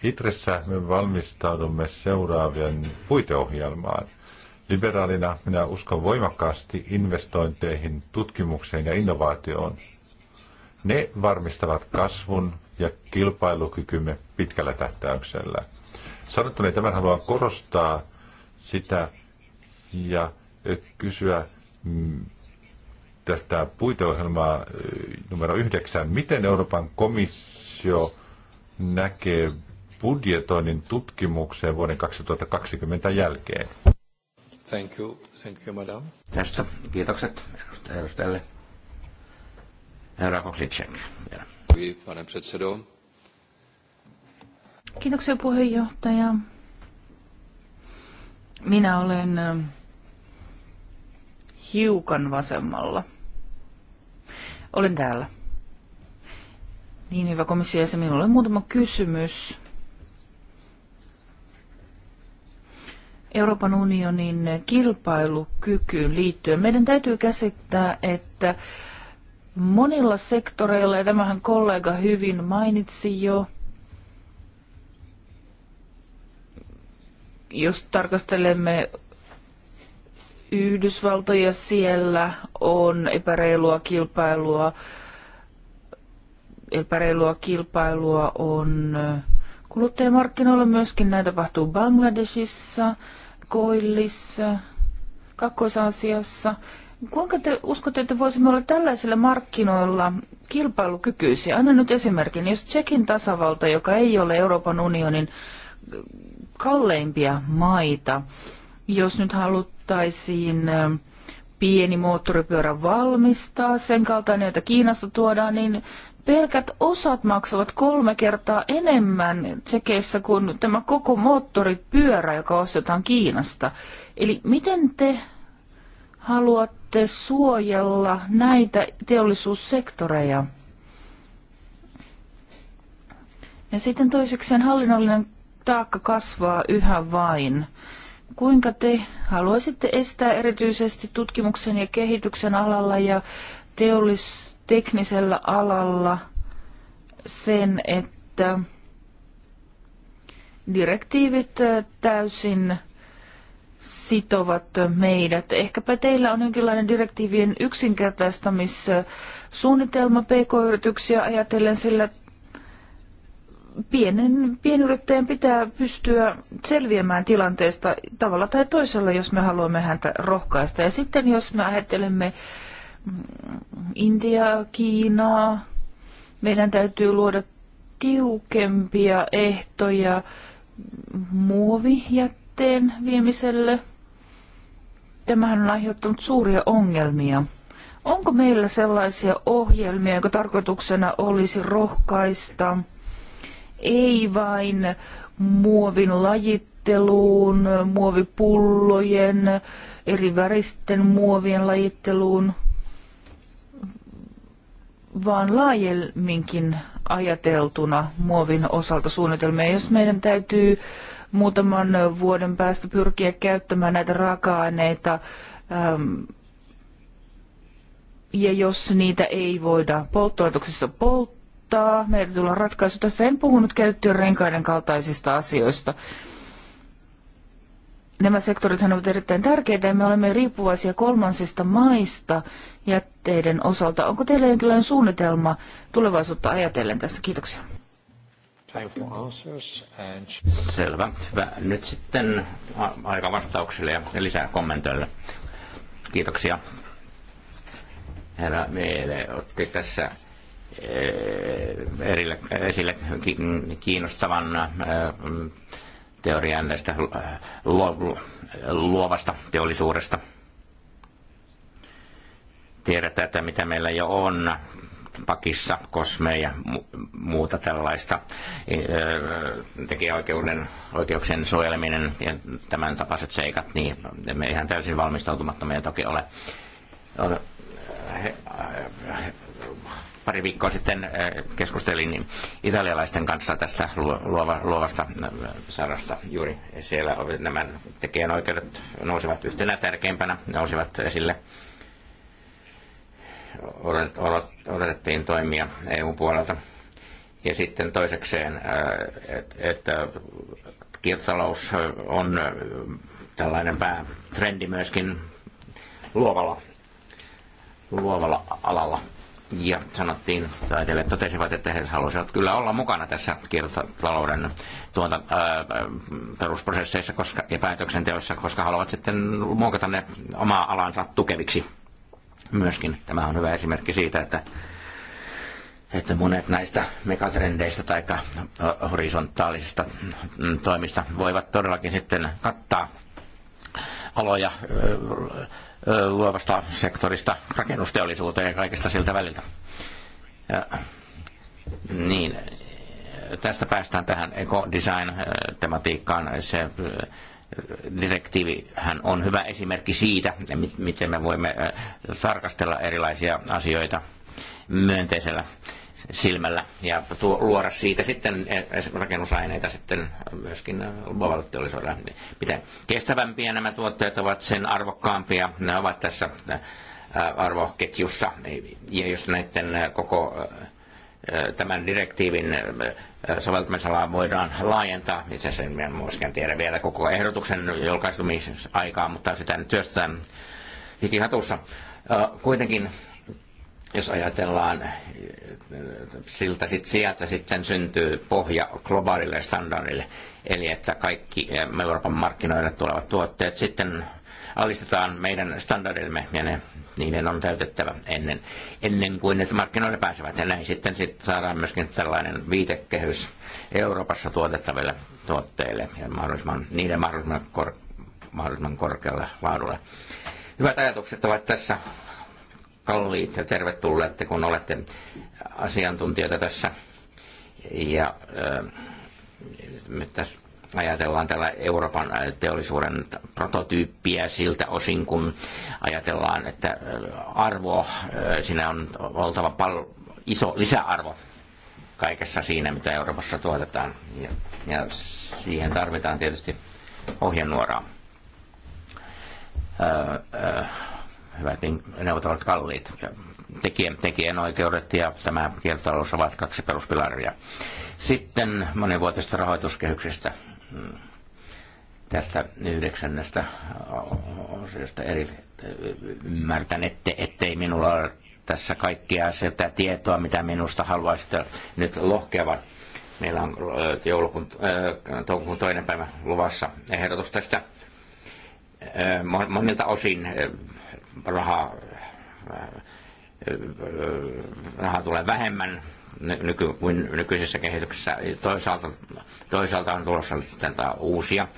[SPEAKER 1] Itressä me valmistaudumme seuraavien puiteohjelmaan. Liberaalina minä uskon voimakkaasti investointeihin, tutkimukseen ja innovaatioon. Ne varmistavat kasvun ja kilpailukykymme pitkällä tähtäyksellä. Sanottuna tämän haluan korostaa sitä ja kysyä, mm, tästä puiteohjelmaa numero yhdeksän. Miten Euroopan komissio näkee budjetoinnin tutkimukseen vuoden 2020 jälkeen? Thank you. Thank you, madam. Tästä kiitokset edustajalle. Herra
[SPEAKER 2] Koklitschek
[SPEAKER 3] Kiitoksia puheenjohtaja. Minä olen hiukan vasemmalla. Olen täällä. Niin hyvä komissio, jäsen, minulla on muutama kysymys. Euroopan unionin kilpailukykyyn liittyen. Meidän täytyy käsittää, että monilla sektoreilla, ja tämähän kollega hyvin mainitsi jo, jos tarkastelemme Yhdysvaltoja siellä on epäreilua kilpailua. Epäreilua kilpailua on kuluttajamarkkinoilla myöskin. Näitä tapahtuu Bangladesissa, Koillissa, Kakkois-Aasiassa. Kuinka te uskotte, että voisimme olla tällaisilla markkinoilla kilpailukykyisiä? Anna nyt esimerkin. Jos Tsekin tasavalta, joka ei ole Euroopan unionin kalleimpia maita, jos nyt halut, voitaisiin pieni moottoripyörä valmistaa, sen kaltainen, jota Kiinasta tuodaan, niin pelkät osat maksavat kolme kertaa enemmän tsekeissä kuin tämä koko moottoripyörä, joka ostetaan Kiinasta. Eli miten te haluatte suojella näitä teollisuussektoreja? Ja sitten toisekseen hallinnollinen taakka kasvaa yhä vain kuinka te haluaisitte estää erityisesti tutkimuksen ja kehityksen alalla ja teollisteknisellä alalla sen, että direktiivit täysin sitovat meidät. Ehkäpä teillä on jonkinlainen direktiivien yksinkertaistamissuunnitelma PK-yrityksiä ajatellen, sillä pienen, pienyrittäjän pitää pystyä selviämään tilanteesta tavalla tai toisella, jos me haluamme häntä rohkaista. Ja sitten jos me ajattelemme mm, Intiaa, Kiinaa, meidän täytyy luoda tiukempia ehtoja muovijätteen viemiselle. Tämähän on aiheuttanut suuria ongelmia. Onko meillä sellaisia ohjelmia, jonka tarkoituksena olisi rohkaista – ei vain muovin lajitteluun, muovipullojen, eri väristen muovien lajitteluun, vaan laajemminkin ajateltuna muovin osalta suunnitelmia. Jos meidän täytyy muutaman vuoden päästä pyrkiä käyttämään näitä raaka-aineita, ähm, ja jos niitä ei voida polttolaitoksissa polttaa, auttaa. Meiltä tulee ratkaisu. Tässä en puhunut käyttöön renkaiden kaltaisista asioista. Nämä sektorit ovat erittäin tärkeitä ja me olemme riippuvaisia kolmansista maista jätteiden osalta. Onko teillä jonkinlainen suunnitelma tulevaisuutta ajatellen tässä? Kiitoksia.
[SPEAKER 2] Selvä. Hyvä. Nyt sitten aika vastauksille ja lisää kommentoille. Kiitoksia. Herra Meele otti tässä Eh, erille, esille kiinnostavan eh, teorian näistä eh, luovasta teollisuudesta. Tiedetään, että mitä meillä jo on pakissa, kosme ja muuta tällaista. Tekijäoikeuden oikeuksien suojeleminen ja tämän tapaiset seikat, niin me ihan täysin valmistautumattomia toki ole pari viikkoa sitten äh, keskustelin niin italialaisten kanssa tästä luova, luovasta äh, sarasta. Juuri siellä nämä tekijänoikeudet nousivat yhtenä tärkeimpänä, nousivat esille. Odot, odot, odotettiin toimia EU-puolelta. Ja sitten toisekseen, äh, että kiertotalous on tällainen päätrendi myöskin luovalla, luovalla alalla ja sanottiin, tai teille totesivat, että he haluaisivat kyllä olla mukana tässä kiertotalouden tuota, ää, perusprosesseissa koska, ja päätöksenteossa, koska haluavat sitten muokata ne omaa alansa tukeviksi myöskin. Tämä on hyvä esimerkki siitä, että, että monet näistä megatrendeistä tai horisontaalisista toimista voivat todellakin sitten kattaa aloja luovasta sektorista rakennusteollisuuteen ja kaikesta siltä väliltä. Ja, niin, tästä päästään tähän ekodesign-tematiikkaan. Se hän on hyvä esimerkki siitä, miten me voimme tarkastella erilaisia asioita myönteisellä silmällä ja tuo, luoda siitä sitten eh, eh, rakennusaineita sitten eh, myöskin luovalle teollisuudelle. Mitä kestävämpiä nämä tuotteet ovat, sen arvokkaampia ne ovat tässä arvoketjussa. Ja jos näiden koko tämän direktiivin soveltamisalaa voidaan laajentaa. Itse niin asiassa en myöskään tiedä vielä koko ehdotuksen julkaistumisaikaa, mutta sitä nyt työstetään hikihatussa. Kuitenkin jos ajatellaan, siltä sit sieltä sitten syntyy pohja globaalille standardille, eli että kaikki eh, Euroopan markkinoille tulevat tuotteet sitten alistetaan meidän standardimme ja ne, niiden on täytettävä ennen, ennen kuin ne markkinoille pääsevät. Ja näin sitten sit saadaan myöskin tällainen viitekehys Euroopassa tuotettaville tuotteille ja mahdollisimman, niiden mahdollisimman, kor, mahdollisimman korkealla laadulla. Hyvät ajatukset ovat tässä kalliit ja tervetulleet, kun olette asiantuntijoita tässä. Ja me tässä ajatellaan tällä Euroopan teollisuuden prototyyppiä siltä osin, kun ajatellaan, että arvo, siinä on oltava pal- iso lisäarvo kaikessa siinä, mitä Euroopassa tuotetaan. Ja, ja siihen tarvitaan tietysti ohjenuoraa. Öö, öö väkin, niin, ne ovat kalliit. Tekijän, tekijänoikeudet ja tämä kiertotalous ovat kaksi peruspilaria. Sitten monivuotisesta rahoituskehyksestä hmm. tästä yhdeksännestä osiosta eri, ymmärtän, ette, ettei minulla ole tässä kaikkea sieltä tietoa, mitä minusta haluaisitte nyt lohkevan. Meillä on joulukuun, toukokuun toinen päivä luvassa ehdotus tästä monilta osin Raha raha tulee vähemmän nyky, kuin nykyisessä kehityksessä. Toisaalta, toisaalta on tulossa sitten uusia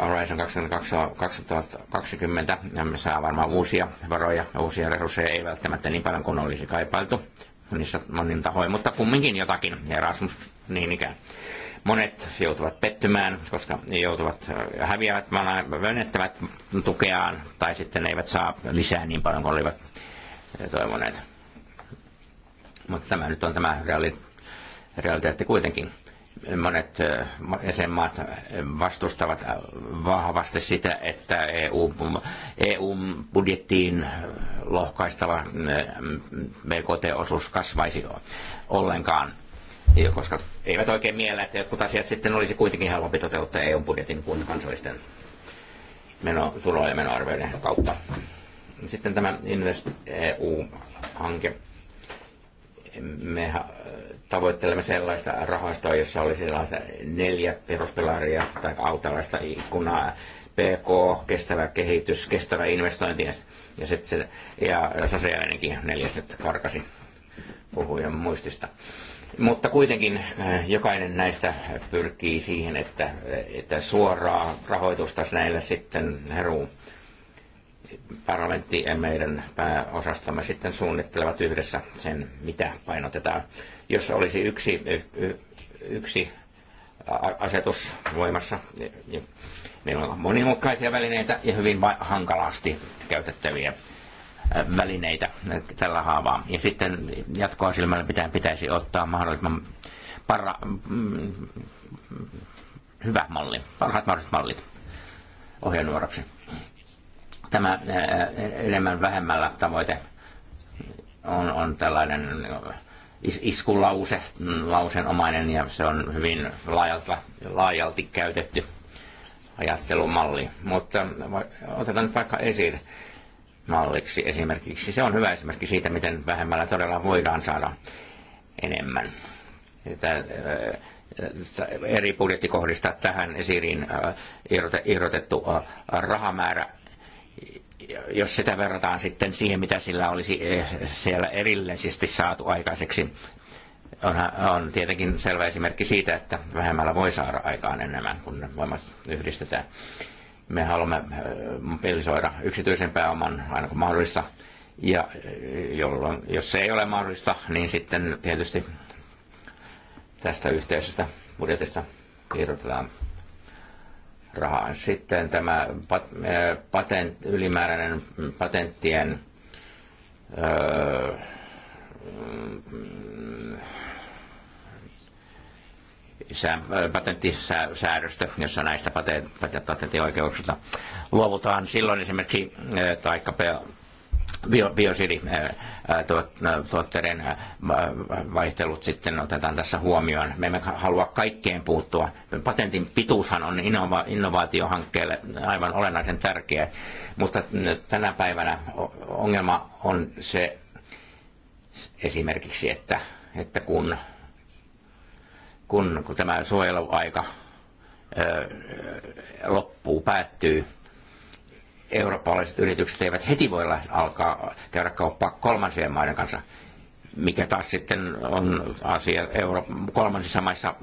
[SPEAKER 2] Horizon 2020, ja me saa varmaan uusia varoja, uusia resursseja, ei välttämättä niin paljon kuin olisi kaipailtu niissä monin tahoin, mutta kumminkin jotakin, Erasmus niin ikään. Monet joutuvat pettymään, koska joutuvat äh, häviävät, menettävät tukeaan tai sitten eivät saa lisää niin paljon kuin olivat äh, toivoneet. Mutta tämä nyt on tämä reali, realiteetti kuitenkin monet äh, jäsenmaat vastustavat vahvasti sitä, että EU, EU-budjettiin lohkaistava BKT-osuus kasvaisi ollenkaan koska eivät oikein miellä, että jotkut asiat sitten olisi kuitenkin helpompi toteuttaa EU-budjetin kuin kansallisten meno, tulo- ja menoarvioiden kautta. Sitten tämä Invest EU-hanke. Me äh, tavoittelemme sellaista rahastoa, jossa olisi sellaisia neljä peruspilaria tai autalaista ikkunaa. PK, kestävä kehitys, kestävä investointi ja, sitten se, ja sosiaalinenkin neljäs nyt karkasi puhujan muistista. Mutta kuitenkin äh, jokainen näistä pyrkii siihen, että, että suoraa rahoitusta näillä sitten heruu. Parlamentti ja meidän pääosastamme sitten suunnittelevat yhdessä sen, mitä painotetaan. Jos olisi yksi, yksi asetus voimassa, niin meillä on monimutkaisia välineitä ja hyvin hankalasti käytettäviä välineitä tällä haavaa. Ja sitten jatkoa silmällä pitää, pitäisi ottaa mahdollisimman para, mm, hyvä malli, parhaat mahdolliset mallit ohjenuoraksi. Tämä enemmän vähemmällä tavoite on, on tällainen iskulause, mm, lausenomainen ja se on hyvin laajalta, laajalti käytetty ajattelumalli. Mutta mm, otetaan nyt vaikka esille malliksi esimerkiksi. Se on hyvä esimerkki siitä, miten vähemmällä todella voidaan saada enemmän. Tämä, äh, eri budjettikohdista tähän esiriin äh, irrotettu äh, rahamäärä, jos sitä verrataan sitten siihen, mitä sillä olisi siellä erillisesti saatu aikaiseksi, on, on tietenkin selvä esimerkki siitä, että vähemmällä voi saada aikaan enemmän, kun ne voimat yhdistetään. Me haluamme äh, mobilisoida yksityisen pääoman aina kun mahdollista. Ja äh, jolloin, jos se ei ole mahdollista, niin sitten tietysti tästä yhteisestä budjetista irrotetaan rahaa. Sitten tämä äh, patent, ylimääräinen patenttien öö, patenttisäädöstä, jossa näistä patenttioikeuksista luovutaan silloin esimerkiksi eh, taikka bio, eh, eh, vaihtelut sitten otetaan tässä huomioon. Me emme halua kaikkeen puuttua. Patentin pituushan on innova, innovaatiohankkeelle aivan olennaisen tärkeä, mutta tänä päivänä ongelma on se esimerkiksi, että, että kun kun, kun tämä suojeluaika loppuu, päättyy, eurooppalaiset yritykset eivät heti voi alkaa käydä kauppaa kolmansien maiden kanssa, mikä taas sitten on asia Euro- kolmansissa maissa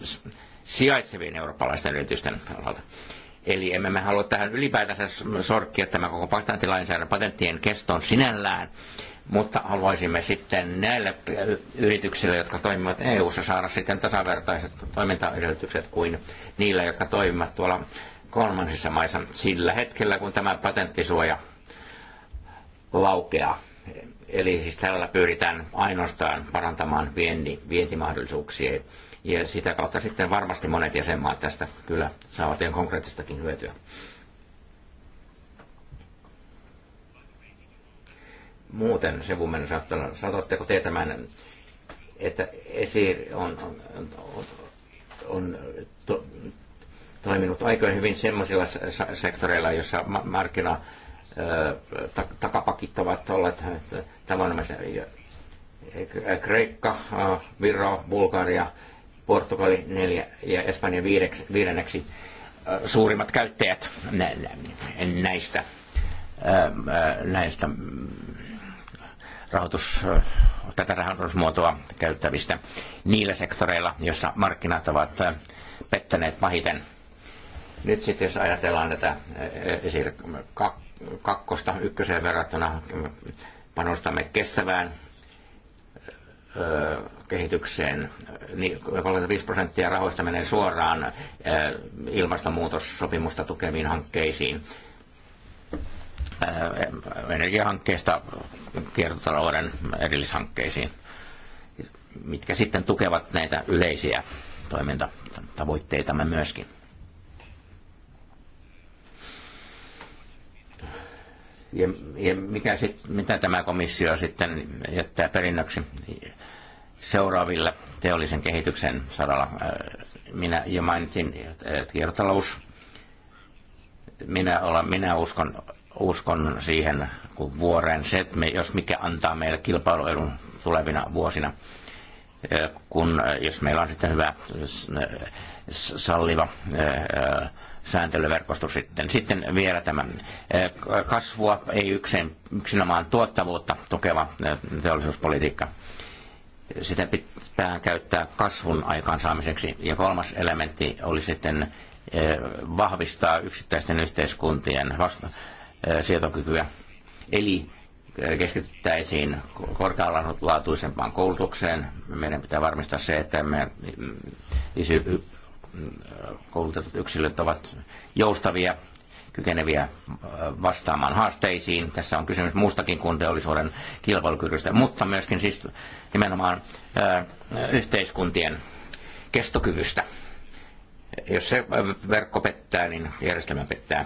[SPEAKER 2] sijaitsevien eurooppalaisten yritysten alalta. Eli emme me halua tähän ylipäätänsä sorkkia tämä koko patenttilainsäädännön patenttien keston sinällään, mutta haluaisimme sitten näille yrityksille, jotka toimivat EU-ssa, saada sitten tasavertaiset toimintaedellytykset kuin niille, jotka toimivat tuolla kolmansissa maissa sillä hetkellä, kun tämä patenttisuoja laukeaa. Eli siis tällä pyritään ainoastaan parantamaan vienti, vientimahdollisuuksia ja sitä kautta sitten varmasti monet jäsenmaat tästä kyllä saavat ihan konkreettistakin hyötyä. muuten saattaa, saatatteko te tämän, että Esir on, on, on, on to, toiminut aikoin hyvin semmoisilla sektoreilla, jossa markkina takapakit ovat olleet tavanomaisia. Kreikka, Viro, Bulgaria, Portugali neljä ja Espanja viideksi, viidenneksi suurimmat käyttäjät näistä, näistä rahoitus, tätä rahoitusmuotoa käyttävistä niillä sektoreilla, joissa markkinat ovat äh, pettäneet pahiten. Nyt sitten jos ajatellaan tätä äh, äh, esir kakkosta ykköseen verrattuna, panostamme kestävään kehitykseen. 35 niin, prosenttia rahoista menee suoraan ilmastonmuutossopimusta tukeviin hankkeisiin energiahankkeista kiertotalouden erillishankkeisiin, mitkä sitten tukevat näitä yleisiä toimintatavoitteitamme myöskin. Ja, ja mikä sit, mitä tämä komissio sitten jättää perinnöksi seuraaville teollisen kehityksen saralla? Minä jo mainitsin kiertotalous. Minä, olen, minä uskon uskon siihen kun vuoreen. Se, että me, jos mikä antaa meille kilpailuedun tulevina vuosina, kun, jos meillä on sitten hyvä salliva sääntelyverkosto sitten. Sitten vielä tämä kasvua, ei yksin, yksinomaan tuottavuutta tukeva teollisuuspolitiikka. Sitä pitää käyttää kasvun aikaansaamiseksi. Ja kolmas elementti oli sitten vahvistaa yksittäisten yhteiskuntien vasta- sietokykyä. Eli keskityttäisiin korkealaatuisempaan koulutukseen. Meidän pitää varmistaa se, että me mm, mm, koulutetut yksilöt ovat joustavia, kykeneviä vastaamaan haasteisiin. Tässä on kysymys muustakin kuin teollisuuden kilpailukyvystä, mutta myöskin siis nimenomaan yhteiskuntien kestokyvystä. Jos se verkko pettää, niin järjestelmä pettää.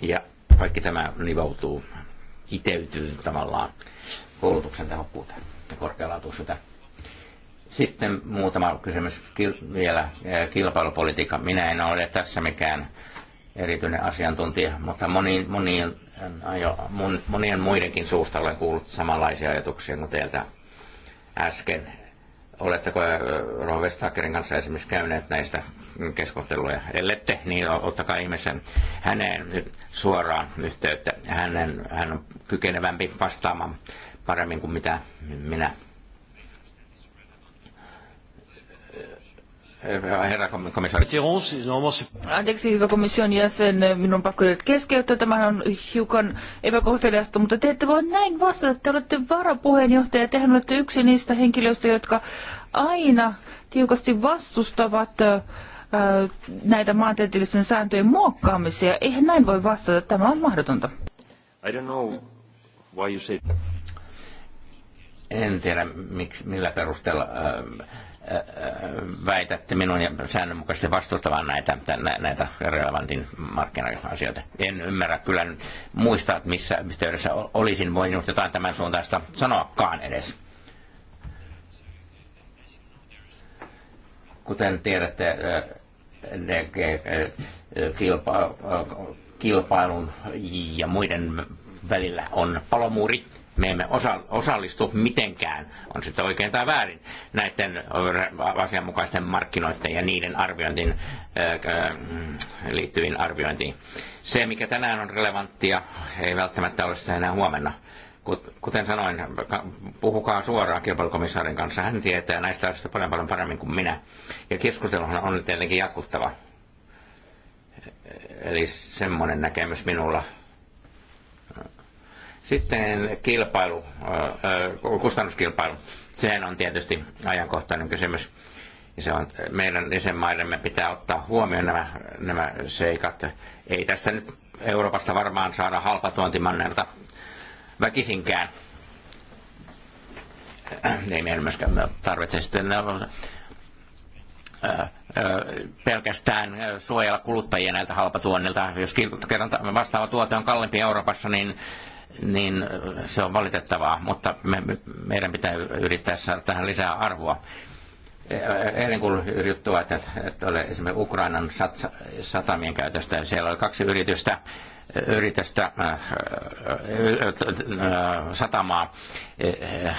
[SPEAKER 2] Ja kaikki tämä nivoutuu, kiteytyy tavallaan koulutuksen tehokkuuteen ja korkealaatuisuuteen. Sitten muutama kysymys kil- vielä äh, kilpailupolitiikka. Minä en ole tässä mikään erityinen asiantuntija, mutta moniin, monien, äh, ajo, mon, monien muidenkin suusta olen kuullut samanlaisia ajatuksia kuin teiltä äsken. Oletteko äh, Rove Stakerin kanssa esimerkiksi käyneet näistä keskusteluja? Ellette, niin ottakaa ihmisen häneen suoraan yhteyttä. Hänen, hän on kykenevämpi vastaamaan paremmin kuin mitä minä Herra komissaari.
[SPEAKER 3] Anteeksi, hyvä komission jäsen. Minun on pakko keskeyttää. Tämä on hiukan epäkohteliasta, mutta te ette voi näin vastata. Te olette varapuheenjohtaja. Tehän olette yksi niistä henkilöistä, jotka aina tiukasti vastustavat näitä maantieteellisten sääntöjen muokkaamisia. Eihän näin voi vastata. Tämä on mahdotonta.
[SPEAKER 2] I don't know why you say... En tiedä, miksi, millä perusteella äh, väitätte minun ja säännönmukaisesti vastustavan näitä, näitä relevantin markkina-asioita. En ymmärrä kyllä muista, että missä yhteydessä olisin voinut jotain tämän suuntaista sanoakaan edes. Kuten tiedätte, äh, äh, äh, kilpailun ja muiden välillä on palomuuri me emme osa, osallistu mitenkään, on sitten oikein tai väärin, näiden asianmukaisten markkinoiden ja niiden arviointiin äh, äh, liittyviin arviointiin. Se, mikä tänään on relevanttia, ei välttämättä ole sitä enää huomenna kuten sanoin, puhukaa suoraan kilpailukomissaarin kanssa. Hän tietää näistä asioista paljon paljon paremmin kuin minä. Ja keskusteluhan on tietenkin jatkuttava. Eli semmoinen näkemys minulla sitten eh, kilpailu, eh, eh, kustannuskilpailu. Sehän on tietysti ajankohtainen kysymys. Se on, meidän jäsenmaidemme pitää ottaa huomioon nämä, nämä seikat. Ei tästä nyt Euroopasta varmaan saada halpa tuontimannerta väkisinkään. Ei meidän myöskään tarvitse sitten pelkästään suojella kuluttajia näiltä halpatuonnilta. Jos kerran vastaava tuote on kalliimpi Euroopassa, niin niin äh, se on valitettavaa, mutta me, meidän pitää yrittää saada tähän lisää arvoa. E, eilen kuului juttua, että, että oli esimerkiksi Ukrainan sat, satamien käytöstä ja siellä oli kaksi yritystä, yritystä äh, äh, satamaa, e, e,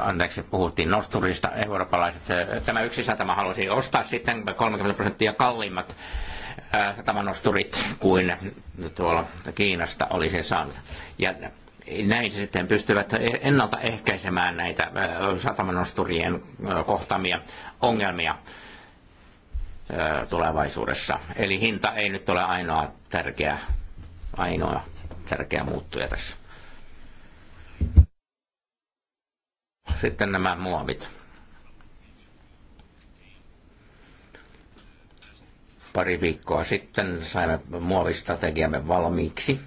[SPEAKER 2] anteeksi, puhuttiin nosturista, eurooppalaiset. Tämä yksi satama halusi ostaa sitten 30 prosenttia kalliimmat satamanosturit kuin tuolla Kiinasta olisi saanut. Ja näin sitten pystyvät ennaltaehkäisemään näitä satamanosturien kohtamia ongelmia tulevaisuudessa. Eli hinta ei nyt ole ainoa tärkeä, ainoa tärkeä muuttuja tässä. Sitten nämä muovit. pari viikkoa sitten saimme muovistrategiamme valmiiksi.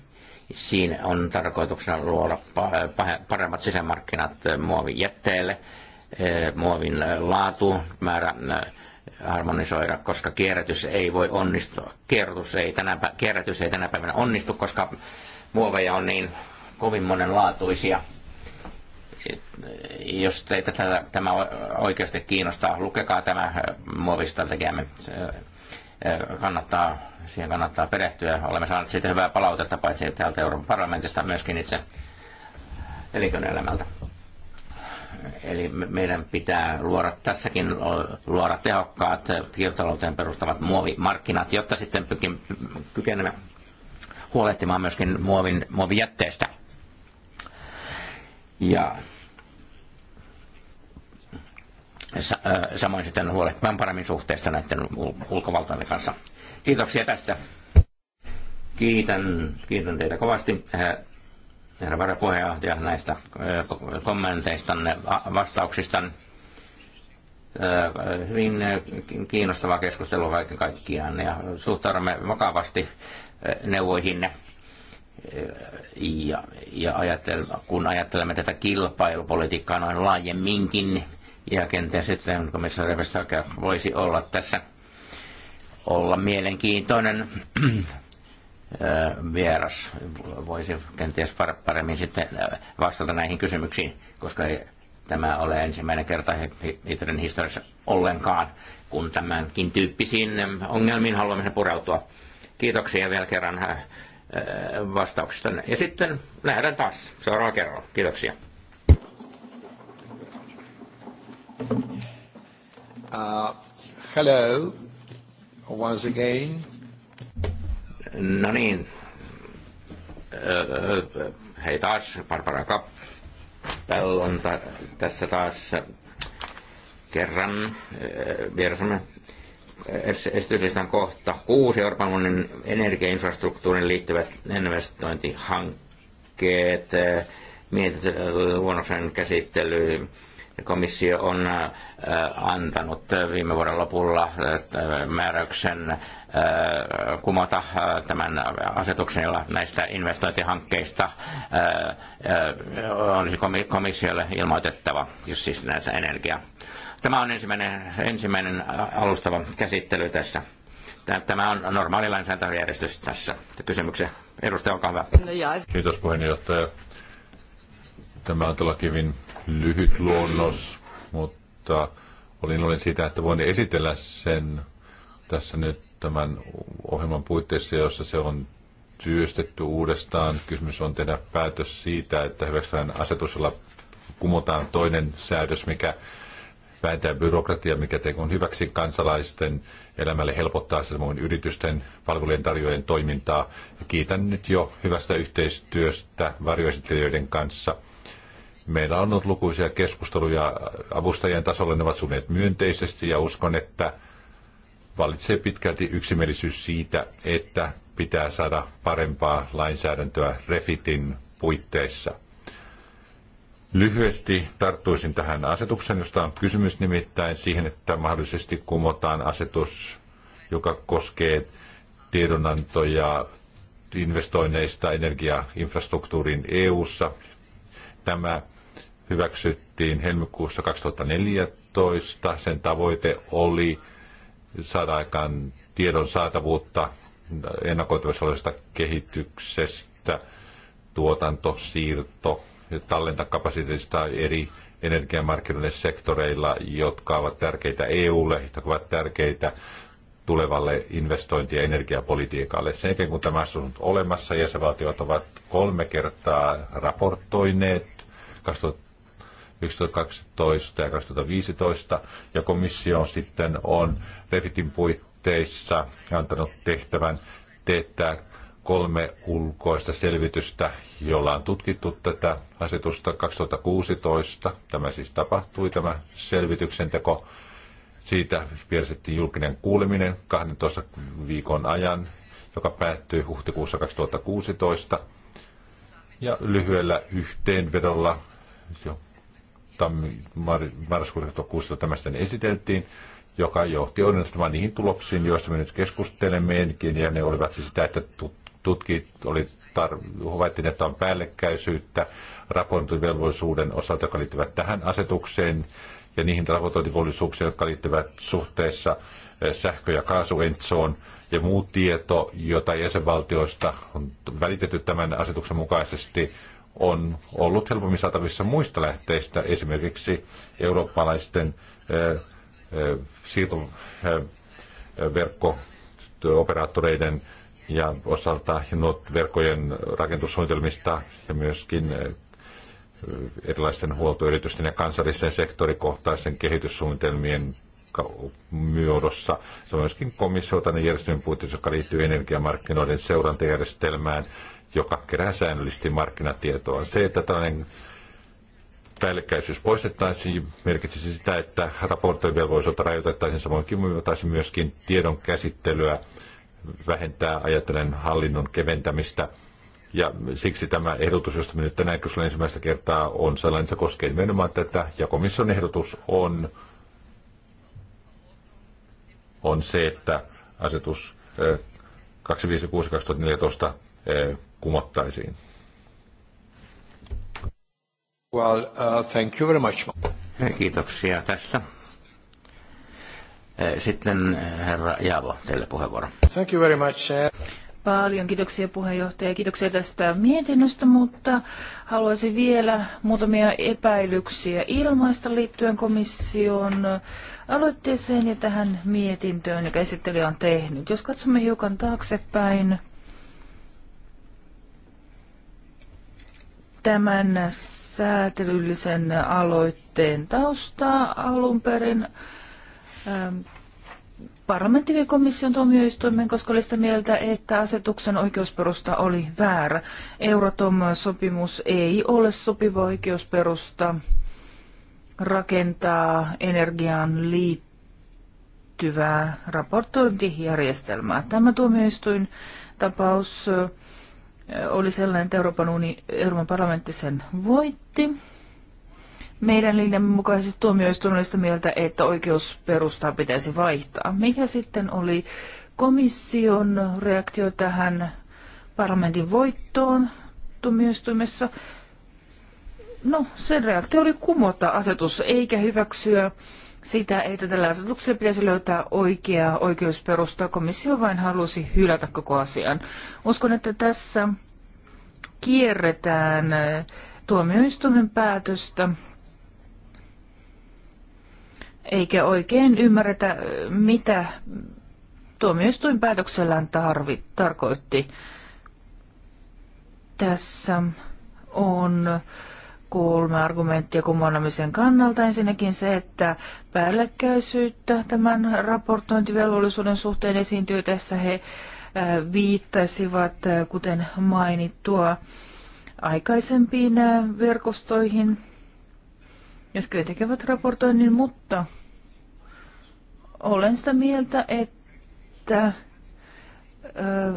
[SPEAKER 2] Siinä on tarkoituksena luoda paremmat sisämarkkinat jätteelle, muovin laatu, määrä harmonisoida, koska kierrätys ei voi onnistua. Kierrätys ei tänä, päivänä, kierrätys ei tänä päivänä onnistu, koska muoveja on niin kovin monenlaatuisia. Jos teitä tämä oikeasti kiinnostaa, lukekaa tämä muovistrategiamme. Eh, kannattaa, siihen kannattaa perehtyä. Olemme saaneet siitä hyvää palautetta paitsi täältä Euroopan parlamentista, myöskin itse elinkeinoelämältä. Eli meidän pitää luoda tässäkin luoda tehokkaat kiertotalouteen perustavat muovimarkkinat, jotta sitten kykenemme huolehtimaan myöskin muovin, muovijätteestä. Ja samoin sitten huolehtimaan paremmin suhteesta näiden ulkovaltojen kanssa. Kiitoksia tästä. Kiitän, kiitän teitä kovasti, herra varapuheenjohtaja, näistä kommenteista, vastauksista, Hyvin kiinnostavaa keskustelua kaiken kaikkiaan ja suhtaudumme vakavasti neuvoihinne ja, ja ajattel, kun ajattelemme tätä kilpailupolitiikkaa noin laajemminkin, ja kenties sitten komissaari Vestager voisi olla tässä olla mielenkiintoinen [CLEARS THROAT] vieras. Voisi kenties paremmin sitten vastata näihin kysymyksiin, koska ei tämä ole ensimmäinen kerta Hitlerin historiassa ollenkaan, kun tämänkin tyyppisiin ongelmiin haluamme pureutua. Kiitoksia vielä kerran vastauksista. Ja sitten nähdään taas seuraavalla kerralla. Kiitoksia. Uh, hello, once again. No niin. Hei taas, Barbara Täällä on ta- tässä taas kerran vierassamme esityslistan kohta kuusi Euroopan unionin energiainfrastruktuurin liittyvät investointihankkeet. Mietintö luonnoksen käsittely Komissio on äh, antanut viime vuoden lopulla äh, määräyksen äh, kumota tämän asetuksen, jolla näistä investointihankkeista on komissiolle ilmoitettava, jos siis näistä energiaa. Tämä on ensimmäinen, ensimmäinen alustava käsittely tässä tämä on normaali lainsäädäntöjärjestys tässä kysymyksen.
[SPEAKER 1] Edustaja, olkaa hyvä. No Kiitos puheenjohtaja. Tämä on todellakin lyhyt luonnos, mutta olin olen siitä, että voin esitellä sen tässä nyt tämän ohjelman puitteissa, jossa se on työstetty uudestaan. Kysymys on tehdä päätös siitä, että hyväksytään asetusella kumotaan toinen säädös, mikä vähentää byrokratia, mikä on hyväksi kansalaisten elämälle helpottaa samoin yritysten palvelujen tarjoajien toimintaa. Kiitän nyt jo hyvästä yhteistyöstä varjoesittelijöiden kanssa – Meillä on ollut lukuisia keskusteluja avustajien tasolla, ne ovat suuneet myönteisesti ja uskon, että valitsee pitkälti yksimielisyys siitä, että pitää saada parempaa lainsäädäntöä Refitin puitteissa. Lyhyesti tarttuisin tähän asetukseen, josta on kysymys nimittäin siihen, että mahdollisesti kumotaan asetus, joka koskee tiedonantoja investoinneista energiainfrastruktuuriin EU-ssa. Tämä hyväksyttiin helmikuussa 2014. Sen tavoite oli saada aikaan tiedon saatavuutta ennakoitavissa kehityksestä, tuotanto ja tallentakapasiteetista eri energiamarkkinoiden sektoreilla, jotka ovat tärkeitä EUlle, jotka ovat tärkeitä tulevalle investointi- ja energiapolitiikalle. Sen jälkeen kun tämä on olemassa, jäsenvaltiot ovat kolme kertaa raportoineet 2000 2012 ja 2015, ja komissio sitten on Refitin puitteissa antanut tehtävän teettää kolme ulkoista selvitystä, jolla on tutkittu tätä asetusta 2016. Tämä siis tapahtui, tämä selvityksen teko. Siitä piersettiin julkinen kuuleminen 12 viikon ajan, joka päättyi huhtikuussa 2016. Ja lyhyellä yhteenvedolla, mutta marraskuuta 2016 tämä sitten esiteltiin, joka johti onnistumaan niihin tuloksiin, joista me nyt keskustelemmekin, ja ne olivat siis sitä, että tutkijat oli tar- että on päällekkäisyyttä raportointivelvollisuuden osalta, joka liittyvät tähän asetukseen, ja niihin raportointivelvollisuuksiin, jotka liittyvät suhteessa eh, sähkö- ja kaasuentsoon, ja muu tieto, jota jäsenvaltioista on välitetty tämän asetuksen mukaisesti, on ollut helpommin saatavissa muista lähteistä, esimerkiksi eurooppalaisten siirtoverkkooperaattoreiden ja osalta verkkojen rakentussuunnitelmista ja myöskin erilaisten huoltoyritysten ja kansallisten sektorikohtaisen kehityssuunnitelmien myödossa. Se on myöskin komissiota järjestelmän puitteissa, joka liittyy energiamarkkinoiden seurantajärjestelmään, joka kerää säännöllisesti markkinatietoa. Se, että tällainen päällekkäisyys poistettaisiin, merkitsisi sitä, että raportointivelvollisuutta rajoitettaisiin samoin kuin myöskin tiedon käsittelyä, vähentää ajatellen hallinnon keventämistä. Ja siksi tämä ehdotus, josta me nyt tänään kyllä ensimmäistä kertaa on sellainen, että se koskee nimenomaan tätä, ja komission ehdotus on, on se, että asetus 256-2014 kumottaisiin? Well, uh, thank you very much.
[SPEAKER 2] Kiitoksia tästä. Eh, sitten eh, herra Jaavo, teille puheenvuoro.
[SPEAKER 3] Thank you very much. Eh. Paljon kiitoksia puheenjohtaja. Kiitoksia tästä mietinnöstä, mutta haluaisin vielä muutamia epäilyksiä ilmaista liittyen komission aloitteeseen ja tähän mietintöön, joka esittelijä on tehnyt. Jos katsomme hiukan taaksepäin, tämän säätelyllisen aloitteen taustaa alun perin. Ähm, parlamentti ja komission tuomioistuimen, koska oli sitä mieltä, että asetuksen oikeusperusta oli väärä. Euratom-sopimus ei ole sopiva oikeusperusta rakentaa energiaan liittyvää raportointijärjestelmää. Tämä tuomioistuin tapaus äh, oli sellainen, että Euroopan, uni, Euroopan parlamentti sen voitti. Meidän linjamme mukaisesti tuomioistuin oli sitä mieltä, että oikeusperustaa pitäisi vaihtaa. Mikä sitten oli komission reaktio tähän parlamentin voittoon tuomioistuimessa? No, sen reaktio oli kumota asetus eikä hyväksyä sitä, että tällä asetuksella pitäisi löytää oikeaa oikeusperustaa. Komissio vain halusi hylätä koko asian. Uskon, että tässä kierretään äh, tuomioistuimen päätöstä, eikä oikein ymmärretä, äh, mitä tuomioistuin päätöksellään tarvi, tarkoitti. Tässä on kolme argumenttia kumonamisen kannalta. Ensinnäkin se, että päällekkäisyyttä tämän raportointivelvollisuuden suhteen esiintyy. Tässä he viittasivat, kuten mainittua, aikaisempiin verkostoihin, jotka tekevät raportoinnin, mutta olen sitä mieltä, että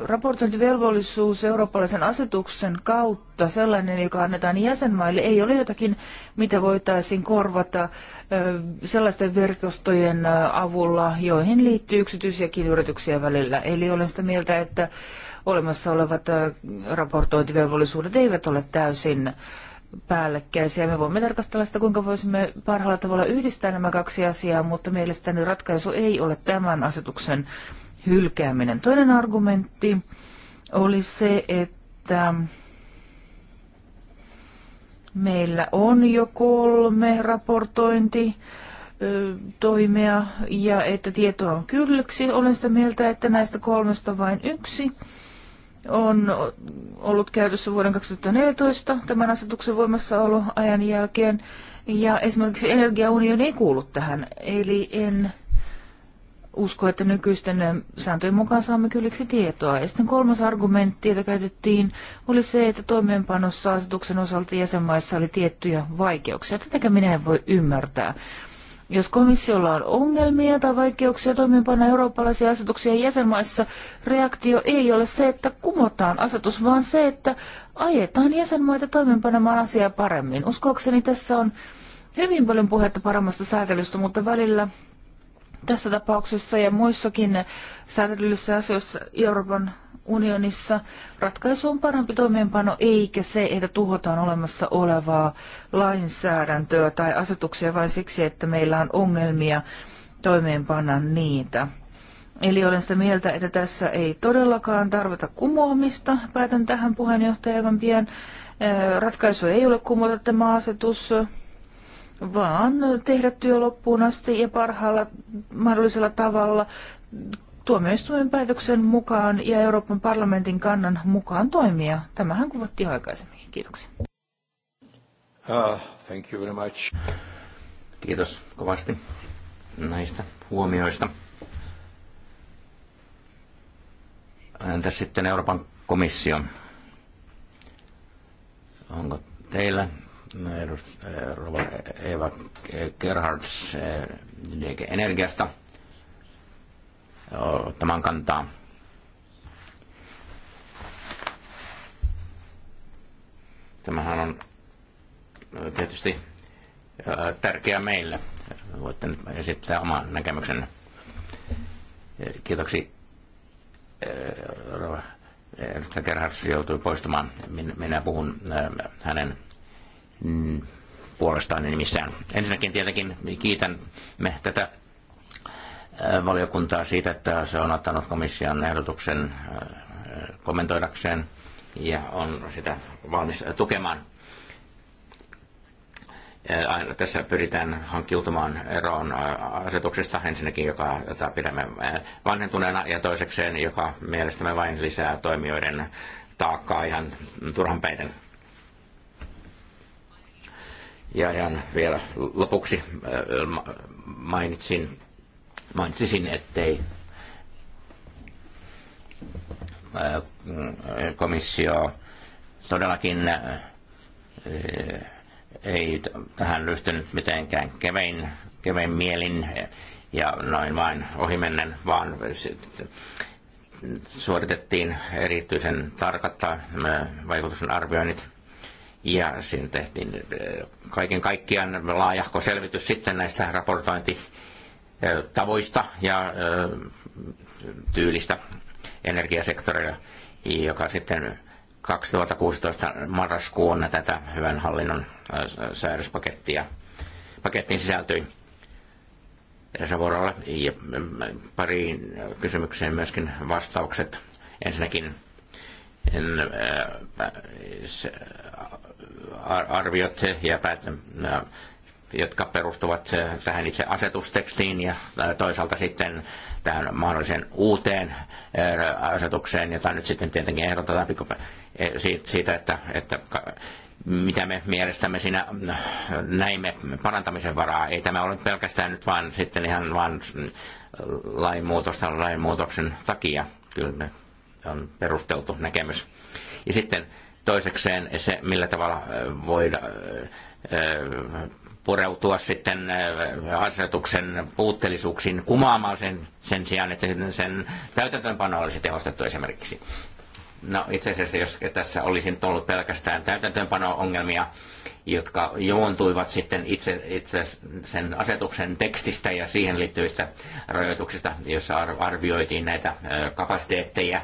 [SPEAKER 3] raportointivelvollisuus eurooppalaisen asetuksen kautta, sellainen, joka annetaan jäsenmaille, ei ole jotakin, mitä voitaisiin korvata sellaisten verkostojen avulla, joihin liittyy yksityisiäkin yrityksiä välillä. Eli olen sitä mieltä, että olemassa olevat raportointivelvollisuudet eivät ole täysin päällekkäisiä. Me voimme tarkastella sitä, kuinka voisimme parhaalla tavalla yhdistää nämä kaksi asiaa, mutta mielestäni ratkaisu ei ole tämän asetuksen hylkääminen. Toinen argumentti oli se, että meillä on jo kolme raportointi toimia ja että tietoa on kylläksi. Olen sitä mieltä, että näistä kolmesta vain yksi on ollut käytössä vuoden 2014 tämän asetuksen voimassaoloajan jälkeen. Ja esimerkiksi energiaunioni ei kuulu tähän, eli en usko, että nykyisten eh, sääntöjen mukaan saamme kylliksi tietoa. Ja sitten kolmas argumentti, jota käytettiin, oli se, että toimeenpanossa asetuksen osalta jäsenmaissa oli tiettyjä vaikeuksia. Tätäkään minä en voi ymmärtää. Jos komissiolla on ongelmia tai vaikeuksia toimeenpanna eurooppalaisia asetuksia jäsenmaissa, reaktio ei ole se, että kumotaan asetus, vaan se, että ajetaan jäsenmaita toimeenpanemaan asiaa paremmin. Uskoakseni tässä on hyvin paljon puhetta paremmasta säätelystä, mutta välillä tässä tapauksessa ja muissakin säädellyissä asioissa Euroopan unionissa ratkaisu on parempi toimeenpano, eikä se, että tuhotaan olemassa olevaa lainsäädäntöä tai asetuksia vain siksi, että meillä on ongelmia toimeenpanna niitä. Eli olen sitä mieltä, että tässä ei todellakaan tarvita kumoamista. Päätän tähän puheenjohtajan pian. Ratkaisu ei ole kumota tämä asetus vaan tehdä työ loppuun asti ja parhaalla mahdollisella tavalla tuomioistuimen päätöksen mukaan ja Euroopan parlamentin kannan mukaan toimia. Tämähän kuvattiin aikaisemmin. Kiitoksia.
[SPEAKER 1] Uh, thank you very much.
[SPEAKER 2] Kiitos kovasti näistä huomioista. Entäs sitten Euroopan komission? Onko teillä Rova Eva Gerhards Energiasta ottamaan kantaa. Tämähän on tietysti tärkeä meille. Voitte nyt esittää oman näkemyksen. Kiitoksi. Rova edustaja Gerhards joutui poistumaan. Minä puhun hänen mm, puolestaan nimissään. Niin ensinnäkin tietenkin kiitän me tätä valiokuntaa siitä, että se on ottanut komission ehdotuksen kommentoidakseen ja on sitä valmis tukemaan. Aina tässä pyritään hankkiutumaan eroon asetuksesta ensinnäkin, joka, jota pidämme vanhentuneena, ja toisekseen, joka mielestämme vain lisää toimijoiden taakkaa ihan turhan päiten. Ja ihan vielä lopuksi äh, mainitsin, mainitsisin, ettei äh, komissio todellakin äh, ei tähän ryhtynyt mitenkään kevein, kevein mielin ja noin vain ohimennen, vaan suoritettiin erityisen tarkat vaikutusarvioinnit ja siinä tehtiin eh, kaiken kaikkiaan laajahko selvitys sitten näistä raportointitavoista ja eh, tyylistä energiasektorilla, joka sitten 2016 marraskuun tätä hyvän hallinnon eh, säädöspakettia pakettiin sisältyi. Savorolle ja pariin kysymykseen myöskin vastaukset. Ensinnäkin en, se, arviot ja päät, no, jotka perustuvat tähän itse asetustekstiin ja toisaalta sitten tähän mahdolliseen uuteen asetukseen, jota nyt sitten tietenkin ehdotetaan e, siitä, että, että mitä me mielestämme siinä näimme parantamisen varaa. Ei tämä ole pelkästään nyt vaan sitten ihan vaan lainmuutosta lainmuutoksen takia. Kyllä on perusteltu näkemys. Ja sitten Toisekseen se, millä tavalla voida pureutua sitten asetuksen puutteellisuuksiin kumaamaan sen, sen sijaan, että sen täytäntöönpano olisi tehostettu esimerkiksi. No itse asiassa, jos tässä olisi nyt ollut pelkästään täytäntöönpano-ongelmia, jotka joontuivat sitten itse, itse sen asetuksen tekstistä ja siihen liittyvistä rajoituksista, joissa arvioitiin näitä kapasiteetteja,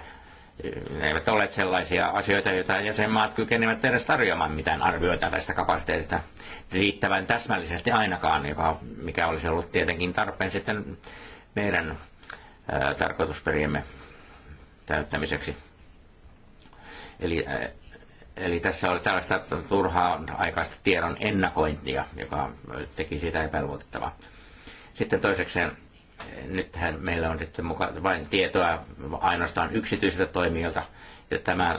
[SPEAKER 2] ne eivät ole sellaisia asioita, joita jäsenmaat kykenevät edes tarjoamaan mitään arvioita tästä kapasiteetista riittävän täsmällisesti ainakaan, joka, mikä olisi ollut tietenkin tarpeen sitten meidän ää, tarkoitusperiemme täyttämiseksi. Eli, ää, eli tässä oli tällaista turhaa aikaista tiedon ennakointia, joka teki sitä epäluotettavaa. Sitten toisekseen nythän meillä on sitten muka, vain tietoa ainoastaan yksityisiltä toimijoilta. Ja tämän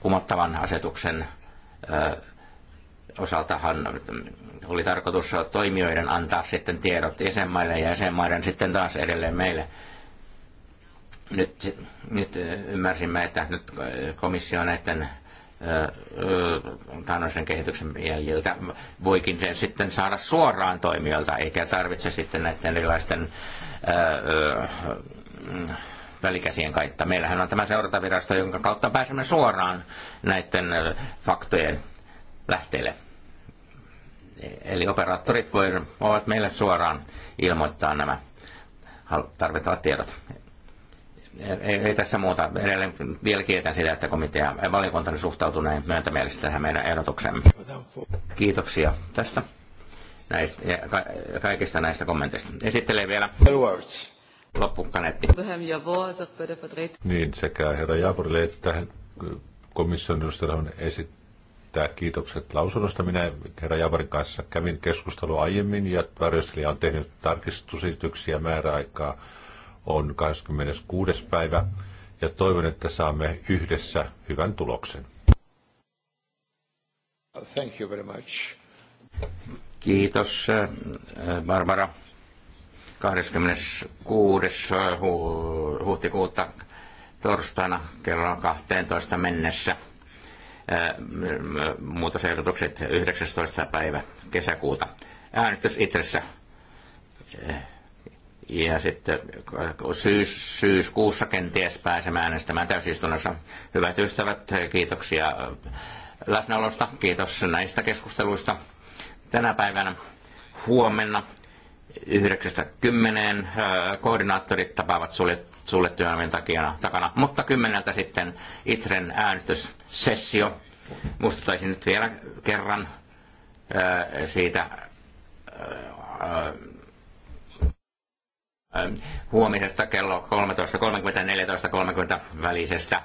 [SPEAKER 2] kumottavan asetuksen osaltahan oli tarkoitus toimijoiden antaa sitten tiedot jäsenmaille ja jäsenmaiden sitten taas edelleen meille. Nyt, nyt ymmärsimme, että nyt komissio näiden tämmöisen kehityksen jäljiltä voikin sen sitten saada suoraan toimijoilta, eikä tarvitse sitten näiden erilaisten välikäsien kautta. Meillähän on tämä seurantavirasto, jonka kautta pääsemme suoraan näiden faktojen lähteille. Eli operaattorit voivat meille suoraan ilmoittaa nämä tarvittavat tiedot ei, ei tässä muuta. Edelleen vielä kiitän sitä, että komitea valiokunta suhtautuu näin myöntämielisesti tähän meidän ehdotuksemme. Kiitoksia tästä näistä, ka, kaikista näistä kommenteista. Esittelee vielä loppukaneetti.
[SPEAKER 1] Niin, sekä herra Jaapurille että komission edustajan esittää kiitokset lausunnosta. Minä herra Jaavorin kanssa kävin keskustelua aiemmin ja varjostelija on tehnyt tarkistusesityksiä määräaikaa on 26. päivä ja toivon, että saamme yhdessä hyvän tuloksen.
[SPEAKER 2] Thank you very much. Kiitos äh, Barbara. 26. Äh, huhtikuuta torstaina kello 12 mennessä äh, muutosehdotukset 19. päivä kesäkuuta. Äänestys itsessä ja sitten äh, syys, syyskuussa kenties pääsemään äänestämään täysistunnossa. Hyvät ystävät, kiitoksia äh, läsnäolosta, kiitos näistä keskusteluista tänä päivänä. Huomenna 9.10 äh, koordinaattorit tapaavat suljettujen takia, takana, mutta kymmeneltä sitten ITREN äänestyssessio. muistuttaisin nyt vielä kerran siitä Ähm, huomisesta kello 13.30-14.30 välisestä äh,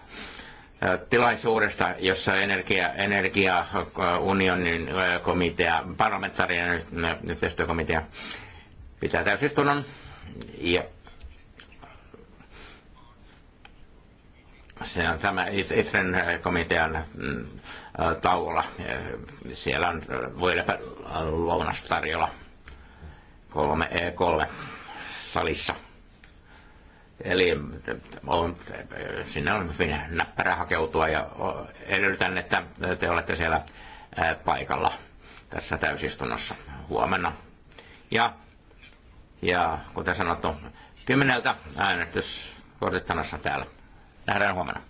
[SPEAKER 2] tilaisuudesta, jossa energia, äh, unionin äh, komitea, parlamentaarinen yhteistyökomitea pitää täysistunnon. Ja se on tämä ITREN komitean tauolla. Siellä on voi lounastarjolla kolme E3 salissa. Eli on, sinne on hyvin näppärä hakeutua ja edellytän, että te olette siellä paikalla tässä täysistunnossa huomenna. Ja, ja kuten sanottu, kymmeneltä äänestyskortit täällä. Nähdään huomenna.